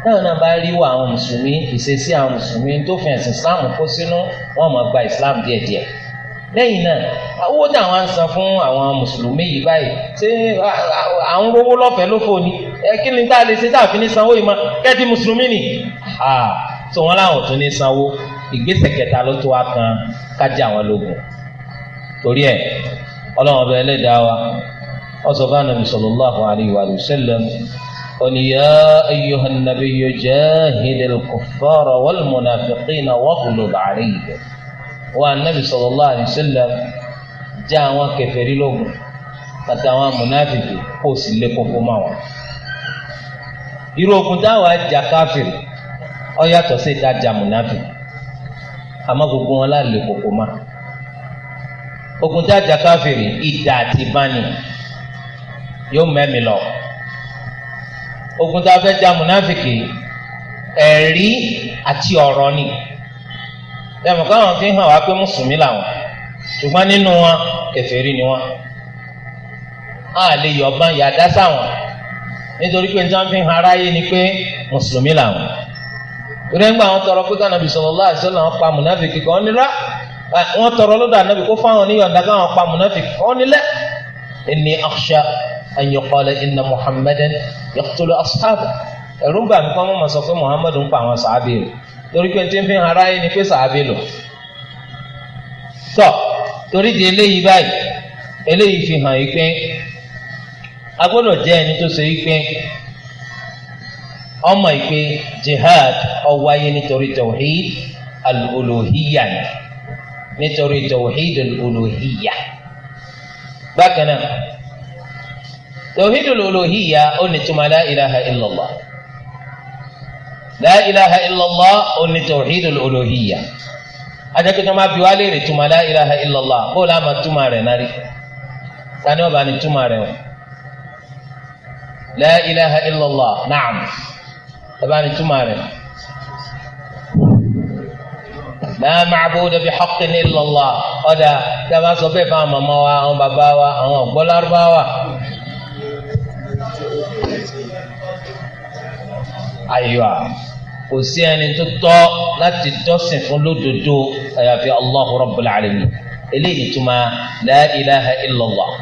náà náà bá rí wọ àwọn mùsùlùmí ìṣesí àwọn mùsùlùmí tó fi ẹ̀sìn Islam kó sínú wọn máa gba Islam díẹ̀díẹ̀ lẹ́yìn náà owó tí àwọn ń san fún àwọn mùsùlùmí yìí báyìí ṣé àwọn owó lọ́fẹ̀ẹ́ ló fò ní ẹ kí ni tá lè ṣe tá fi ní sanwó yìí mọ́ kẹ́ẹ̀tì mùsùlùmí nì tí wọ́n láwọn tún ní sanwó ìgbésẹ̀ kẹta ló tó wá kan kájà wọn lógun torí ẹ̀ ọlọ́run ọba ẹlẹ́dàá wa wọ́n sọ fún anabi sallallahu alayhi wa sallam oníyà ayyuhan nabiyyu jahidil kuffara wal munafiqina waghlub alayhim wa anabi sallallahu alayhi wa sallam já àwọn kèfèrí lógun àtàwọn amúnáfìkì kó o sì lé koko máa wọn. irú ogun táwa jà káfíìrì ọ yàtọ̀ sí ìdájà múnáfì àmọ́ gbogbo wọn láàlè kòkó ma ogun dájà káfíìrì ìdá àti bani yóò mẹ́mi lọ ogun tá a fẹ́ jà múnáfìkì ẹ̀rí àti ọ̀rọ̀ ni ẹ̀mọ̀ káwọn fi hàn wá pé mùsùlùmí làwọn ṣùgbọ́n nínú wọn kèfèrí ni wọn a lè yọ̀bọ̀n yàdá sáwọn nítorí pé nítorí fi hàn aráyé ni pé mùsùlùmí làwọn onígbà wọn tọrọ pé kánábì sallallahu alaihi wasallam pa mùnáfíkì kan nira wọn tọrọ lọ́dọ̀ ànábì kó fáwọn oníyọ̀ǹda káwọn pa mùnáfíkì kan nílẹ̀ inni akhsha an yuqala inna muhammadan yaqtulu ashaaba ẹ̀rú ń bà mí kọ́ mọ́ sọ pé muhammadu ń pa àwọn sàábì rẹ̀ torí pé tí ń fi hàn ráyé ni pé sàábì lò tọ́ torí di eléyìí báyìí eléyìí fi hàn yìí pé a gbọ́dọ̀ ẹni tó ṣe yìí pé ọmọ ìpè jihad ó wáyé nítorí tawhid al-uluhiyya nítorí tawhid al-uluhiyya bákan náà tawhid al-uluhiyya ó ní tuma la ilaha illallah la ilaha illallah ó ní tawhid al-uluhiyya ajakẹ́tọ́ máa fi wá léèrè tuma la ilaha illallah bó o la ma tuma rẹ̀ náà sani ọba ni tuma rẹ̀ o la ilaha illallah naam ẹ bá mi túmọ̀ rẹ̀. La ma'buda bihaqqin illallah ọ̀dà tí a bá sọ bẹ́ẹ̀ fáwọn màmá wa àwọn bàbá wa àwọn ọ̀gbọ́n lárúbáwá. Ayọ̀ kò sí ẹni tó tọ́ láti dọ́sìn fún lódodo àyàfi Allahu Rabbul Alamin eléyìí tuma la ilaha illallah.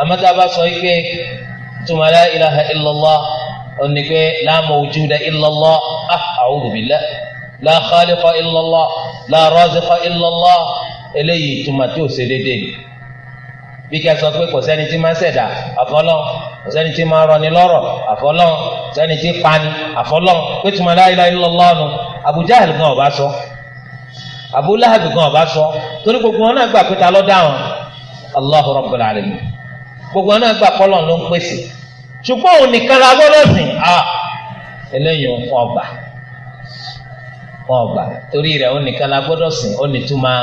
Àmọ́ tá a bá tuma la ilaha illallah ó ní pé la mawjuda illallah ah a'udhu billah la khaliqa illallah la raziqa illallah eléyìí ìtumọ̀ tí ò ṣe déédéé ni bí kí a sọ pé kò sẹ́ni tí máa ń ṣẹ̀dá àfọlọ́n kò sẹ́ni tí máa ń rọni lọ́rọ̀ àfọlọ́n kò sẹ́ni tí pani àfọlọ́n pé tí máa la nu Abu Jahl ọba sọ Abu Lahab ọba sọ torí gbogbo wọn náà gbà pé ta ló dá wọn Allahu ṣùgbọ́n òun nìkan la gbọ́dọ̀ sìn á eléyìí òun fún ọgbà fún ọgbà torí rẹ̀ òun nìkan la gbọ́dọ̀ sìn ó ní túmọ̀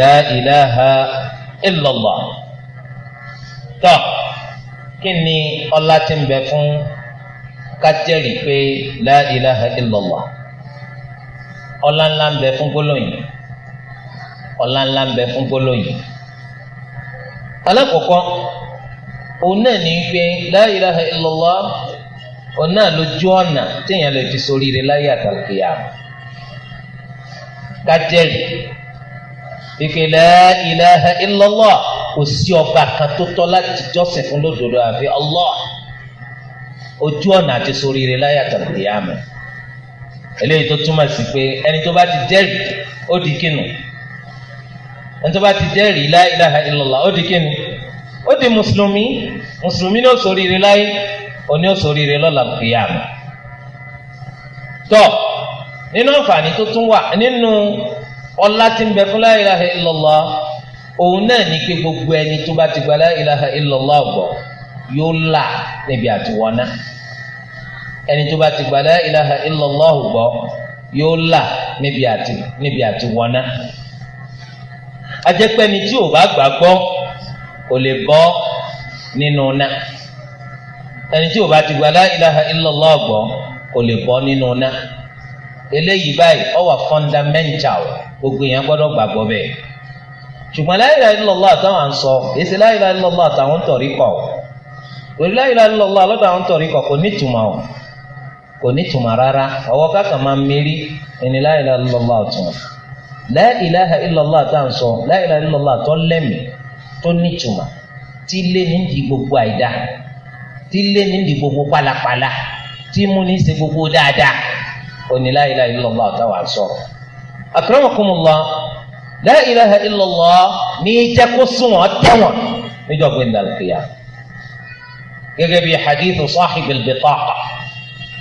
la ilaha illallah tó kí ni ọlá tí ń bẹ fún kájẹ́rì pé la ilaha ọlá ńlá ń bẹ fún gbólóyìn ọlá ńlá ń bẹ fún gbólóyìn alákọ̀ọ́kọ́ òun náà ní pé la ilaha illallah òun náà lójú ọ̀nà téèyàn lè fi sórí rẹ̀ láyé àtàlùkìyà kájẹ́rì pípé la ilaha illallah kò sí ọba kan tó tọ́ láti jọ́sìn fún lódodo àfi Allah ojú ọ̀nà àti sórí rẹ̀ láyé àtàlùkìyà mọ́ eléyìí tó túmọ̀ sí pé ẹni tó bá ti jẹ́rìí ó di kínu ẹni tó bá ti jẹ́rìí la ilaha ó di kínu ó di mùsùlùmí mùsùlùmí ní òṣòríire láyé òní òṣòríire lọ́la kìyàmù tọ nínú àǹfààní tó tún wà nínú ọlá tí ń bẹ fún la ilaha illallah òun náà ní pé gbogbo ẹni tó bá ti gba la ilaha illallah gbọ́ yóò là níbi àtiwọ́nà ẹni tó bá ti gba la ilaha illallah gbọ́ yóò là níbi àtiwọ́nà ajẹ́pẹ́ni tí ò bá gbà kò lè bọ́ nínú ná ẹni tí ó bá ti gba la ilaha illallah gbọ́ kò lè bọ́ nínú ná eléyìí báyìí ó wà fundamental gbogbo èèyàn gbọ́dọ̀ gbàgbọ́ bẹ́ẹ̀ ṣùgbọ́n la ilaha illallah àtàwọn à ń sọ èsì la ilaha illallah àtàwọn tọ̀rí kọ̀ òrí la ilaha illallah lọ́dọ̀ àwọn tọ̀rí kọ̀ kò ní ìtumọ̀ o kò ní ìtumọ̀ rárá ọwọ́ kákan máa mérí ẹni la ilaha àtàwọn la ilaha àtàwọn sọ la ilaha illallah lẹ́mìí tó nítumọ̀ tí lé ní di gbogbo àìdá tí lé ní di gbogbo pálapàla tí mú ní ṣe gbogbo dáadáa òní la ilaha illallah ọ̀tá wà sọ̀rọ̀. akramakumullah la ilaha illallah ní jẹ́ kó sunwọ̀n tẹ̀wọ̀n níjọ́ gbẹ̀ndà kìyà gẹ́gẹ́ bí hadith sahib al-bitaqa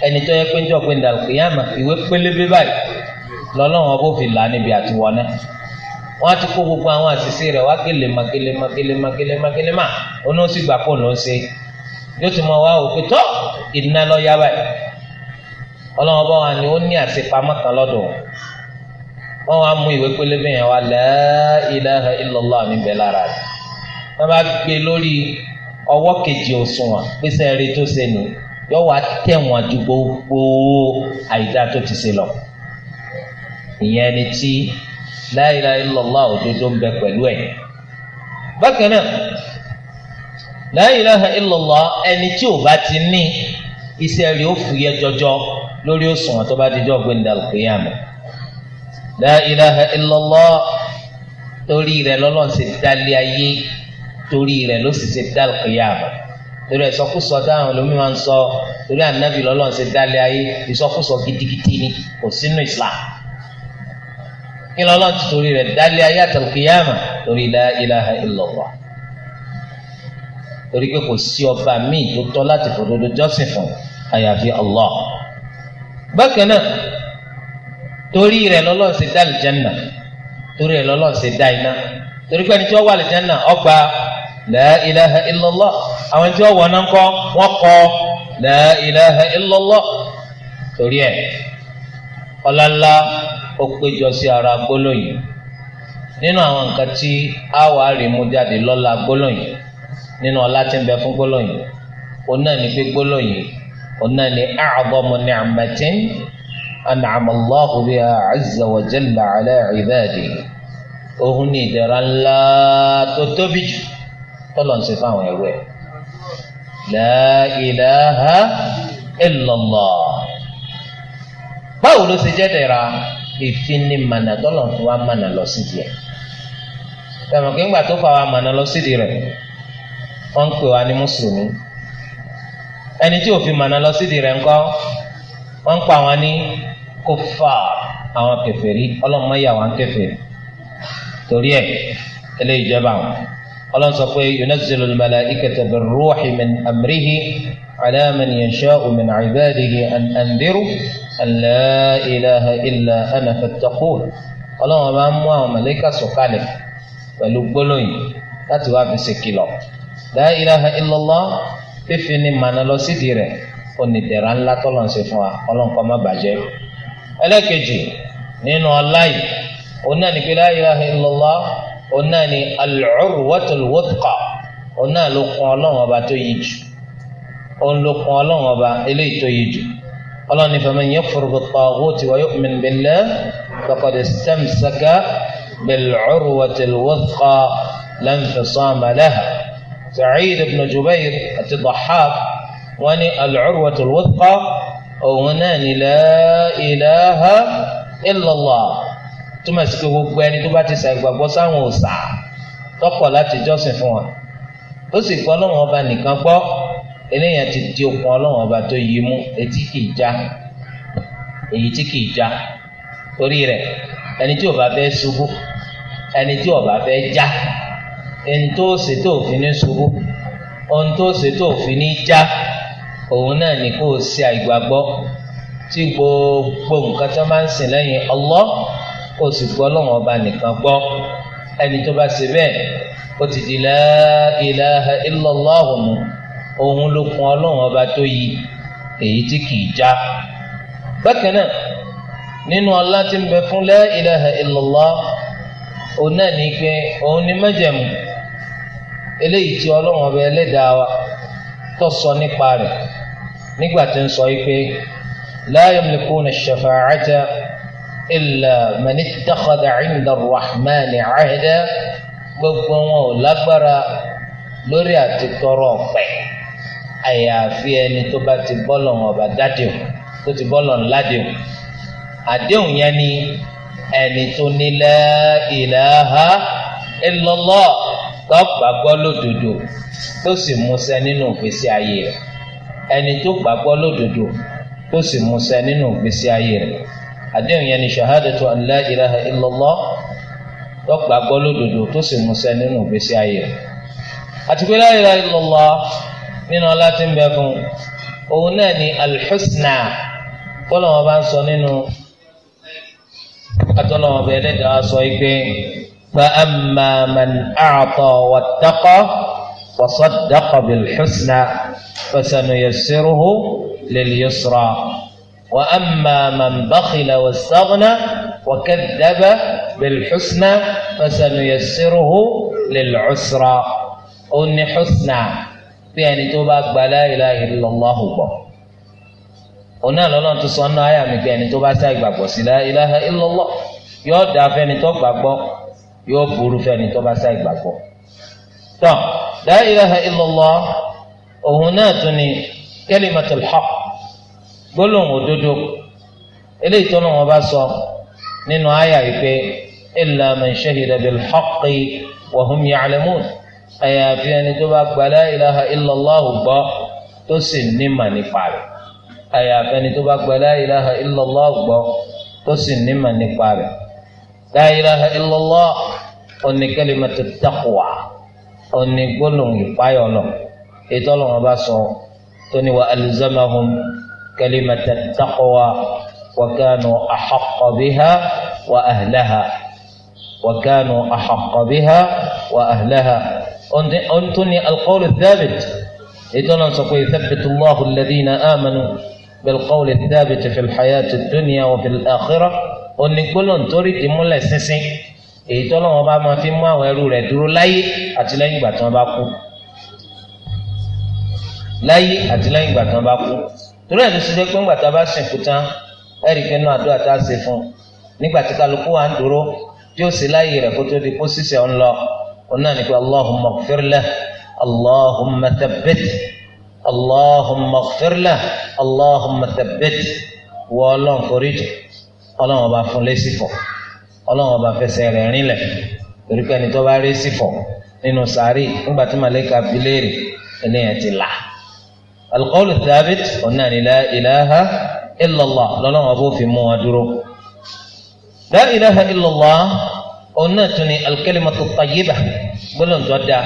ẹni tó yẹ pé níjọ́ gbẹ̀ndà kìyà mà ìwé pélébé báyìí lọ́lọ́wọ́n bó fi là níbi àtiwọ́n wọ́n ti kó gbogbo àwọn àṣìṣe rẹ̀ wá gẹlẹmà gẹlẹmà gẹlẹmà gẹlẹmà gẹlẹmà oní ó sì gbà pọ̀ ló ń ṣe yóò ti mọ wá òkè tó ìdínà lọ yá báyìí ọlọ́wọ́n bá wà ní ó ní àṣepamọ́ kan lọ́dọ̀ wọ́n wá mú ìwé pélébé yẹn wá la ilaha illallah níbẹ̀ lára rẹ̀ wọ́n bá gbé e lórí ọwọ́ kejì òṣùwọ̀n pèsè rí tó ṣe nù yọ wá tẹ̀wọ̀n ju gbogbo àìdá tó ti ṣe lọ ìyẹn ni tí la ilaha illallah òdodo ń bẹ pẹ̀lú ẹ̀ bákan náà la ilaha illallah ẹni tí ò bá ti ní iṣẹ́ rẹ̀ ó fúyẹ́ jọjọ lórí òṣùwọ̀n tó bá ti jọ́ gbẹ̀ndà al-qiyama la ilaha illallah torí rẹ̀ lọ́lọ́run ṣe dálé ayé torí rẹ̀ ló sì ṣe dá al-qiyama torí ìsọkúsọ táwọn olómi máa ń sọ torí ànábì lọ́lọ́run ṣe dálé ayé ìsọkúsọ gidigidi ni kò sínú Islam ńlọ lọ́n ti torí rẹ̀ dálé ayé àtàlùkìyàmà torí la ilaha illallah torí pé kò sí ọba míì tó tọ́ láti fòdodo jọ́sìn fún àyàfi Allah bákan náà torí rẹ̀ lọ́lọ́ ṣe dá àlùjánnà torí rẹ̀ lọ́lọ́ ṣe dá iná torí pé ẹni tí wọ́n wà àlùjánnà ọgbà la ilaha àwọn tí wọ́n wọ̀ náà ń kọ́ wọ́n kọ́ la ilaha torí ẹ̀ ọlọ́lá ó péjọ sí ara gbólóyìn nínú àwọn nǹkan tí a wàá rí mu jáde lọ́la gbólóyìn nínú ọlá tí ń bẹ fún gbólóyìn òun náà ní pé gbólóyìn òun náà ní a'zamu ni'matin an'ama Allahu biha 'azza wa jalla òun ní ìdẹ̀ra ńlá tó tóbi jù tọ́lọ̀ ń ṣe fáwọn ẹ̀rọ ẹ̀ la ilaha báwo ló ṣe jẹ́ dẹ̀ra ìfini mànà tọ́lọ̀ fún wa mànà lọ sí diẹ tẹmọ kí ńgbà tó fà wa mànà lọ sí di rẹ wọ́n ń pè wá ní mùsùlùmí ẹni tí òfin mànà lọ sí di rẹ ńkọ́ wọ́n ń pa wọn ní kófà àwọn kèfèrí ọlọ́mọ yà wọn kèfèrí torí ẹ eléyìí jẹba wọn ọlọ́run pé yunazzilu al-mala'ikata bir-ruhi min amrihi ala an la ilaha illa ana fattaqun ọlọ́run bá mú àwọn màláíkà sọ̀kalẹ̀ pẹ̀lú gbólóyìn láti wá fi ṣèkìlọ̀ la ilaha illallah fífi ni màna lọ sídìí rẹ̀ onídẹ̀ra ńlá tọ́lọ̀ ń ṣe fún wa ọlọ́run kó má bàjẹ́ ẹlẹ́kejì nínú ọlá yìí òun náà ní pé la ilaha illallah òun náà ní al-urwatul wuthqa òun náà ló kún ọlọ́run ọba tó yí jù òun ló kún ọlọ́run ọba eléyìí tó yí jù ọlọ́run ní faman yakfur bit-taghut wa yu'min billahi faqad istamsaka bil-'urwati al-wuthqa la infisama laha Sa'id ibn Jubair àti Dahhak wọ́n ní al-'urwatu al-wuthqa òun náà ní la ilaha illallah túmọ̀ sí pé gbogbo ẹni tó bá ti ṣàìgbàgbọ́ sáwọn òòṣà tọ́kọ̀ láti jọ́sìn fún wọn ó sì gbọ́ lọ́wọ́ ọba nìkan gbọ́ eléyàn ti di okun ọlọ́wọ́n ọba tó yí mú etí kìí já èyí tí kìí já torí rẹ̀ ẹni tí ó bá fẹ́ ṣubú ẹni tí ó bá fẹ́ já ẹni tó ṣe tó òfin ní ṣubú ohun tó ṣe tó òfin ní já òun náà ní kó ṣe àìgbàgbọ́ tí gbogbo nǹkan tó máa ń sìn lẹ́yìn Allah kó sì gbọ́ lọ́wọ́n ọba nìkan gbọ́ ẹni tó bá ṣe bẹ́ẹ̀ ó ti di la ilaha illallah mu òun ló kun ọlọ́run ọba tó yí èyí tí kìí já bákan náà nínú ọlá tí ń bẹ fún la ilaha illallah òun náà ní pé òun ní májẹ̀mú eléyìí tí ọlọ́run ọba ẹlẹ́dàá wa tó sọ nípa rẹ̀ nígbà tí ń sọ yìí pé la yamlikuna ash-shafa'ata illa man ittakhadha 'inda rahmani 'ahda gbogbo wọn ò lágbára lórí àti tọrọ ọ̀pẹ àyàfi ẹni tó bá ti bọ́lọ̀ wọn ọba dádìhùn tó ti bọ́lọ̀ ńládìhùn àdéhùn yẹn ni ẹni tó ní la ilaha illallah tó gbàgbọ́ lódodo tó sì múṣẹ nínú ìgbésí ayé rẹ̀ ẹni tó gbàgbọ́ lódodo tó sì múṣẹ nínú ìgbésí ayé rẹ̀ àdéhùn yẹn ni shahadatu an la ilaha illallah tó gbàgbọ́ lódodo tó sì múṣẹ nínú ìgbésí ayé rẹ̀ àti pé la ilaha illallah. nínú ọlá tí ń bẹ fún òun náà ni alḥusna kọlọ́wọ́n bá ń sọ nínú atọ́lọ́wọ́n bẹ lẹ́dàá sọ pé fa amma man a'ta wattaqa wa saddaqa bilḥusna fasanuyassiruhu lilyusra wa amma man bakhila wastaghna wa kadhaba bilḥusna fasanuyassiruhu lil'usra òun ni husna. bí ẹni tó bá gba la ilaha illallah gbọ́ òun náà lọ́nà tó sọ ọ́nà àyà mi pé ẹni tó bá sá ìgbàgbọ́ sí la ilaha illallah yóò dá fẹ́ni tó gbàgbọ́ yóò burú fẹ́ni tó bá sá ìgbàgbọ́ tó la ilaha òun náà tún ni kalimatul haqq gbólóhùn òdodo eléyìí tó lọ́wọ́ bá sọ nínú àyà yìí pé illa man shahida bil haqqi wa àyàfi ẹni tó bá gba la ilaha illallah gbọ́ tó sì ní mà nípa rẹ̀ àyàfi ẹni tó bá gba la ilaha illallah gbọ́ tó sì ní mà nípa rẹ̀ la ilaha illallah oní kalimatu taqwa oní gbólóhùn ìpáyọ̀ bá sọ tó wa alzamahum kalimata taqwa wa kanu ahaqqa wa ahlaha wa kanu wa ahlaha ọ̀n tó ní alqawlu thabit ètò náà sọ pé thabitu allahu alladhina amanu bilqawli thabit fil hayati dunya wa fil akhirah òní gbólóhùn torí ti múlẹ̀ sísìn èyí tó lọ́wọ́ bá máa fi mú àwọn ẹrú rẹ̀ dúró láyé àti lẹ́yìn ìgbà tí wọ́n bá kú láyé àti lẹ́yìn ìgbà tí wọ́n bá kú torí ẹ̀ ló ṣe jẹ́ pé ńgbà tá a bá sìnkú tán ẹ̀rí pé inú àdúrà tá a ṣe wa ń dúró tí ó sì láyé rẹ̀ kó tó di kó sísẹ̀ ń lọ قلنا لك اللهم اغفر له اللهم ثبت اللهم اغفر له اللهم ثبت والله فرج اللهم بقى فليس فوق ọlọ́run ọba fẹsẹ̀ rẹ̀ rinlẹ̀ torí pé ẹni tó bá rí sí fọ̀ nínú sàárì nígbà tí màlẹ́kà fi léèrè ẹlẹ́yìn ti là. alqawlu thabit ọ̀nà la ilaha illallah lọ́lọ́run ọba ò fi mú wa dúró. la ilaha illallah òun náà tún ni al-kalimatu tayyibah gbólóńtọ́ da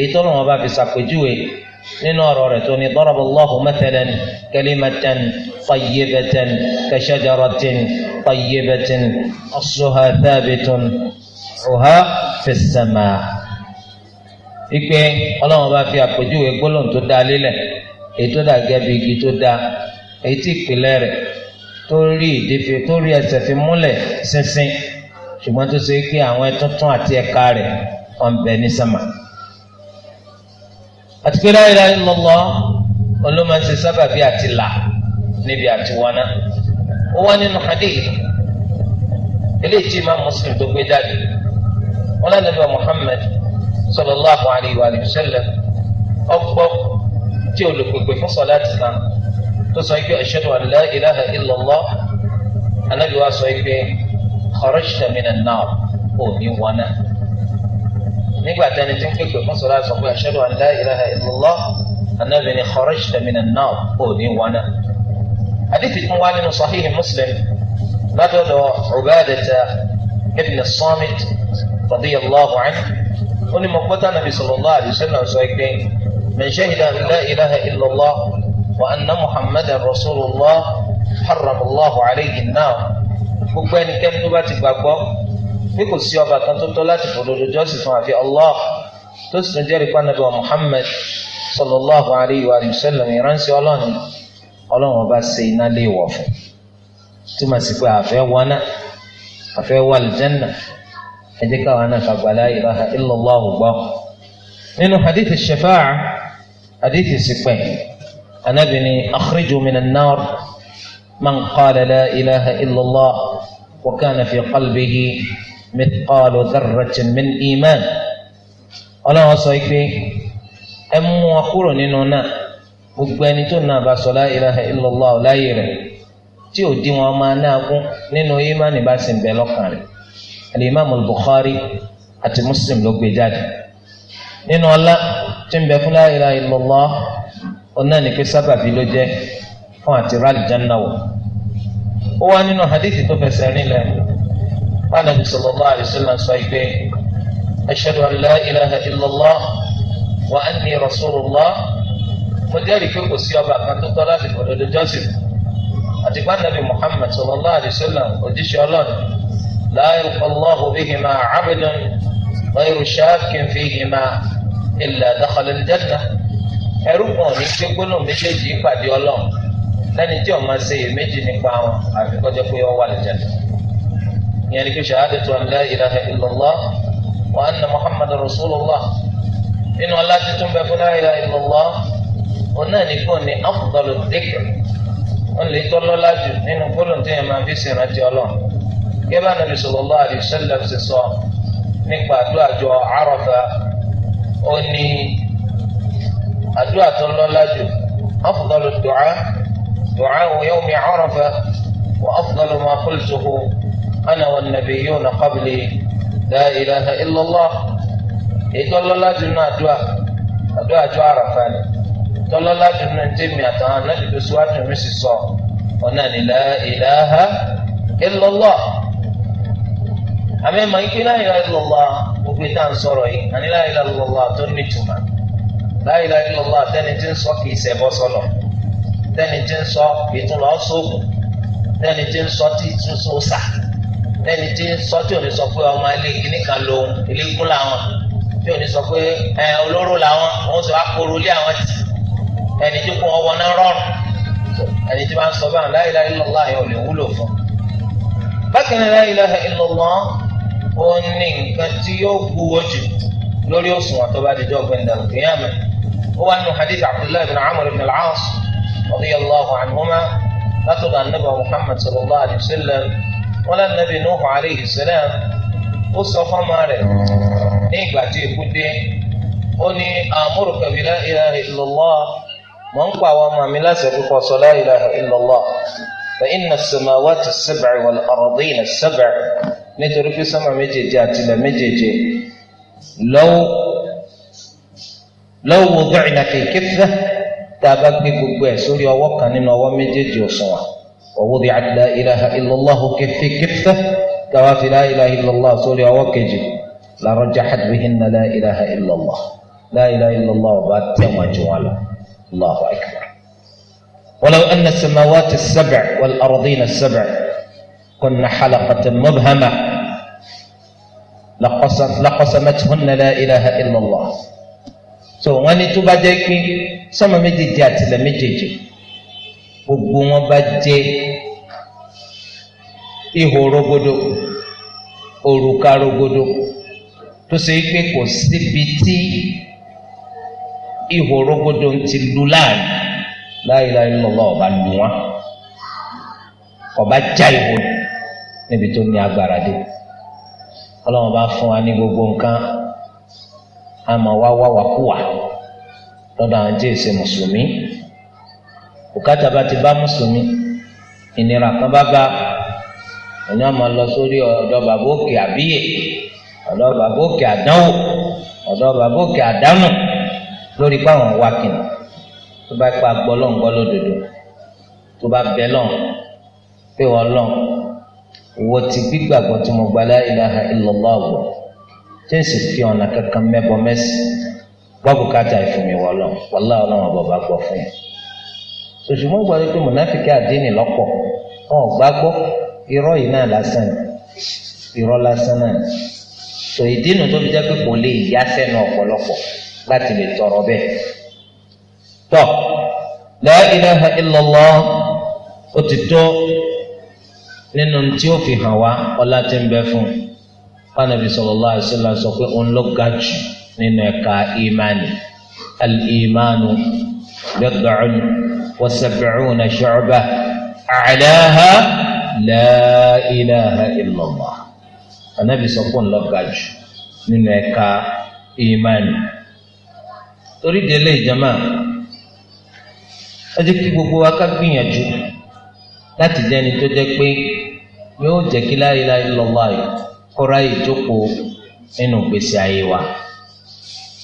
èyí tó lọ́wọ́ bá fi ṣàpèjúwe nínú ọ̀rọ̀ rẹ̀ tó ní daraba Allahu mathalan kalimatan tayyibatan ka shajaratin tayyibatin asluha thabitun uha fi as-samaa. ìpè ọlọ́wọ́ bá fi àpèjúwe gbólóńtọ́ da lélẹ̀ èyí tó dà gẹ́bí igi tó da èyí ṣùgbọ́n tó ṣe pé àwọn ẹtúntún àti ẹ̀ka rẹ̀ wọ́n bẹ ní sánmà. àti pé la ilaha illallah olómọ̀ọ́sẹ̀ sábàbí àti là níbi àti wọná ó wá nínú hadith eléyìí tí Imam Muslim tó gbé jáde wọn lánàá bá Muhammad sallallahu alayhi wa sallam ọgbọ́ tí olùgbègbè fún sọlá ti kan tó sọ pé ashhadu an ilaha illallah anábìwá sọ pé kharajta minan nar òní wọnà nígbà tẹni tí ń pèpè fún sọlá sọ pé ashhadu an la ilaha illallah anábì ni kharajta minan nar òní wọnà. àdìsí fún wa nínú sahih muslim látọ̀dọ̀ Ubadata ibn as-Samit radiyallahu anhu ó ní mo gbọ́dọ̀ nàbì sallallahu alaihi wasallam sọ pé man shahida an la ilaha illallah wa anna muhammadan rasulullah harrama allahu alayhi an gbogbo ẹnikẹ́ni tó bá ti gbàgbọ́ bí kò sí ọba kan tó tọ́ láti fòdodo jọ́sìn fún àfi Allah tó sì tún jẹ́rìí pa nàbẹ̀ wa Muhammad sallallahu alayhi wa sallam ìránṣẹ́ ọlọ́run ọlọ́run ọba ṣe iná lé wọ̀ fún túmọ̀ sí pé àfẹ́ wọná àfẹ́ wà lùjẹ́nà ẹ jẹ́ káwọn náà kàgbà la ilaha gbọ́. nínú hadith shafa'a hadith sìpẹ́ anábìnrin akhriju minan man qala la ilaha illallah. وكان في قلبه مثقال ذرة من إيمان ọlọ́wọ́ sọ pé ẹ mú wọn kúrò nínú náà gbogbo ẹni tó náà bá sọ la ilaha illallah láàyè rẹ̀ tí ò dín wọn máa náà kún nínú ìmánì bá sì ń bẹ lọ́kàn rẹ̀ alimami Bukhari àti Muslim ló gbé jáde nínú ọlá tí ń bẹ fún la ilaha illallah ọ̀nà ní pé sábàbí ló jẹ́ fún àti rálì jẹ́ náà wọ̀ ó wá nínú hadithi tó fẹsẹ̀ rinlẹ̀ Ànábì sallallahu alaihi wasallam sọ ìgbẹ́ ashhadu an la ilaha illallah wa anni rasulullah mo jẹ́rìí pé kò sí ọba kan tó tọ́ láti fòdodo jọ́sìn àti pé Ànábì Muhammad sallallahu alaihi wasallam òjíṣẹ́ ọlọ́run la yulqallahu bihima abdan ghayru shakkin fihima illa dakhala al-jannah ẹrú kan ò ní gbégbóná méjèèjì ìpàdé ọlọ́run lẹ́ni tí ọmọ ṣe méjì nípa wọn àfi kọjá pé ọ wà lẹ́jà ìyẹn ni kí shahadatu an la ilaha illallah wa anna muhammadu rasulullah nínú aláti tún bẹ fún la ilaha illallah wọn náà ní kó ní afdalu dhikr wọn lè tọ́ lọ́lá jù nínú gbólóhùn tó yẹ máa fi ṣèrántí ọlọ́run yẹ́bà nàbì sallallahu alaihi wasallam sọ nípa àdúrà jọ Àrafà ó ní àdúrà tó lọ́lá jù afdalu du'a. دعاء يوم عرفة وأفضل ما قلته أنا والنبيون قبلي لا إله إلا الله يقول الله جنة دعاء دعاء جوارة فاني يقول الله جنة جميع تعالى نجد سواد مش الصلاة ونان لا إله إلا الله àmì ẹ̀mọ̀ ike la ilaha illallah gbogbo ìta ń sọ̀rọ̀ yìí àní la ilaha illallah tó ní ìtumọ̀ la ilaha illallah àtẹni tí ń tẹ́ni tí ń sọ ètò lọ́ọ́ sóògùn tẹ́ni tí ń sọ tí tún so sà tẹ́ni tí ń sọ tí ò ní sọ pé ọmọ ilé kíní kan lòun ilé kún làwọn tí ò ní sọ pé ẹ olóró làwọn òun sì wá lé àwọn tì ẹni tí kò wọ́n wọná rọrùn ẹni tí wọ́n sọ báwọn la ilaha illallah yẹn ò lè wúlò fún bákan náà la ilaha illallah ó ní nǹkan tí yóò gbúwo jù lórí òṣùwọ̀n tó bá dé jọ́ gbẹ̀ndàlùkìyàmẹ̀ ó wà nínú hadith Abdullahi bin Amr bin al-As radiyallahu anhuma látọ̀dọ̀ anabi muhammad sallallahu alayhi wa sallam wọn lé anabi nuhu alayhi salam ó sọ fọ́mọ rẹ̀ ní ìgbà tí èkú dé ó ní amuruka bi la ilaha illallah mọ̀ ń pa àwọn ọmọ mi láti ẹ̀kọ́ sọ la ilaha illallah fa inna as-samawati as-sab'a wal ardina as-sab'a nítorí pé sọ́mà méjèèjì àti ilẹ̀ méjèèjì lọ́wọ́ lọ́wọ́ dọ́ọ̀nà kékeré. tá a bá gbé gbogbo ẹ̀ sórí ọwọ́ kan nínú ọwọ́ méjèèjì òṣùwọ̀n wa wudi'at la ilaha illallah kẹfẹ kẹfẹ káwá fi la ilaha illallah sórí ọwọ́ kejì la rajahat bihinna la ilaha illallah la ilaha illallah ọba tẹ̀wọ̀n jù wọn lọ Allahu akbar. ولو أن السماوات السبع والأرضين السبع كن حلقة مبهمة لقسمتهن لا إله إلا الله so wọ́n ní tó bá jẹ́ pé sọ́mọ méjèèjì àtìlẹ̀ méjèèjì gbogbo wọn bá jẹ́ ihò rogodo òrùka rogodo tó ṣe é pé kò síbi tí ihò rogodo ti lu láàrin láìláì lọ́lọ́ ọba lu wọn ọba já ihò níbi tó ní agbára dé ọlọ́run bá fún wa ní gbogbo nǹkan a máa wá wá wà kú wà lọ́dọ̀ àwọn tí èsè mùsùlùmí bùkátà bá ti bá mùsùlùmí ìnira kan bá bá ẹni wọn máa lọ sórí ọ̀dọ̀ bàbá òkè àbíyè ọ̀dọ̀ bàbá òkè àdánwò ọ̀dọ̀ bàbá òkè àdánù lórí báwọn wá kìnnà tó bá pa gbọlọ́ngbọ́ lódodo tó bá bẹ lọ́n pé wọ́n lọ́n wo ti gbígbàgbọ́ tí mo gba la ilaha illallah tẹ́sí fi ọ̀nà kankan mẹ́bọ mẹ́sì gbọ́ bùkátà ìfúnmi wọlọ wàlá ọlọ́run ọ̀bọ̀ bá gbọ́ fún yẹn. sòṣùmọ́ gbọ́ pé mùnáfíkì àdínì lọ́pọ̀ wọn ò gbàgbọ́ irọ́ yìí náà lásán ni irọ́ lásán náà ni. sọ ìdínú tó fi jẹ́ pé kò lè yá sẹ́nu ọ̀pọ̀lọpọ̀ láti lè tọrọ bẹ́ẹ̀. tọ́ la ilaha illallah ó ti tó nínú tí ó fi hàn wá ọlá tí ń bẹ fún un fanabi sallallahu alaihi wasallam sọ pé òun ló ga jù nínú ẹ̀ka ìmánì al-ìmánu bid'un wa sab'una shu'bah a'laha la ilaha illallah fanabi sọ pé òun ló ga jù nínú ẹ̀ka ìmánì torí délé ìjàmá ẹ jẹ́ kí gbogbo wa ká gbìyànjú láti jẹ́ ẹni tó jẹ́ pé yóò jẹ́ kí la ilaha illallah yìí. Kọra ráyè jókòó nínú ìgbésí ayé wa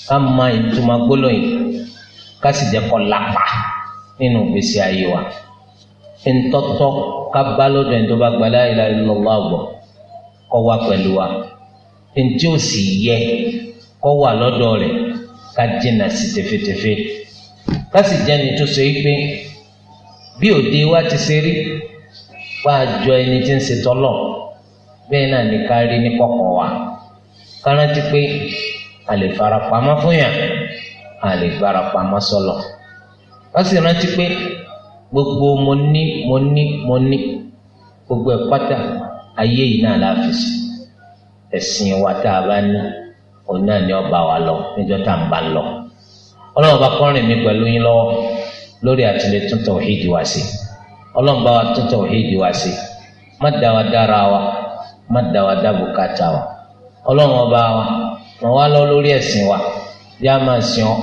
ká mọ ìtumọ̀ gbólóyìn ká sì jẹ́ kó lápá nínú ìgbésí ayé wa ntọ́tọ́ ká bá lọ́dọ̀ ẹni tó bá gba la ilaha illallah gbọ́ kó wá pẹ̀lú wa ntí ò sì yẹ kó wà lọ́dọ̀ rẹ̀ ká jìnnà sí tẹfẹtẹfẹ ká sì jẹ́ tó so bẹ́ẹ̀ náà ní ká rí ní kọ̀kọ̀ wa ká rántí pé a lè fara pamọ́ fún yàn a lè fara pamọ́ sọlọ ká sì rántí pé gbogbo mo ní mo ní mo ní gbogbo ẹ̀ pátá ayé yìí náà la fi sí ẹ̀sìn wa tá a bá ní òun náà ni ọba wa lọ níjọ́ tá à ń bá lọ ọlọ́run bá kọ́rin mi pẹ̀lú yín lọ́wọ́ lórí àtúndé tún tọ̀hídìí wá sí ọlọ́run bá wa tún tọ̀hídìí wá sí má dá wa dára wa má da wa dá bùkátà wa ọlọ́run ọba wa ràn wá lọ lórí ẹ̀sìn wa bí a máa sìn ọ́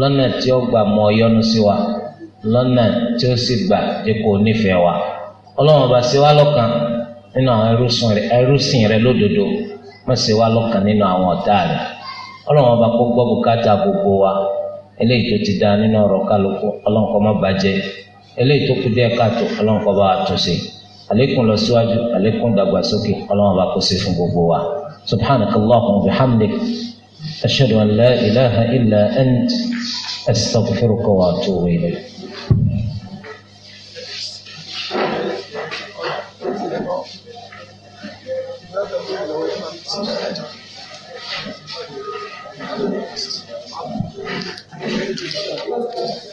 lọ́nà tí ó gbà mọ́ ọyọ́nu sí wa lọ́nà tí ó sì gbà dípò onífẹ̀ẹ́ wa ọlọ́run ọba ṣe wá lọ́kàn nínú àwọn ẹrúsìn rẹ lódodo má ṣe wá lọ́kàn nínú àwọn ọ̀tá rẹ ọlọ́run ọba kó gbọ́ bùkátà gbogbo wa eléyìí tó ti da nínú ọ̀rọ̀ kálukú ọlọ́run kó má bàjẹ́ eléyìí tó kù díẹ̀ káàtó ọlọ́run kó bá wa tó ṣe. àlékún lọ síwájú àlékún dàgbàsókè ọlọ́run bá kó sí fún gbogbo wa subhanakallahumma wa bihamdik ashhadu an la ilaha illa ant astaghfiruka wa atubu ilayk. Thank you.